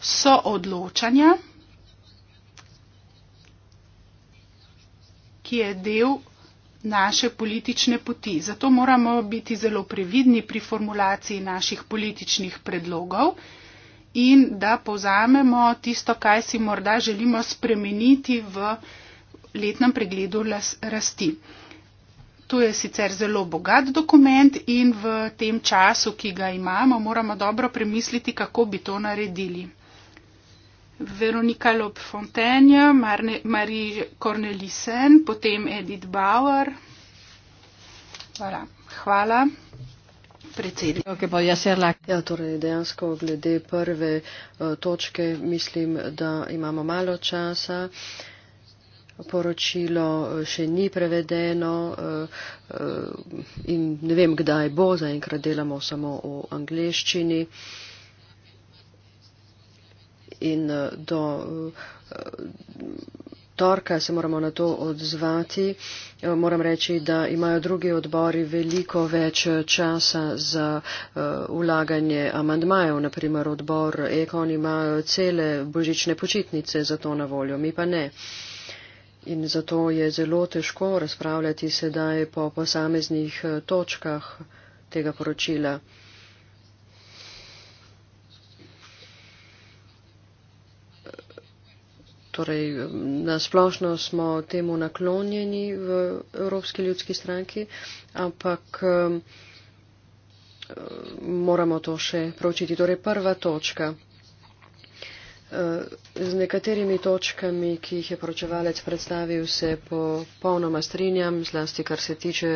soodločanja, ki je del naše politične poti. Zato moramo biti zelo previdni pri formulaciji naših političnih predlogov in da povzamemo tisto, kaj si morda želimo spremeniti v letnem pregledu rasti. To je sicer zelo bogat dokument in v tem času, ki ga imamo, moramo dobro premisliti, kako bi to naredili. Veronika Lopfontenja, Marie Cornelissen, potem Edith Bauer. Voilà. Hvala. Okay, ja, torej dejansko glede prve uh, točke mislim, da imamo malo časa. Poročilo eh, še ni prevedeno uh, uh, in ne vem, kdaj bo, zaenkrat delamo samo v angleščini. Uh, in eh, do eh, torka se moramo na to odzvati. Eh, moram reči, da imajo drugi odbori veliko več časa za vlaganje amandmajev. Naprimer, odbor Ekon ima cele božične počitnice za to na voljo, mi pa ne. In zato je zelo težko razpravljati sedaj po posameznih točkah tega poročila. Torej, na splošno smo temu naklonjeni v Evropski ljudski stranki, ampak um, moramo to še pročiti. Torej, prva točka. Uh, z nekaterimi točkami, ki jih je pročevalec predstavil, se popolnoma strinjam, zlasti kar se tiče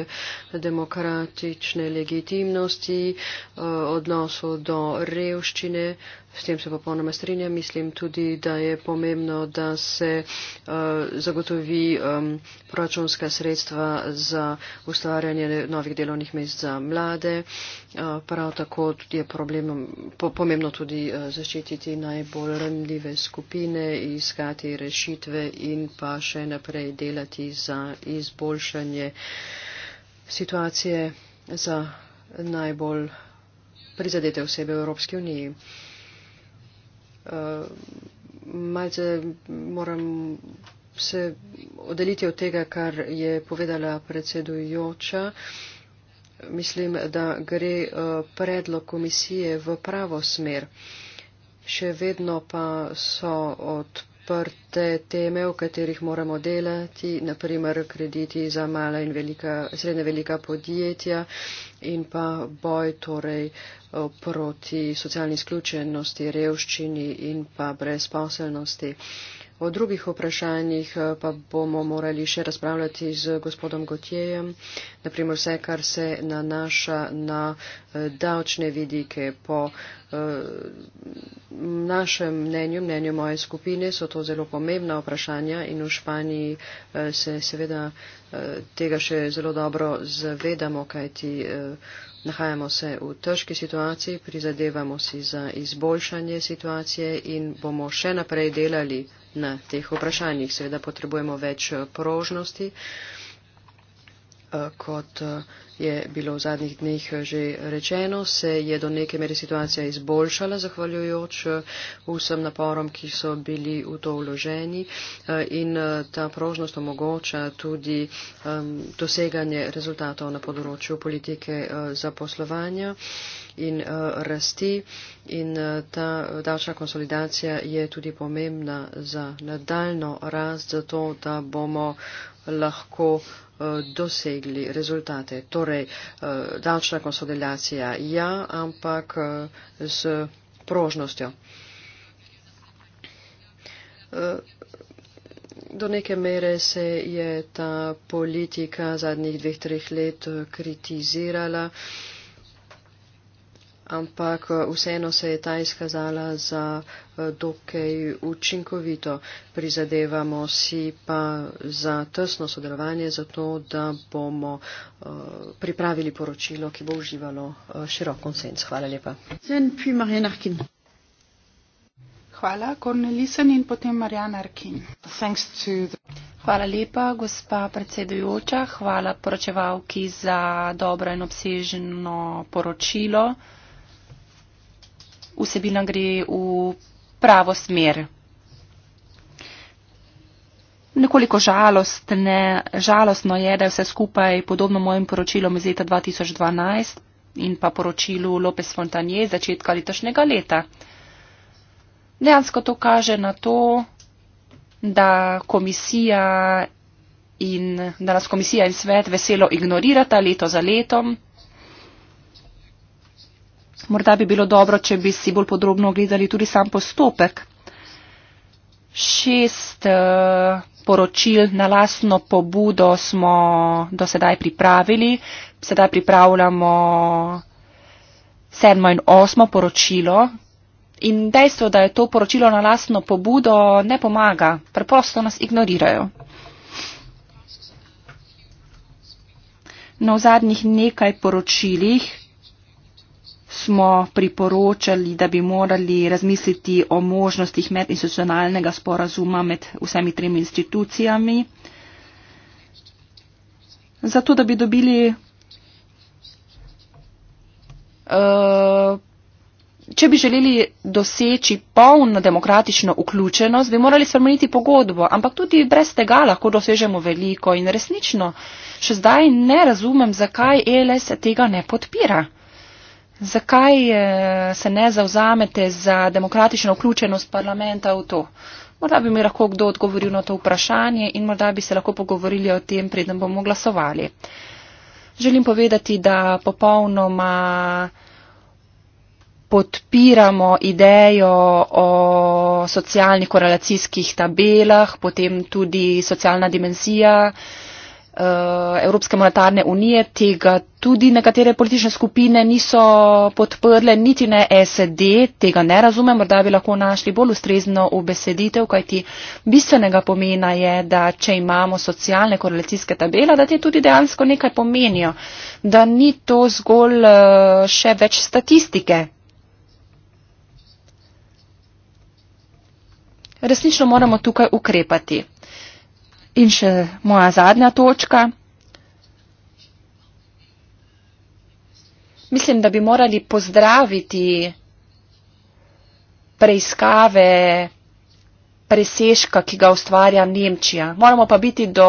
demokratične legitimnosti, uh, odnosu do revščine, S tem se popolnoma strinjam. Mislim tudi, da je pomembno, da se uh, zagotovi um, proračunska sredstva za ustvarjanje novih delovnih mest za mlade. Uh, prav tako je problem, po, pomembno tudi uh, zaščititi najbolj ranljive skupine, iskati rešitve in pa še naprej delati za izboljšanje situacije za najbolj prizadete osebe v Evropski uniji. Eh, malce moram se odeliti od tega, kar je povedala predsedujoča. Mislim, da gre eh, predlog komisije v pravo smer. Še vedno pa so odprti odprte teme, v katerih moramo delati, naprimer krediti za mala in velika, srednje velika podjetja in pa boj torej proti socialni izključenosti, revščini in pa brezposelnosti. O drugih vprašanjih e, pa bomo morali še razpravljati z gospodom Gotjejem, naprimer vse, kar se nanaša na e, davčne vidike po uh, Eh, našem mnenju, mnenju moje skupine, so to zelo pomembna vprašanja in v Španiji eh, se seveda eh, tega še zelo dobro zavedamo, kajti nahajamo se v težki situaciji, prizadevamo si za izboljšanje situacije in bomo še naprej delali na teh vprašanjih. Seveda potrebujemo več prožnosti. Eh, kot eh, je bilo v zadnjih dneh eh, že rečeno, se je do neke mere situacija izboljšala, zahvaljujoč vsem naporom, ki so bili v to vloženi in ta prožnost omogoča tudi doseganje rezultatov na področju politike zaposlovanja in rasti in ta davčna konsolidacija je tudi pomembna za nadaljno rast, zato da bomo lahko eh, dosegli rezultate. Torej, eh, davčna konsolidacija ja, ampak z eh, prožnostjo. Do neke mere se je ta politika zadnjih dveh, treh let kritizirala ampak eh, vseeno se je ta izkazala za eh, dokaj učinkovito. Prizadevamo si pa za tesno sodelovanje, zato da bomo eh, pripravili poročilo, ki bo uživalo širok konsens. Hvala lepa. Hvala, Kornelisen in potem Marjana Arkin. Hvala lepa, gospa predsedujoča. Hvala poročevalki za dobro in obsežno poročilo vsebina gre v pravo smer. Nekoliko žalostne, žalostno je, da je vse skupaj podobno mojim poročilom iz leta 2012 in pa poročilu Lopez Fontanje iz začetka letošnjega leta. Dejansko to kaže na to, da, in, da nas komisija in svet veselo ignorirata leto za letom, Morda bi bilo dobro, če bi si bolj podrobno ogledali tudi sam postopek. Šest uh, poročil na lastno pobudo smo do sedaj pripravili. Sedaj pripravljamo sedmo in osmo poročilo. In dejstvo, da je to poročilo na lastno pobudo, ne pomaga. Preprosto nas ignorirajo. No, v zadnjih nekaj poročilih smo priporočali, da bi morali razmisliti o možnostih medinstitucionalnega sporazuma med vsemi tremi institucijami, zato da bi dobili uh, Če bi želeli doseči polno demokratično vključenost, bi morali spremeniti pogodbo, ampak tudi brez tega lahko dosežemo veliko in resnično. Še zdaj ne razumem, zakaj ELS tega ne podpira. Zakaj eh, se ne zauzamete za demokratično vključenost parlamenta v to? Morda bi mi lahko kdo odgovoril na to vprašanje in morda bi se lahko pogovorili o tem, preden bomo glasovali. Želim povedati, da popolnoma podpiramo idejo o socialnih korelacijskih tabelah, potem tudi socialna dimenzija. Eh, Evropske monetarne unije, tega tudi nekatere politične skupine niso podprle, niti ne SED, tega ne razumem, morda bi lahko našli bolj ustrezno obeseditev, kajti bistvenega pomena je, da če imamo socialne korelacijske tabele, da te tudi dejansko nekaj pomenijo, da ni to zgolj eh, še več statistike. Resnično moramo tukaj ukrepati. In še moja zadnja točka. Mislim, da bi morali pozdraviti preiskave preseška, ki ga ustvarja Nemčija. Moramo pa biti do,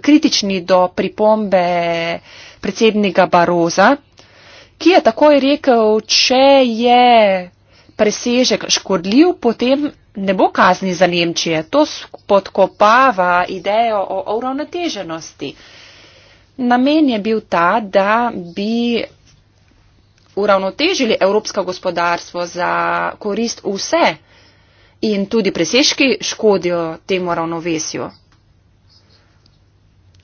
kritični do pripombe predsednika Baroza, ki je takoj rekel, če je presežek škodljiv, potem ne bo kazni za Nemčije. To podkopava idejo o, o uravnoteženosti. Namen je bil ta, da bi uravnotežili evropsko gospodarstvo za korist vse in tudi preseški škodijo temu ravnovesju.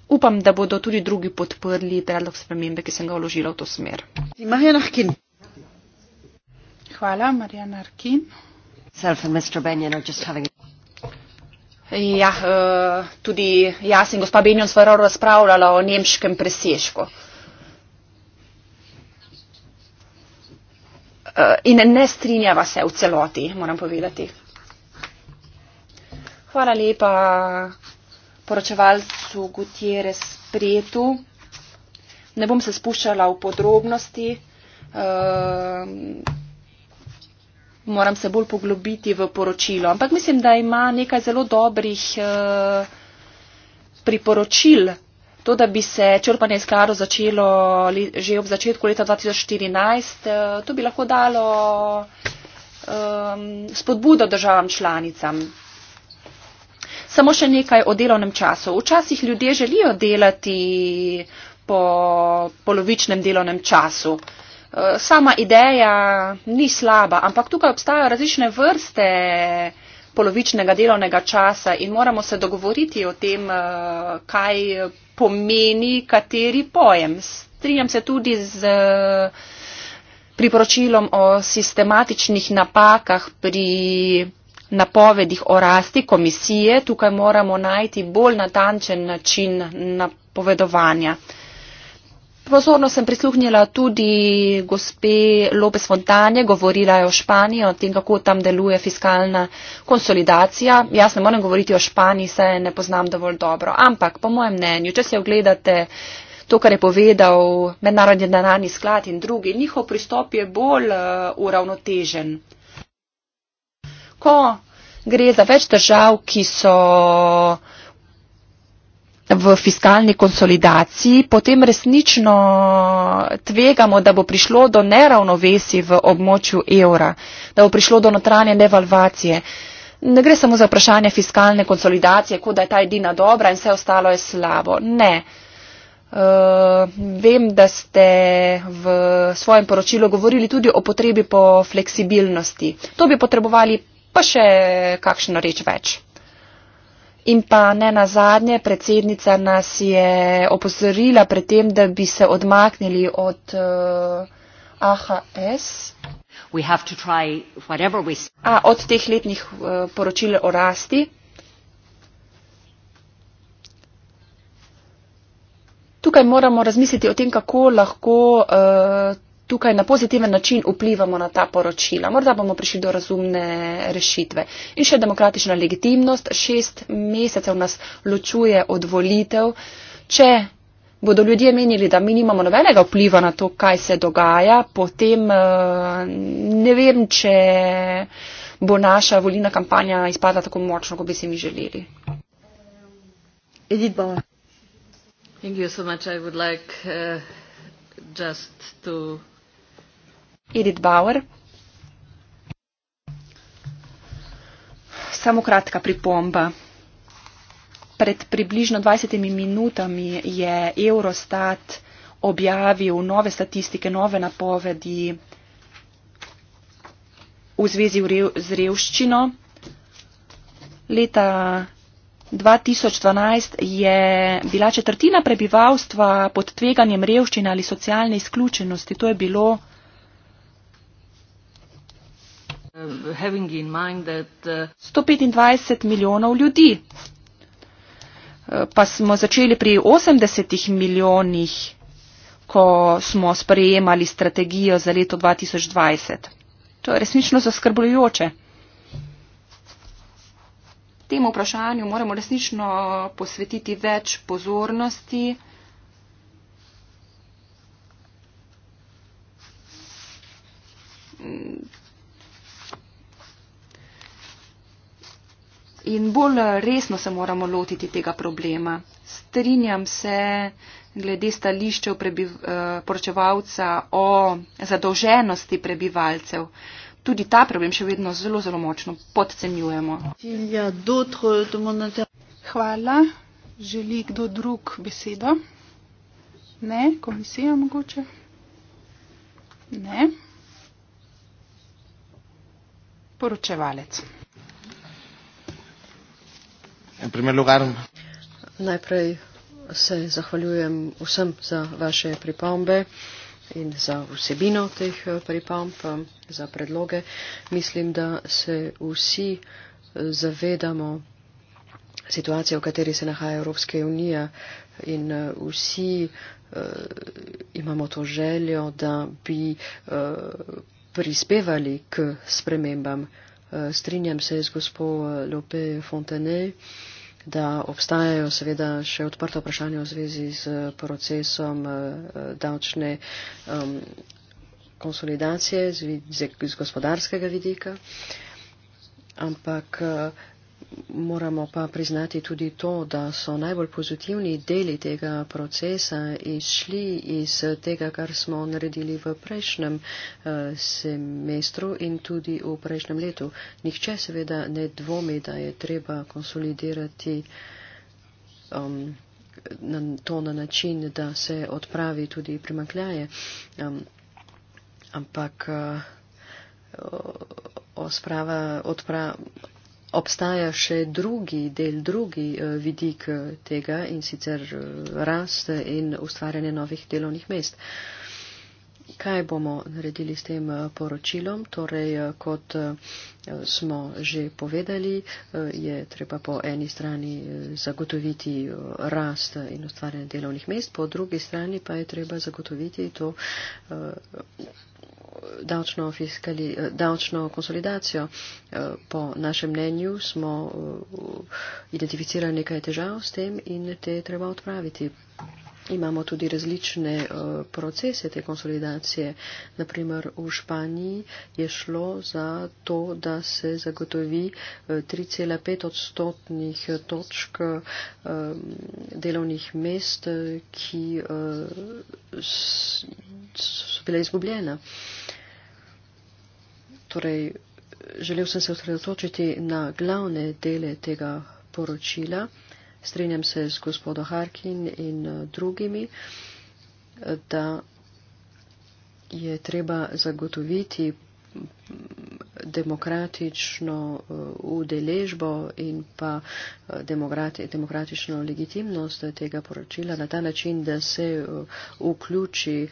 Upam, da bodo tudi drugi podprli predlog spremembe, ki sem ga vložila v to smer. Hvala, Marjana Arkin. Myself and Mr. Benyon are just having. Ja, eh, tudi jaz in gospa Benjon sva razpravljala o nemškem presežku. Eh, in ne strinjava se v celoti, moram povedati. Hvala lepa poročevalcu Gutierrez Pretu. Ne bom se spuščala v podrobnosti. Uh, moram se bolj poglobiti v poročilo. Ampak mislim, da ima nekaj zelo dobrih eh, priporočil. To, da bi se črpanje skladov začelo že ob začetku leta 2014, eh, to bi lahko dalo eh, spodbudo državam članicam. Samo še nekaj o delovnem času. Včasih ljudje želijo delati po polovičnem delovnem času. Uh, Eh, sama ideja ni slaba, ampak tukaj obstajajo različne vrste polovičnega delovnega časa in moramo se dogovoriti o tem, eh, kaj pomeni kateri pojem. Strinjam se tudi z eh, priporočilom o sistematičnih napakah pri napovedih o rasti komisije. Tukaj moramo najti bolj natančen način napovedovanja. Pozorno sem prisluhnila tudi gospe Lopes Fontanje, govorila je o Španiji, o tem, kako tam deluje fiskalna konsolidacija. Jaz ne morem govoriti o Španiji, se ne poznam dovolj dobro. Ampak po mojem mnenju, če se ogledate to, kar je povedal Mednarodni denarni sklad in drugi, njihov pristop je bolj eh, uravnotežen. Ko gre za več držav, ki so v fiskalni konsolidaciji, potem resnično tvegamo, da bo prišlo do neravnovesi v območju evra, da bo prišlo do notranje devalvacije. Ne gre samo za vprašanje fiskalne konsolidacije, kot da je ta edina dobra in vse ostalo je slabo. Ne. Uh, vem, da ste v svojem poročilu govorili tudi o potrebi po fleksibilnosti. To bi potrebovali pa še kakšno reč več. In pa ne nazadnje, predsednica nas je opozorila pred tem, da bi se odmaknili od uh, eh, AHS. Try, A, od teh letnih uh, poročil o rasti. Tukaj moramo razmisliti o tem, kako lahko uh, tukaj na pozitiven način vplivamo na ta poročila. Morda bomo prišli do razumne rešitve. In še demokratična legitimnost. Šest mesecev nas ločuje od volitev. Če bodo ljudje menili, da mi nimamo nobenega vpliva na to, kaj se dogaja, potem eh, ne vem, če bo naša volilna kampanja izpadla tako močno, kot bi si mi želeli. Edith Bauer. Thank you so much. I would like uh, just to Edith Bauer. Samo kratka pripomba. Pred približno 20 minutami je Eurostat objavil nove statistike, nove napovedi v zvezi z revščino. Leta 2012 je bila četrtina prebivalstva pod tveganjem revščine ali socialne izključenosti. To je bilo 125 um, uh, milijonov ljudi. Pa smo začeli pri 80 milijonih, ko smo sprejemali strategijo za leto 2020. To je resnično zaskrbljujoče. Temu vprašanju moramo resnično posvetiti več pozornosti. Hmm. in bolj resno se moramo lotiti tega problema. Strinjam se glede stališčev eh, poročevalca o zadolženosti prebivalcev. Tudi ta problem še vedno zelo, zelo močno podcenjujemo. Hvala. Želi kdo drug besedo? Ne, komisija mogoče? Ne. Poročevalec. En primer lugar. Najprej se zahvaljujem vsem za vaše pripombe in za vsebino teh eh, pripomb, eh, za predloge. Mislim, da se vsi zavedamo situacije, v kateri se nahaja Evropska unija in eh, vsi uh, imamo to željo, da bi uh, prispevali k spremembam. Uh, Eh, strinjam se z gospo Lope Fontane, da obstajajo seveda še odprta vprašanja v zvezi z procesom eh, davčne konsolidacije z gospodarskega vidika. Ampak eh, moramo pa priznati tudi to, da so najbolj pozitivni deli tega procesa izšli iz tega, kar smo naredili v prejšnjem eh, semestru in tudi v prejšnjem letu. Nihče seveda ne dvomi, da je treba konsolidirati um, na, to na način, da se odpravi tudi primankljaje. Um, ampak uh, eh, osprava, odpra, obstaja še drugi del, drugi eh, vidik eh, tega in sicer eh, rast in ustvarjanje novih delovnih mest. Kaj bomo naredili s tem poročilom? Torej, kot smo že povedali, je treba po eni strani zagotoviti rast in ustvarjanje delovnih mest, po drugi strani pa je treba zagotoviti to davčno, fiskali, davčno konsolidacijo. Eh, po našem mnenju smo eh, identificirali nekaj težav s tem in te treba odpraviti. Imamo tudi različne eh, procese te konsolidacije. Naprimer v Španiji je šlo za to, da se zagotovi 3,5 odstotnih točk delovnih mest, ki so bile izgubljene torej želel sem se osredotočiti na glavne dele tega poročila. Strenjam se z gospodo Harkin in eh, drugimi, eh, da je treba zagotoviti demokratično uh, udeležbo in pa uh, demokrati, demokratično legitimnost tega poročila na ta način, da se uh, vključi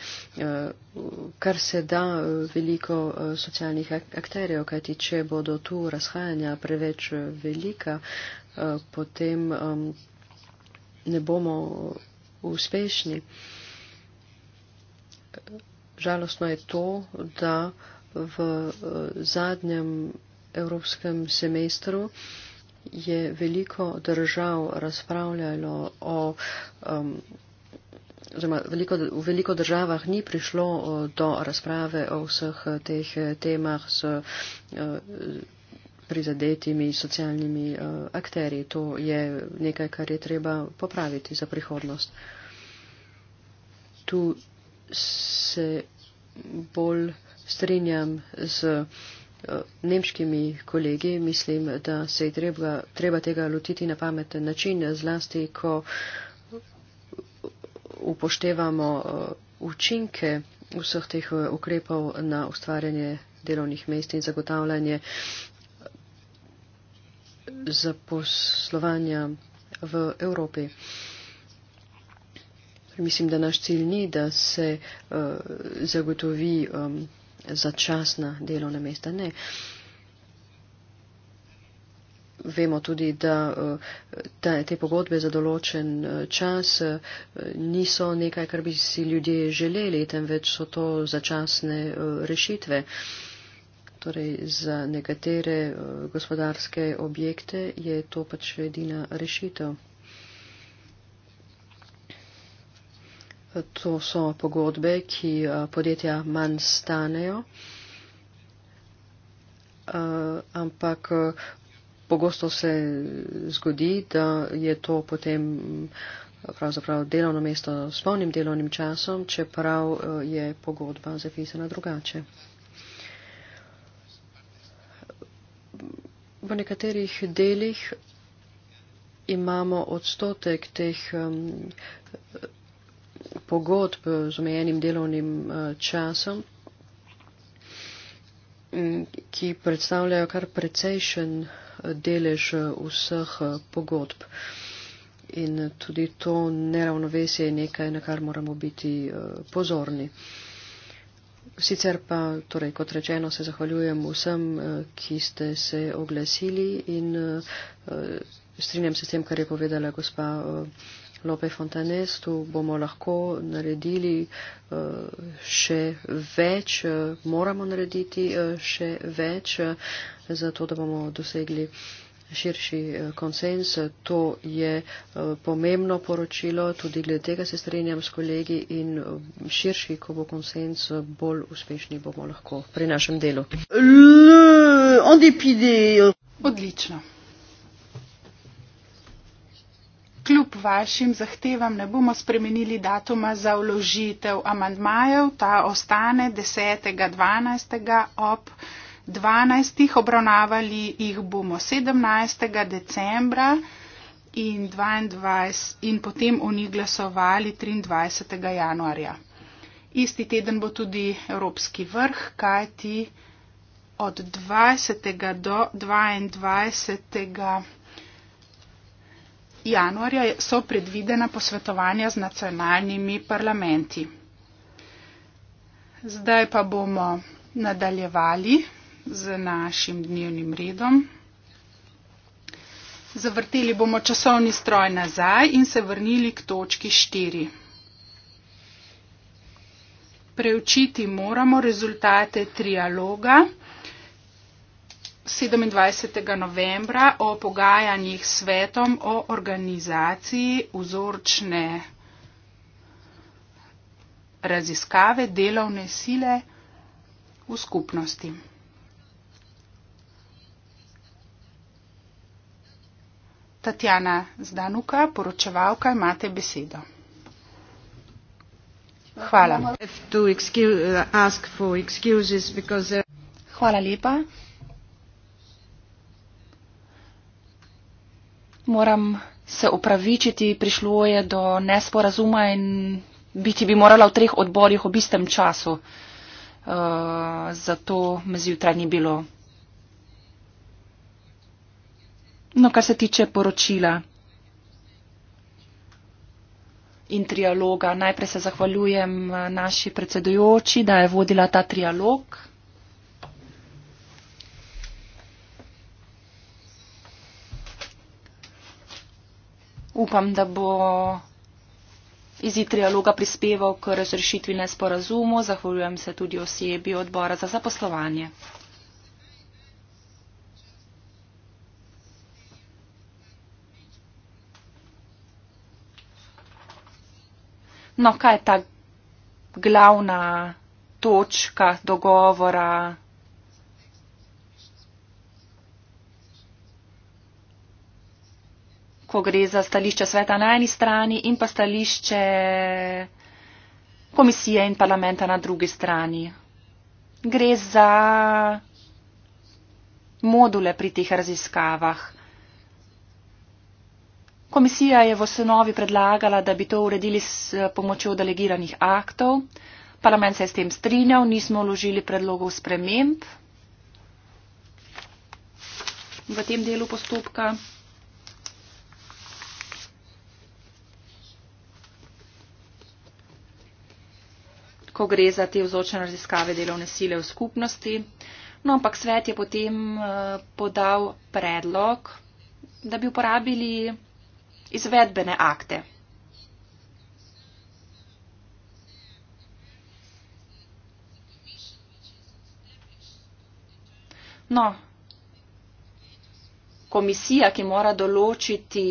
kar se da veliko socialnih akterjev, kajti če bodo tu razhajanja preveč velika, potem um, ne bomo uspešni. Žalostno je to, da v eh, zadnjem evropskem semestru je veliko držav razpravljalo o. Um, Oziroma, veliko, v veliko državah ni prišlo eh, do razprave o vseh eh, teh temah s prizadetimi socialnimi akteri. To je nekaj, kar je treba popraviti za prihodnost. Tu se bolj strinjam z eh, nemškimi kolegi, mislim, da se je treba, treba tega lotiti na pameten način, zlasti, ko upoštevamo eh, učinke vseh teh eh, ukrepov na ustvarjanje delovnih mest in zagotavljanje zaposlovanja v Evropi. Mislim, da naš cilj ni, da se uh, zagotovi um, začasna delovna mesta. Ne. Vemo tudi, da eh, te pogodbe za določen eh, čas eh, niso nekaj, kar bi si ljudje želeli, temveč so to začasne rešitve. Torej, za nekatere gospodarske objekte je to pač edina rešitev. To so pogodbe, ki eh, podjetja manj stanejo, eh, ampak eh, pogosto se zgodi, da je to potem pravzaprav delovno mesto s polnim delovnim časom, čeprav je pogodba zapisana drugače. V nekaterih delih imamo odstotek teh um, pogodb z omejenim delovnim eh, časom, mm, ki predstavljajo kar precejšen eh, delež eh, vseh pogodb. In tudi to neravnovesje je nekaj, na kar moramo biti pozorni. Sicer pa, torej, kot rečeno, se zahvaljujem vsem, ki ste se oglasili in strinjam se s tem, kar je povedala gospa. Lope Fontanes, tu bomo lahko naredili eh, še več, eh, moramo narediti eh, še več, zato da bomo dosegli širši konsens. To je pomembno poročilo, tudi glede tega se strinjam s kolegi in širši, ko bo konsens, bolj uspešni bomo lahko pri našem delu. Odlično. kljub vašim zahtevam ne bomo spremenili datuma za vložitev amandmajev. Ta ostane 10.12. ob 12. obravnavali jih bomo 17. decembra in, 22, in potem o njih glasovali 23. januarja. Isti teden bo tudi Evropski vrh, kajti od 20. do 22. januarja januarja so predvidena posvetovanja z nacionalnimi parlamenti. Zdaj pa bomo nadaljevali z našim dnevnim redom. Zavrteli bomo časovni stroj nazaj in se vrnili k točki 4. Preučiti moramo rezultate trialoga 27. novembra o pogajanjih s svetom o organizaciji vzorčne raziskave delovne sile v skupnosti. Tatjana Zdanuka, poročevalka, imate besedo. Hvala. Uh, uh, Hvala lepa. moram se upravičiti, prišlo je do nesporazuma in biti bi morala v treh odborih ob istem času. Uh, zato me zjutraj ni bilo. No, kar se tiče poročila in trialoga, najprej se zahvaljujem uh, naši predsedujoči, da je vodila ta trialog. upam, da bo izid trialoga prispeval k razrešitvi nesporazumu. Zahvaljujem se tudi osebi odbora za zaposlovanje. No, kaj je ta glavna točka dogovora? ko gre za stališče sveta na eni strani in pa stališče komisije in parlamenta na drugi strani. Gre za module pri teh raziskavah. Komisija je v osnovi predlagala, da bi to uredili s eh, pomočjo delegiranih aktov. Parlament se je s tem strinjal, nismo vložili predlogov sprememb v tem delu postopka. ko gre za te vzočene raziskave delovne sile v skupnosti. No, ampak svet je potem eh, podal predlog, da bi uporabili izvedbene akte. No, komisija, ki mora določiti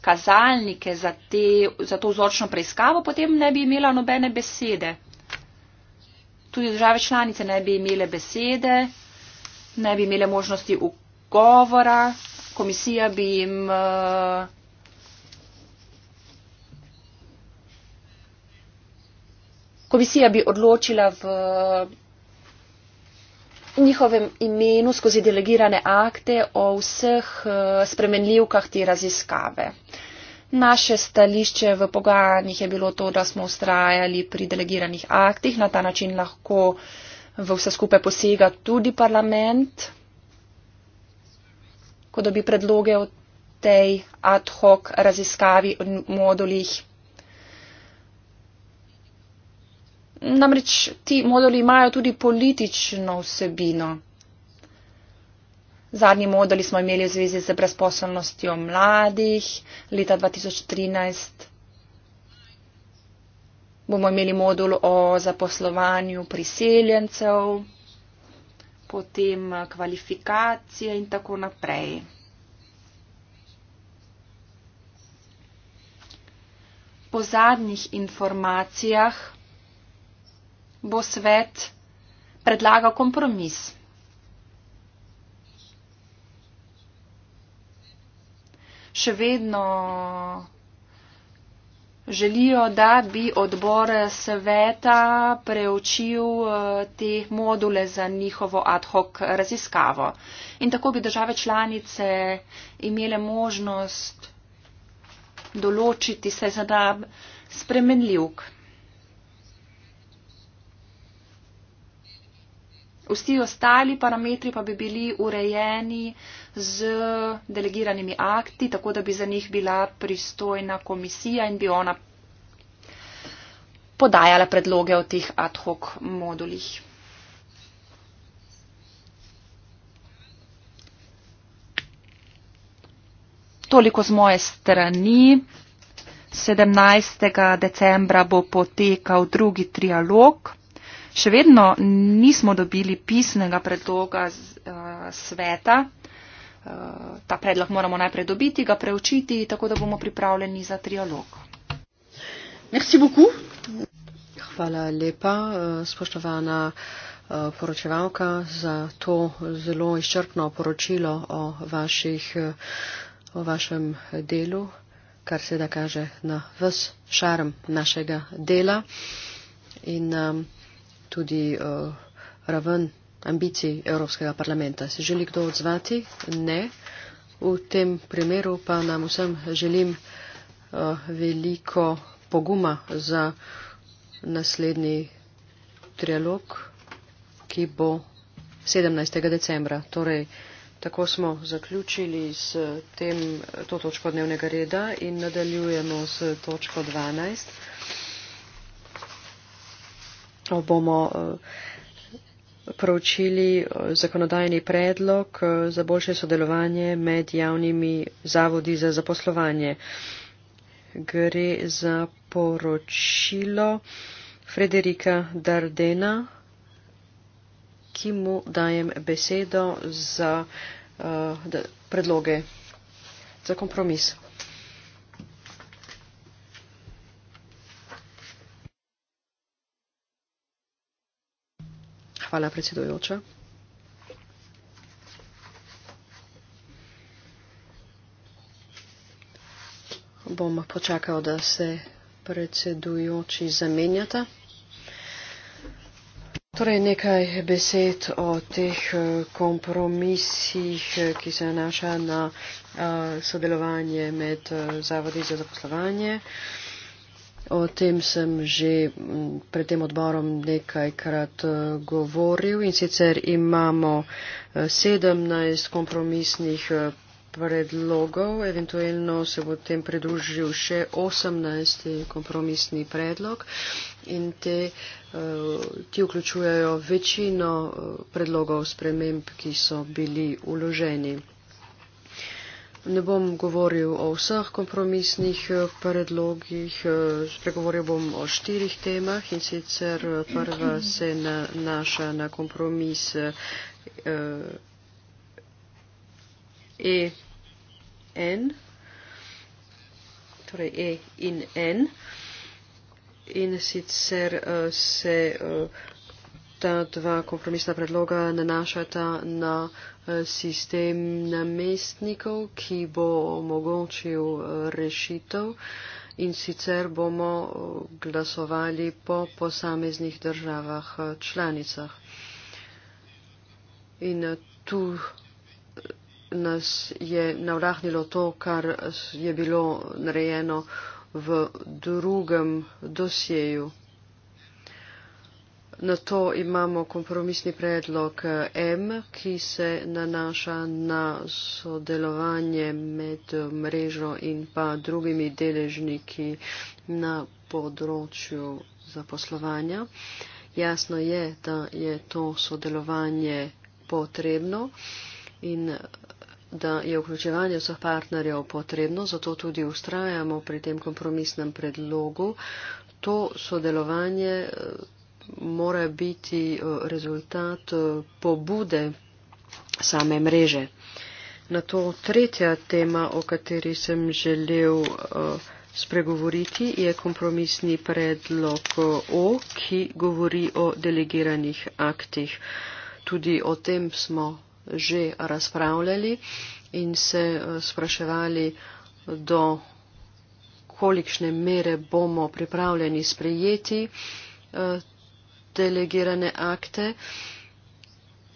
kazalnike za, te, za to vzročno preiskavo, potem ne bi imela nobene besede. Tudi države članice ne bi imele besede, ne bi imele možnosti ugovora, komisija bi jim eh, komisija bi odločila v njihovem imenu skozi delegirane akte o vseh eh, spremenljivkah te raziskave. Naše stališče v pogajanjih je bilo to, da smo ustrajali pri delegiranih aktih, na ta način lahko v vse skupaj posega tudi parlament, ko dobi predloge o tej ad hoc raziskavi o modulih Namreč ti modeli imajo tudi politično vsebino. Zadnji modeli smo imeli v zvezi z brezposobnostjo mladih leta 2013. Bomo imeli modul o zaposlovanju priseljencev, potem eh, kvalifikacije in tako naprej. Po zadnjih informacijah bo svet predlagal kompromis. Še vedno želijo, da bi odbor sveta preučil eh, te module za njihovo ad hoc raziskavo. In tako bi države članice imele možnost določiti se za spremenljivk. vsi ostali parametri pa bi bili urejeni z delegiranimi akti, tako da bi za njih bila pristojna komisija in bi ona podajala predloge o teh ad hoc modulih. Toliko z moje strani. 17. decembra bo potekal drugi trialog še vedno nismo dobili pisnega predloga eh, sveta. Eh, ta predlog moramo najprej dobiti, ga preučiti, tako da bomo pripravljeni za trialog. Hvala lepa, eh, spoštovana poročevalka, za to zelo izčrpno poročilo o, vaših, o vašem delu, kar se da kaže na vse šarm našega dela. In, um, tudi uh, raven ambicij Evropskega parlamenta. Se želi kdo odzvati? Ne. V tem primeru pa nam vsem želim uh, veliko poguma za naslednji trialog, ki bo 17. decembra. Torej, tako smo zaključili s tem, to točko dnevnega reda in nadaljujemo s točko 12 bomo eh, proučili eh, zakonodajni predlog eh, za boljše sodelovanje med javnimi zavodi za zaposlovanje. Gre za poročilo Frederika Dardena, ki mu dajem besedo za uh, predloge za kompromis. Hvala, predsedujoča. Bom počakal, da se predsedujoči zamenjata. Torej nekaj besed o teh eh, kompromisih, eh, ki se nanaša na eh, sodelovanje med zavodi za zaposlovanje. O tem sem že mm, pred tem odborom nekajkrat eh, govoril in sicer imamo 17 eh, kompromisnih eh, predlogov, eventualno se bo tem pridružil še 18 kompromisni predlog in te, ti vključujejo večino predlogov sprememb, ki so bili uloženi. Ne bom govoril o vseh kompromisnih eh, predlogih, eh, spregovoril bom o štirih temah in sicer eh, prva se nanaša na kompromis EN, e torej E in N in sicer se ta dva kompromisna predloga nanašata na sistem namestnikov, ki bo omogočil eh, rešitev in sicer bomo eh, glasovali po posameznih državah eh, članicah. In tu nas je navdahnilo to, kar je bilo narejeno v drugem dosjeju. Na to imamo kompromisni predlog eh, M, ki se nanaša na sodelovanje med eh, mrežo in pa drugimi deležniki na področju zaposlovanja. Jasno je, da je to sodelovanje potrebno in da je vključevanje vseh partnerjev potrebno, zato tudi ustrajamo pri tem kompromisnem predlogu. To sodelovanje eh, mora biti eh, rezultat eh, pobude same mreže. Na to tretja tema, o kateri sem želel eh, spregovoriti, je kompromisni predlog O, ki govori o delegiranih aktih. Tudi o tem smo že razpravljali in se spraševali, do kolikšne mere bomo pripravljeni sprejeti delegirane akte,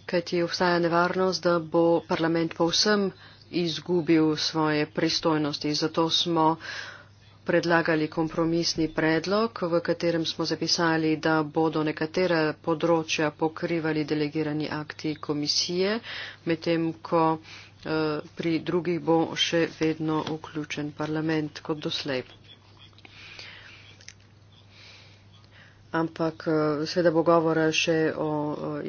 kajti obstaja nevarnost, da bo parlament povsem izgubil svoje pristojnosti. Zato smo predlagali kompromisni predlog, v katerem smo zapisali, da bodo nekatere področja pokrivali delegirani akti komisije, medtem ko eh, pri drugih bo še vedno vključen parlament kot doslej. ampak eh, seveda bo govora še o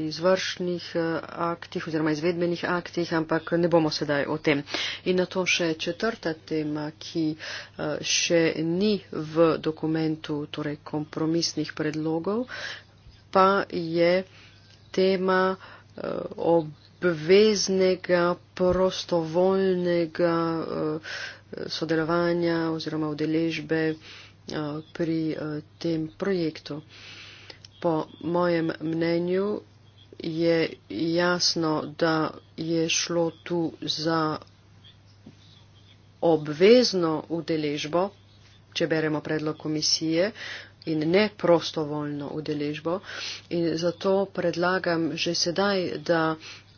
izvršnih eh, aktih oziroma izvedbenih aktih, ampak ne bomo sedaj o tem. In na to še četrta tema, ki eh, še ni v dokumentu torej kompromisnih predlogov, pa je tema obveznega prostovoljnega sodelovanja oziroma udeležbe Eh, pri eh, tem projektu. Po mojem mnenju je jasno, da je šlo tu za obvezno udeležbo, če beremo predlog komisije, in ne prostovoljno udeležbo. In zato predlagam že sedaj, da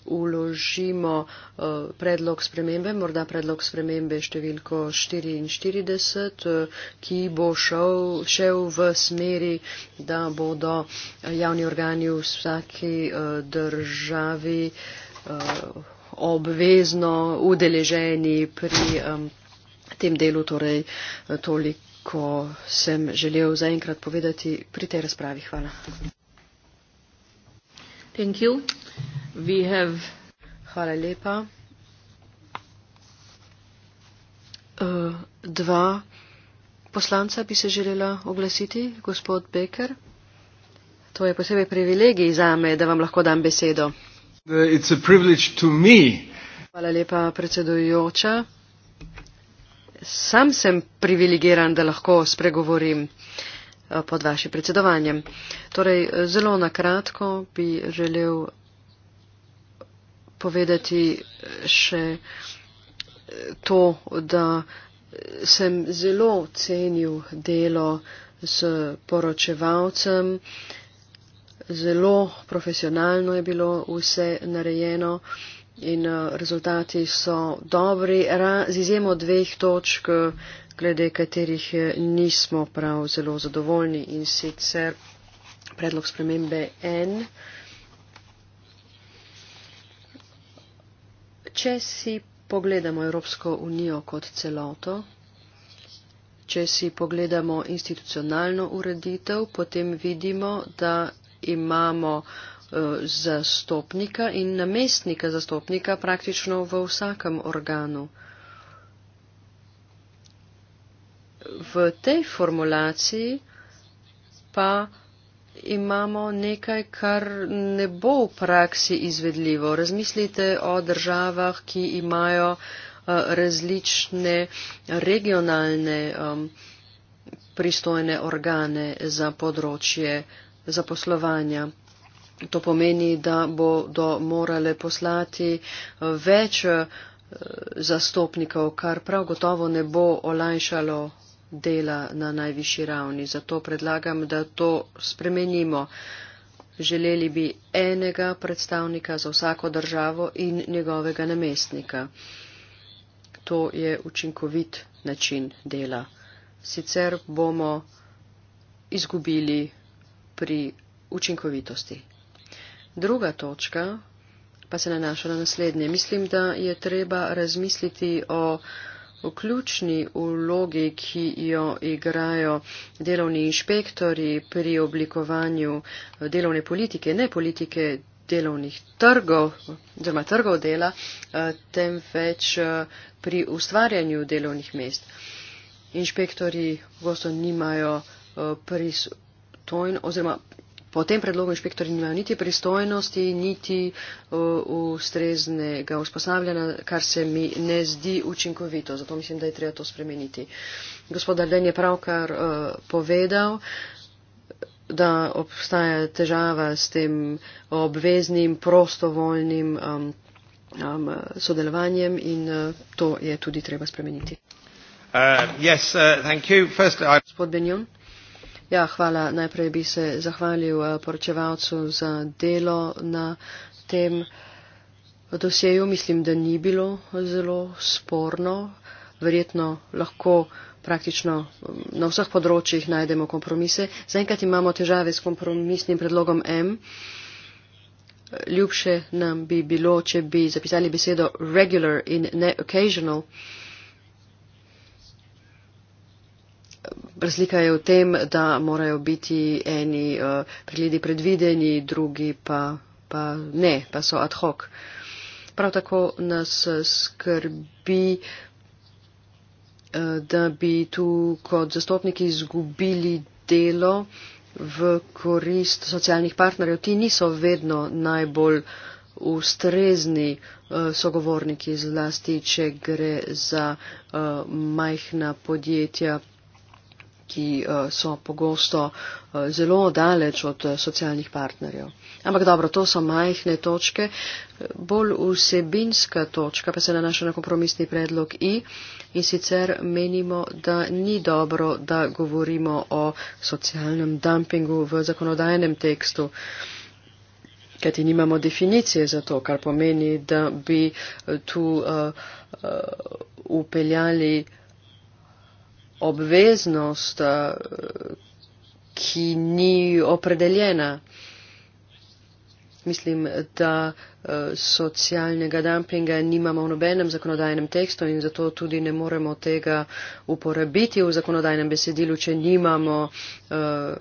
uložimo uh, predlog spremembe, morda predlog spremembe številko 44, uh, eh, ki bo šel, šel v smeri, da bodo javni organi v vsaki uh, državi uh, obvezno udeleženi pri um, tem delu, torej toliko sem želel zaenkrat povedati pri tej razpravi. Hvala. Thank you. We have... Hvala lepa. Uh, dva poslanca bi se želela oglasiti, gospod Becker. To je posebej privilegij za me, da vam lahko dam besedo. It's a privilege to me. Hvala lepa, predsedujoča. Sam sem privilegiran, da lahko spregovorim. Uh, Eh, pod vašim predsedovanjem. Torej, eh, zelo nakratko bi želel povedati eh, še to, da sem zelo cenil delo s poročevalcem, zelo profesionalno je bilo vse narejeno, in eh, rezultati so dobri, z izjemo dveh točk, eh, glede katerih eh, nismo prav zelo zadovoljni in sicer predlog spremembe N. Če si pogledamo Evropsko unijo kot celoto, če si pogledamo institucionalno ureditev, potem vidimo, da imamo Eh, zastopnika in namestnika zastopnika praktično v vsakem organu. V tej formulaciji pa imamo nekaj, kar ne bo v praksi izvedljivo. Razmislite o državah, ki imajo eh, različne regionalne um, pristojne organe za področje zaposlovanja. To pomeni, da bodo morale poslati eh, več eh, zastopnikov, kar prav gotovo ne bo olajšalo dela na najvišji ravni. Zato predlagam, da to spremenimo. Želeli bi enega predstavnika za vsako državo in njegovega namestnika. To je učinkovit način dela. Sicer bomo izgubili pri učinkovitosti. Druga točka pa se nanaša na naslednje. Mislim, da je treba razmisliti o vključni vlogi, ki jo igrajo delovni inšpektori pri oblikovanju eh, delovne politike, ne politike delovnih trgov, oziroma trgov dela, eh, temveč eh, pri ustvarjanju delovnih mest. Inšpektori gosto nimajo pristojnosti, oziroma po tem predlogu inšpektori nimajo niti pristojnosti, niti uh, ustreznega usposabljanja, kar se mi ne zdi učinkovito. Zato mislim, da je treba to spremeniti. Gospod Arden je pravkar uh, povedal, da obstaja težava s tem obveznim prostovoljnim um, um sodelovanjem in uh, to je tudi treba spremeniti. Uh, yes, uh, Gospod Benjon. Ja, hvala. Najprej bi se zahvalil eh, poročevalcu za delo na tem dosjeju. Mislim, da ni bilo zelo sporno. Verjetno lahko praktično mm, na vseh področjih najdemo kompromise. Zaenkrat imamo težave s kompromisnim predlogom M. Ljubše nam bi bilo, če bi zapisali besedo regular in ne occasional. razlika je v tem, da morajo biti eni uh, pregledi predvideni, drugi pa, pa ne, pa so ad hoc. Prav tako nas skrbi, uh, da bi tu kot zastopniki izgubili delo v korist socialnih partnerjev. Ti niso vedno najbolj ustrezni eh, sogovorniki, zlasti če gre za uh, majhna podjetja, ki eh, so pogosto eh, zelo daleč od eh, socialnih partnerjev. Ampak dobro, to so majhne točke. Bolj vsebinska točka pa se nanaša na kompromisni predlog I in sicer menimo, da ni dobro, da govorimo o socialnem dumpingu v zakonodajnem tekstu. Kajti nimamo definicije za to, kar pomeni, da bi tu uh, uh, upeljali uh, obveznost, eh, ki ni opredeljena. Mislim, da eh, socialnega dumpinga nimamo v nobenem zakonodajnem tekstu in zato tudi ne moremo tega uporabiti v zakonodajnem besedilu, če nimamo eh,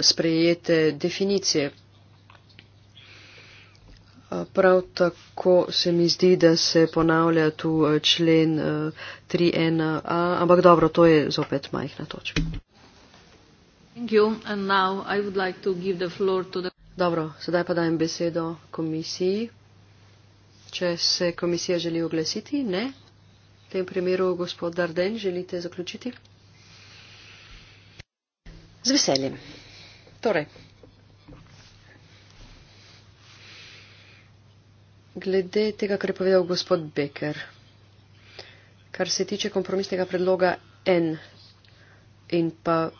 sprejete definicije. Prav tako se mi zdi, da se ponavlja tu eh, člen 3.1a, eh, ampak dobro, to je zopet majhna točka. Like the... Dobro, sedaj pa dajem besedo komisiji. Če se komisija želi oglasiti, ne. V tem primeru gospod Darden, želite zaključiti? Z veseljem. Torej, glede tega, kar je povedal gospod Becker, kar se tiče kompromisnega predloga N in pa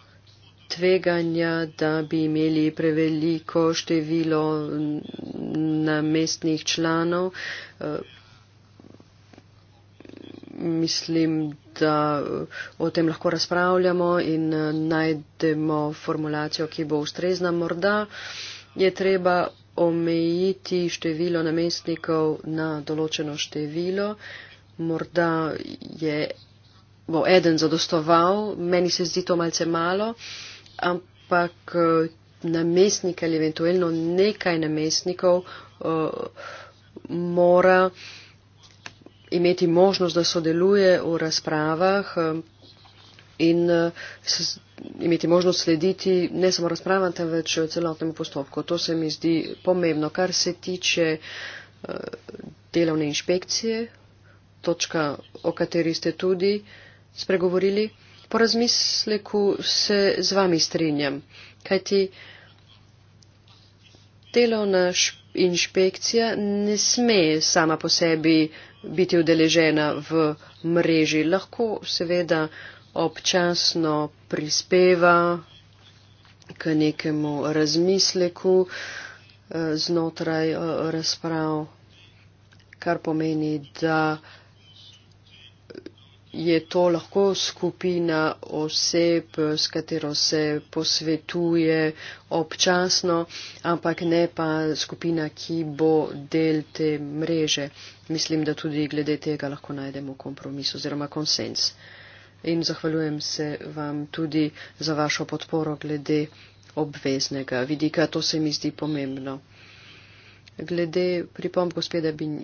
tveganja, da bi imeli preveliko število namestnih članov. Eh, mislim, da eh, o tem lahko razpravljamo in eh, najdemo formulacijo, ki bo ustrezna. Morda je treba omejiti število namestnikov na določeno število. Morda je bo eden zadostoval, meni se zdi to malce malo, ampak eh, namestnik ali eventualno nekaj namestnikov eh, mora imeti možnost, da sodeluje v razpravah, eh, in eh, imeti možnost slediti ne samo razpravam, temveč celotnemu postopku. To se mi zdi pomembno. Kar se tiče eh, delovne inšpekcije, točka, o kateri ste tudi spregovorili, po razmisleku se z vami strinjam, kajti delovna inšpekcija ne sme sama po sebi biti udeležena v mreži. Lahko seveda občasno prispeva k nekemu razmisleku eh, znotraj eh, razprav, kar pomeni, da je to lahko skupina oseb, s katero se posvetuje občasno, ampak ne pa skupina, ki bo del te mreže. Mislim, da tudi glede tega lahko najdemo kompromis oziroma konsens in zahvaljujem se vam tudi za vašo podporo glede obveznega vidika. To se mi zdi pomembno. Glede pripomb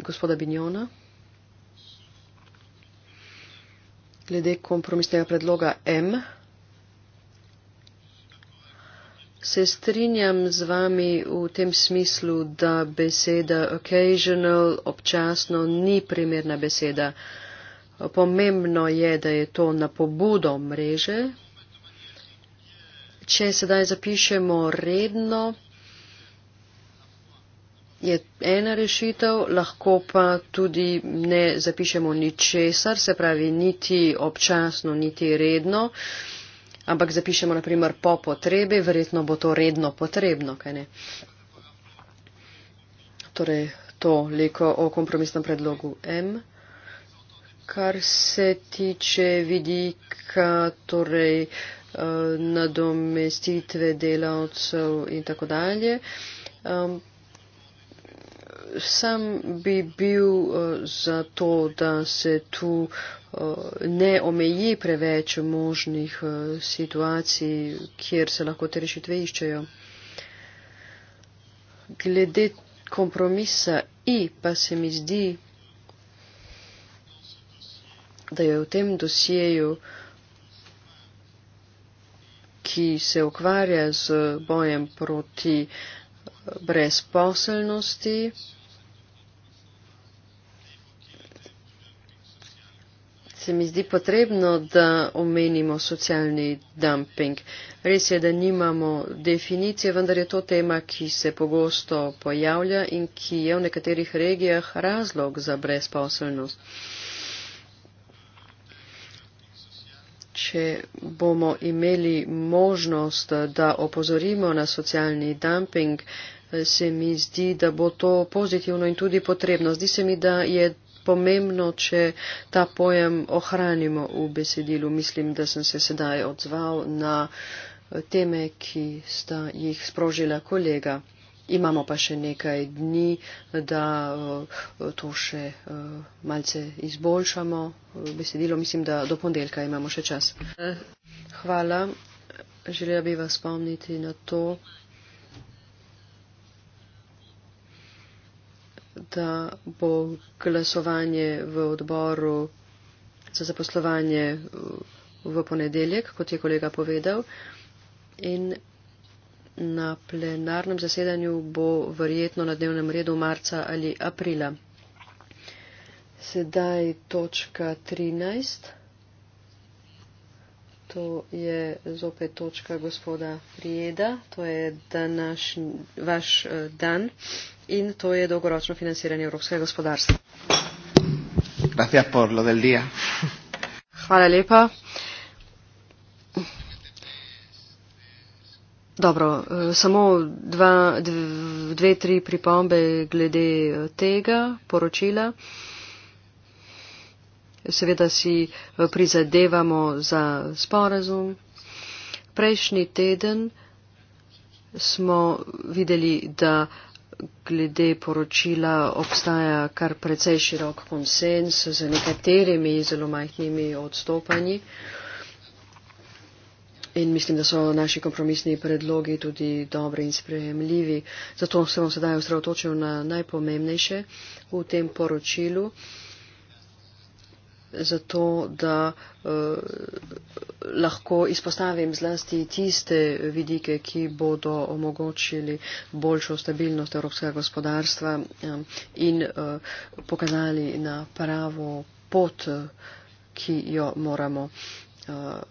gospoda Binjona, glede kompromisnega predloga M, se strinjam z vami v tem smislu, da beseda occasional, občasno, ni primerna beseda. Uh, Pomembno je, da je to na pobudo mreže. Če sedaj zapišemo redno, je ena rešitev, lahko pa tudi ne zapišemo ničesar, se pravi niti občasno, niti redno, ampak zapišemo naprimer po potrebi, verjetno bo to redno potrebno, kaj ne. Torej, to leko o kompromisnem predlogu M kar se tiče vidika, torej eh, nadomestitve delavcev in tako dalje. Um, sam bi bil uh, za to, da se tu uh, ne omeji preveč možnih uh, situacij, kjer se lahko te rešitve iščejo. Glede kompromisa I pa se mi zdi da je v tem dosjeju, ki se ukvarja z bojem proti eh, brezposelnosti, se mi zdi potrebno, da omenimo socialni dumping. Res je, da nimamo definicije, vendar je to tema, ki se pogosto pojavlja in ki je v nekaterih regijah razlog za brezposelnost. če bomo imeli možnost, da opozorimo na socialni dumping, se mi zdi, da bo to pozitivno in tudi potrebno. Zdi se mi, da je pomembno, če ta pojem ohranimo v besedilu. Mislim, da sem se sedaj odzval na teme, ki sta jih sprožila kolega. Imamo pa še nekaj dni, da eh, to še eh, malce izboljšamo. Eh, besedilo mislim, da do ponedeljka imamo še čas. Hvala. Želela bi vas spomniti na to, da bo glasovanje v odboru za zaposlovanje v ponedeljek, kot je kolega povedal. In na plenarnem zasedanju bo verjetno na dnevnem redu marca ali aprila. Sedaj točka 13. To je zopet točka gospoda Frieda, to je današ, vaš eh, dan in to je dolgoročno financiranje evropskega gospodarstva. Hvala lepa. Dobro, eh, samo dva, dve, tri pripombe glede eh, tega poročila. Seveda si eh, prizadevamo za sporazum. Prejšnji teden smo videli, da glede poročila obstaja kar precej širok konsens z nekaterimi zelo majhnimi odstopanji. Uh, In mislim, da so naši kompromisni predlogi tudi dobri in sprejemljivi. Zato se bom sedaj osredotočil na najpomembnejše v tem poročilu. Zato, da uh, lahko izpostavim zlasti tiste vidike, ki bodo omogočili boljšo stabilnost evropskega gospodarstva um, in uh, pokazali na pravo pot, ki jo moramo. Uh,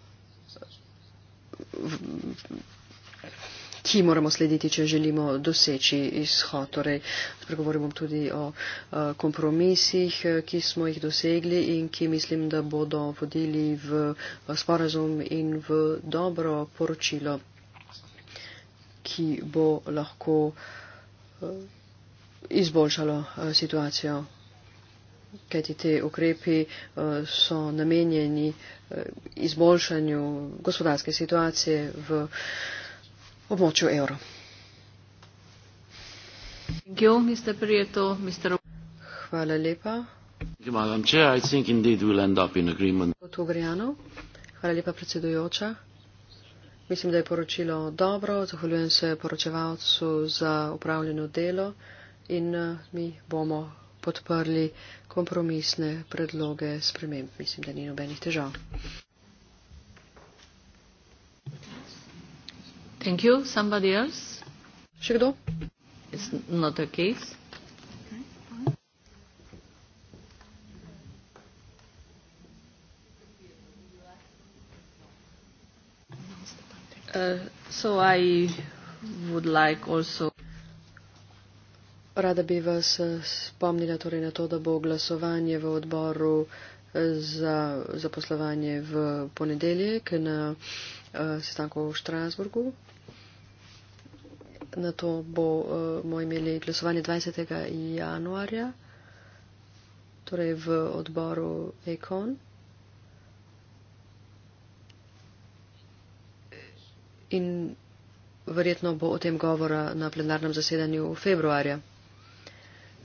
ki moramo slediti, če želimo doseči izhod. Torej, spregovorimo tudi o eh, kompromisih, eh, ki smo jih dosegli in ki mislim, da bodo vodili v sporazum in v dobro poročilo, ki bo lahko eh, izboljšalo situacijo kajti te ukrepi eh, so namenjeni eh, izboljšanju gospodarske situacije v območju evra. Hvala lepa. Madam Chair, I think indeed we'll end up in agreement. Hvala lepa predsedujoča. Mislim, da je poročilo dobro. Zahvaljujem se poročevalcu za upravljeno delo in eh, mi bomo podprli kompromisne predloge sprememb. Mislim, da ni nobenih težav. Thank you. Somebody else? Še kdo? It's not the case. Uh, so I would like also Rada bi vas eh, spomnila torej na to, da bo glasovanje v odboru eh, za zaposlovanje v ponedeljek na eh, sestanku v Štrasburgu. Na to bomo imeli glasovanje 20. januarja, torej v odboru Econ. In verjetno bo o tem govora na plenarnem zasedanju februarja.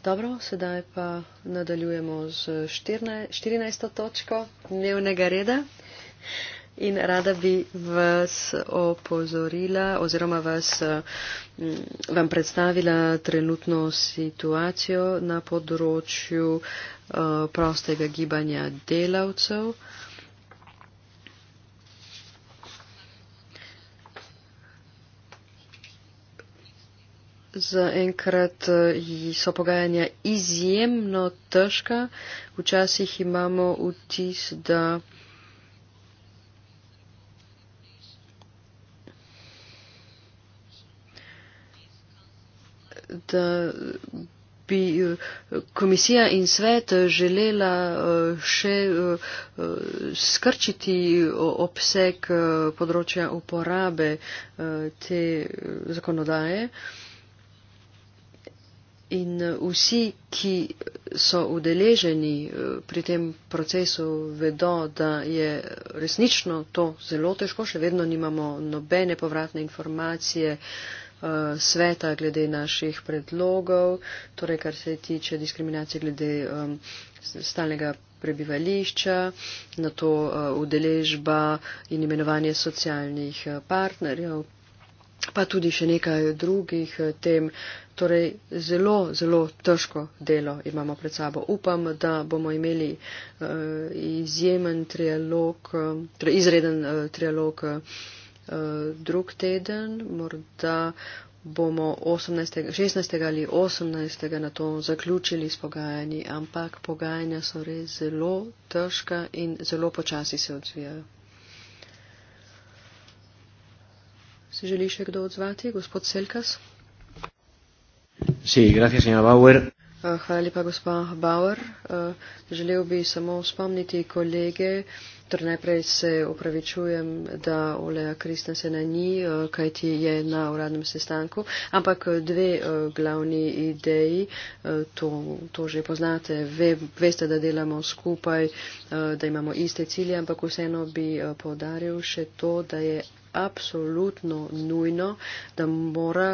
Dobro, sedaj pa nadaljujemo z 14. točko dnevnega reda. In rada bi vas opozorila oziroma vas, mm, vam predstavila trenutno situacijo na področju eh, prostega gibanja delavcev. Zaenkrat eh, so pogajanja izjemno težka. Včasih imamo vtis, da da bi eh, komisija in svet želela eh, še skrčiti obseg področja uporabe te zakonodaje in eh, vsi, ki so udeleženi eh, pri tem procesu, vedo, da je resnično to zelo težko, še vedno nimamo nobene povratne informacije eh, sveta glede naših predlogov, torej kar se tiče diskriminacije glede um, stalnega prebivališča, na to uh, udeležba in imenovanje socialnih partnerjev, pa tudi še nekaj drugih tem, Torej, zelo, zelo težko delo imamo pred sabo. Upam, da bomo imeli uh, izjemen trialog, uh, torej izreden uh, trialog uh, drug teden. Morda bomo 18, 16. ali 18. na to zaključili s pogajanji, ampak pogajanja so res zelo težka in zelo počasi se odvijajo. Se želi še kdo odzvati? Gospod Selkas? señora bauer. Eh, hvala lepa, gospa Bauer. Eh, želel bi samo spomniti kolege, torej najprej se upravičujem, da Oleja Kristen se na ni, eh, kajti je na uradnem sestanku, ampak dve glavni ideji, to, to že poznate, Ve, veste, da delamo skupaj, da imamo iste cilje, ampak vseeno bi podaril še to, da je absolutno nujno, da mora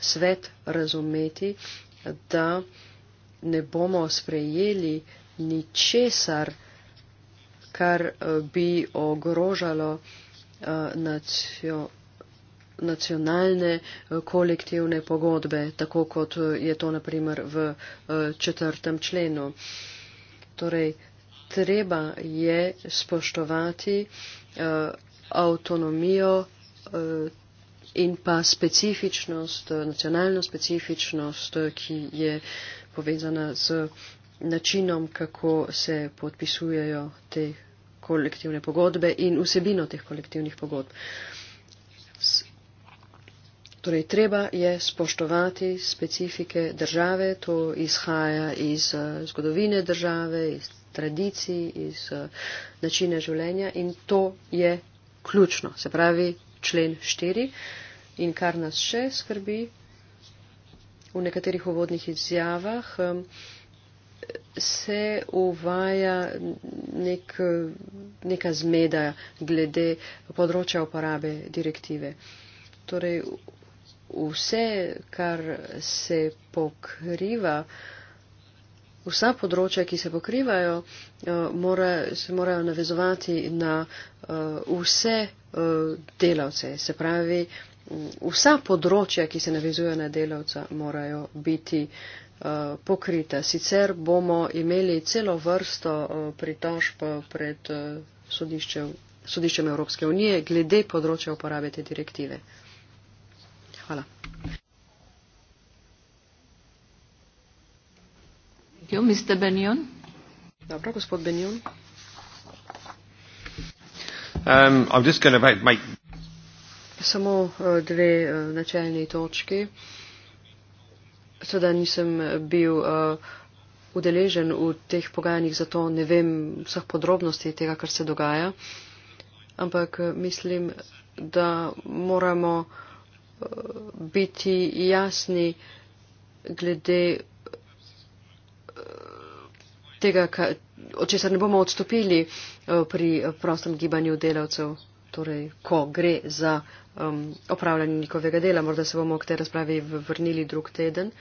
svet razumeti, da ne bomo sprejeli ničesar, kar eh, bi ogrožalo eh, nacijo nacionalne eh, kolektivne pogodbe, tako kot je to naprimer v četrtem členu. Torej, treba je spoštovati avtonomijo in pa specifičnost, nacionalna specifičnost, ki je povezana z načinom, kako se podpisujejo te kolektivne pogodbe in vsebino teh kolektivnih pogodb. Torej, treba je spoštovati specifike države, to izhaja iz eh, zgodovine države, iz tradicij, iz eh, načina življenja in to je ključno. Se pravi, člen 4. In kar nas še skrbi v nekaterih uvodnih izjavah, um, se uvaja nek, neka zmeda glede področja uporabe direktive. Torej, vse, kar se pokriva, vsa področja, ki se pokrivajo, uh, mora, se morajo navezovati na uh, vse Eh, delavce. Se pravi, vsa področja, ki se navizuje na delavca, morajo biti eh, pokrita. Sicer bomo imeli celo vrsto eh, pritožb pred sodiščem, sodiščem Evropske unije glede področja uporabe te direktive. Hvala. Jo, Mr. Benjon. Dobro, gospod Benjon. Um, make... Samo uh, dve uh, načeljni točki. Seveda nisem bil uh, udeležen v teh pogajanjih, zato ne vem vseh podrobnosti tega, kar se dogaja. Ampak uh, mislim, da moramo uh, biti jasni glede tega, od česar ne bomo odstopili eh, pri prostem gibanju delavcev, torej ko gre za um, opravljanje njihovega dela. Morda se bomo k tej razpravi vrnili drug teden.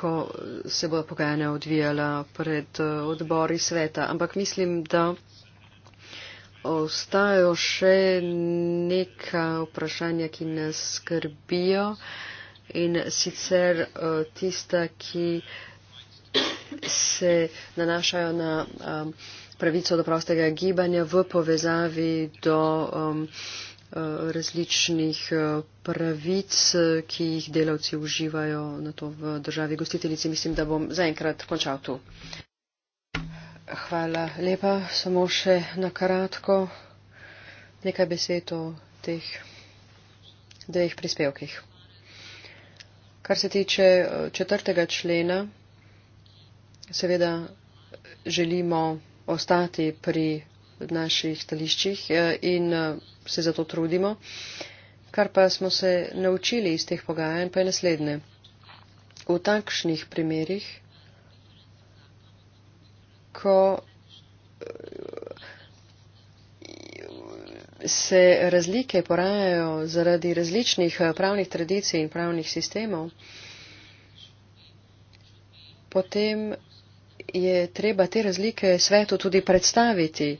ko se bo pogajanja odvijala pred eh, odbori sveta. Ampak mislim, da ostajajo še neka vprašanja, ki nas skrbijo in sicer eh, tista, ki se nanašajo na eh, pravico do prostega gibanja v povezavi do eh, različnih pravic, ki jih delavci uživajo na to v državi gostiteljici. Mislim, da bom zaenkrat končal tu. Hvala lepa. Samo še na kratko nekaj besed o teh dveh prispevkih. Kar se tiče eh, četrtega člena, seveda želimo ostati pri naših stališčih eh, in eh, se zato trudimo. Kar pa smo se naučili iz teh pogajanj, pa je naslednje. V takšnih primerih, ko se razlike porajajo zaradi različnih eh, pravnih tradicij in pravnih sistemov, potem je treba te razlike svetu tudi predstaviti.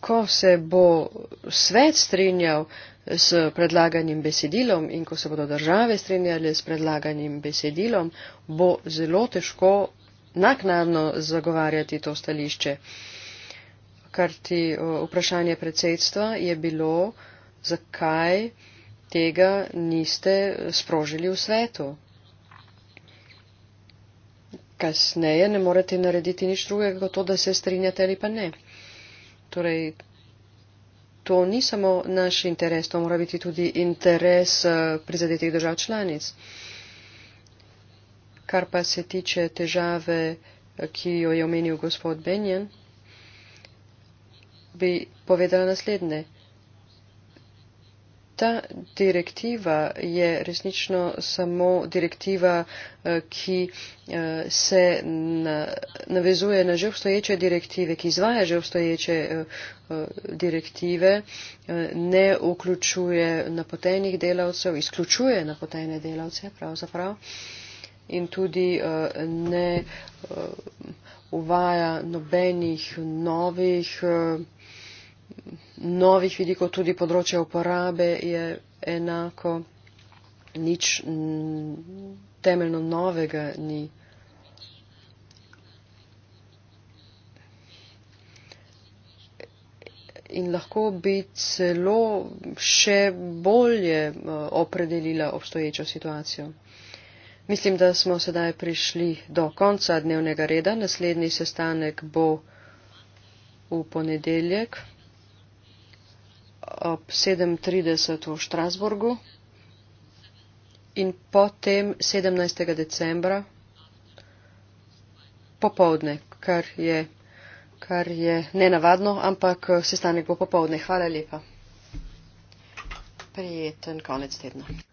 Ko se bo svet strinjal s predlaganim besedilom in ko se bodo države strinjale s predlaganim besedilom, bo zelo težko naknadno zagovarjati to stališče. Kar ti vprašanje predsedstva je bilo, zakaj tega niste sprožili v svetu. Kasneje ne morete narediti nič drugega, kot to, da se strinjate ali pa ne. Torej, to ni samo naš interes, to mora biti tudi interes eh, prizadetih držav članic kar pa se tiče težave, ki jo je omenil gospod Benjen, bi povedala naslednje. Ta direktiva je resnično samo direktiva, eh, ki eh, se navezuje na že obstoječe direktive, ki izvaja že obstoječe eh, direktive, ne vključuje napotenih delavcev, izključuje napotene delavce pravzaprav. Prav in tudi eh, ne eh, uvaja nobenih novih, eh, novih vidikov, tudi področje uporabe je enako, nič mm, temeljno novega ni. In lahko bi celo še bolje opredelila obstoječo situacijo. Mislim, da smo sedaj prišli do konca dnevnega reda. Naslednji sestanek bo v ponedeljek ob 7.30 v Štrasburgu in potem 17. decembra popovdne, kar je, kar je nenavadno, ampak sestanek bo popovdne. Hvala lepa. Prijeten konec tedna.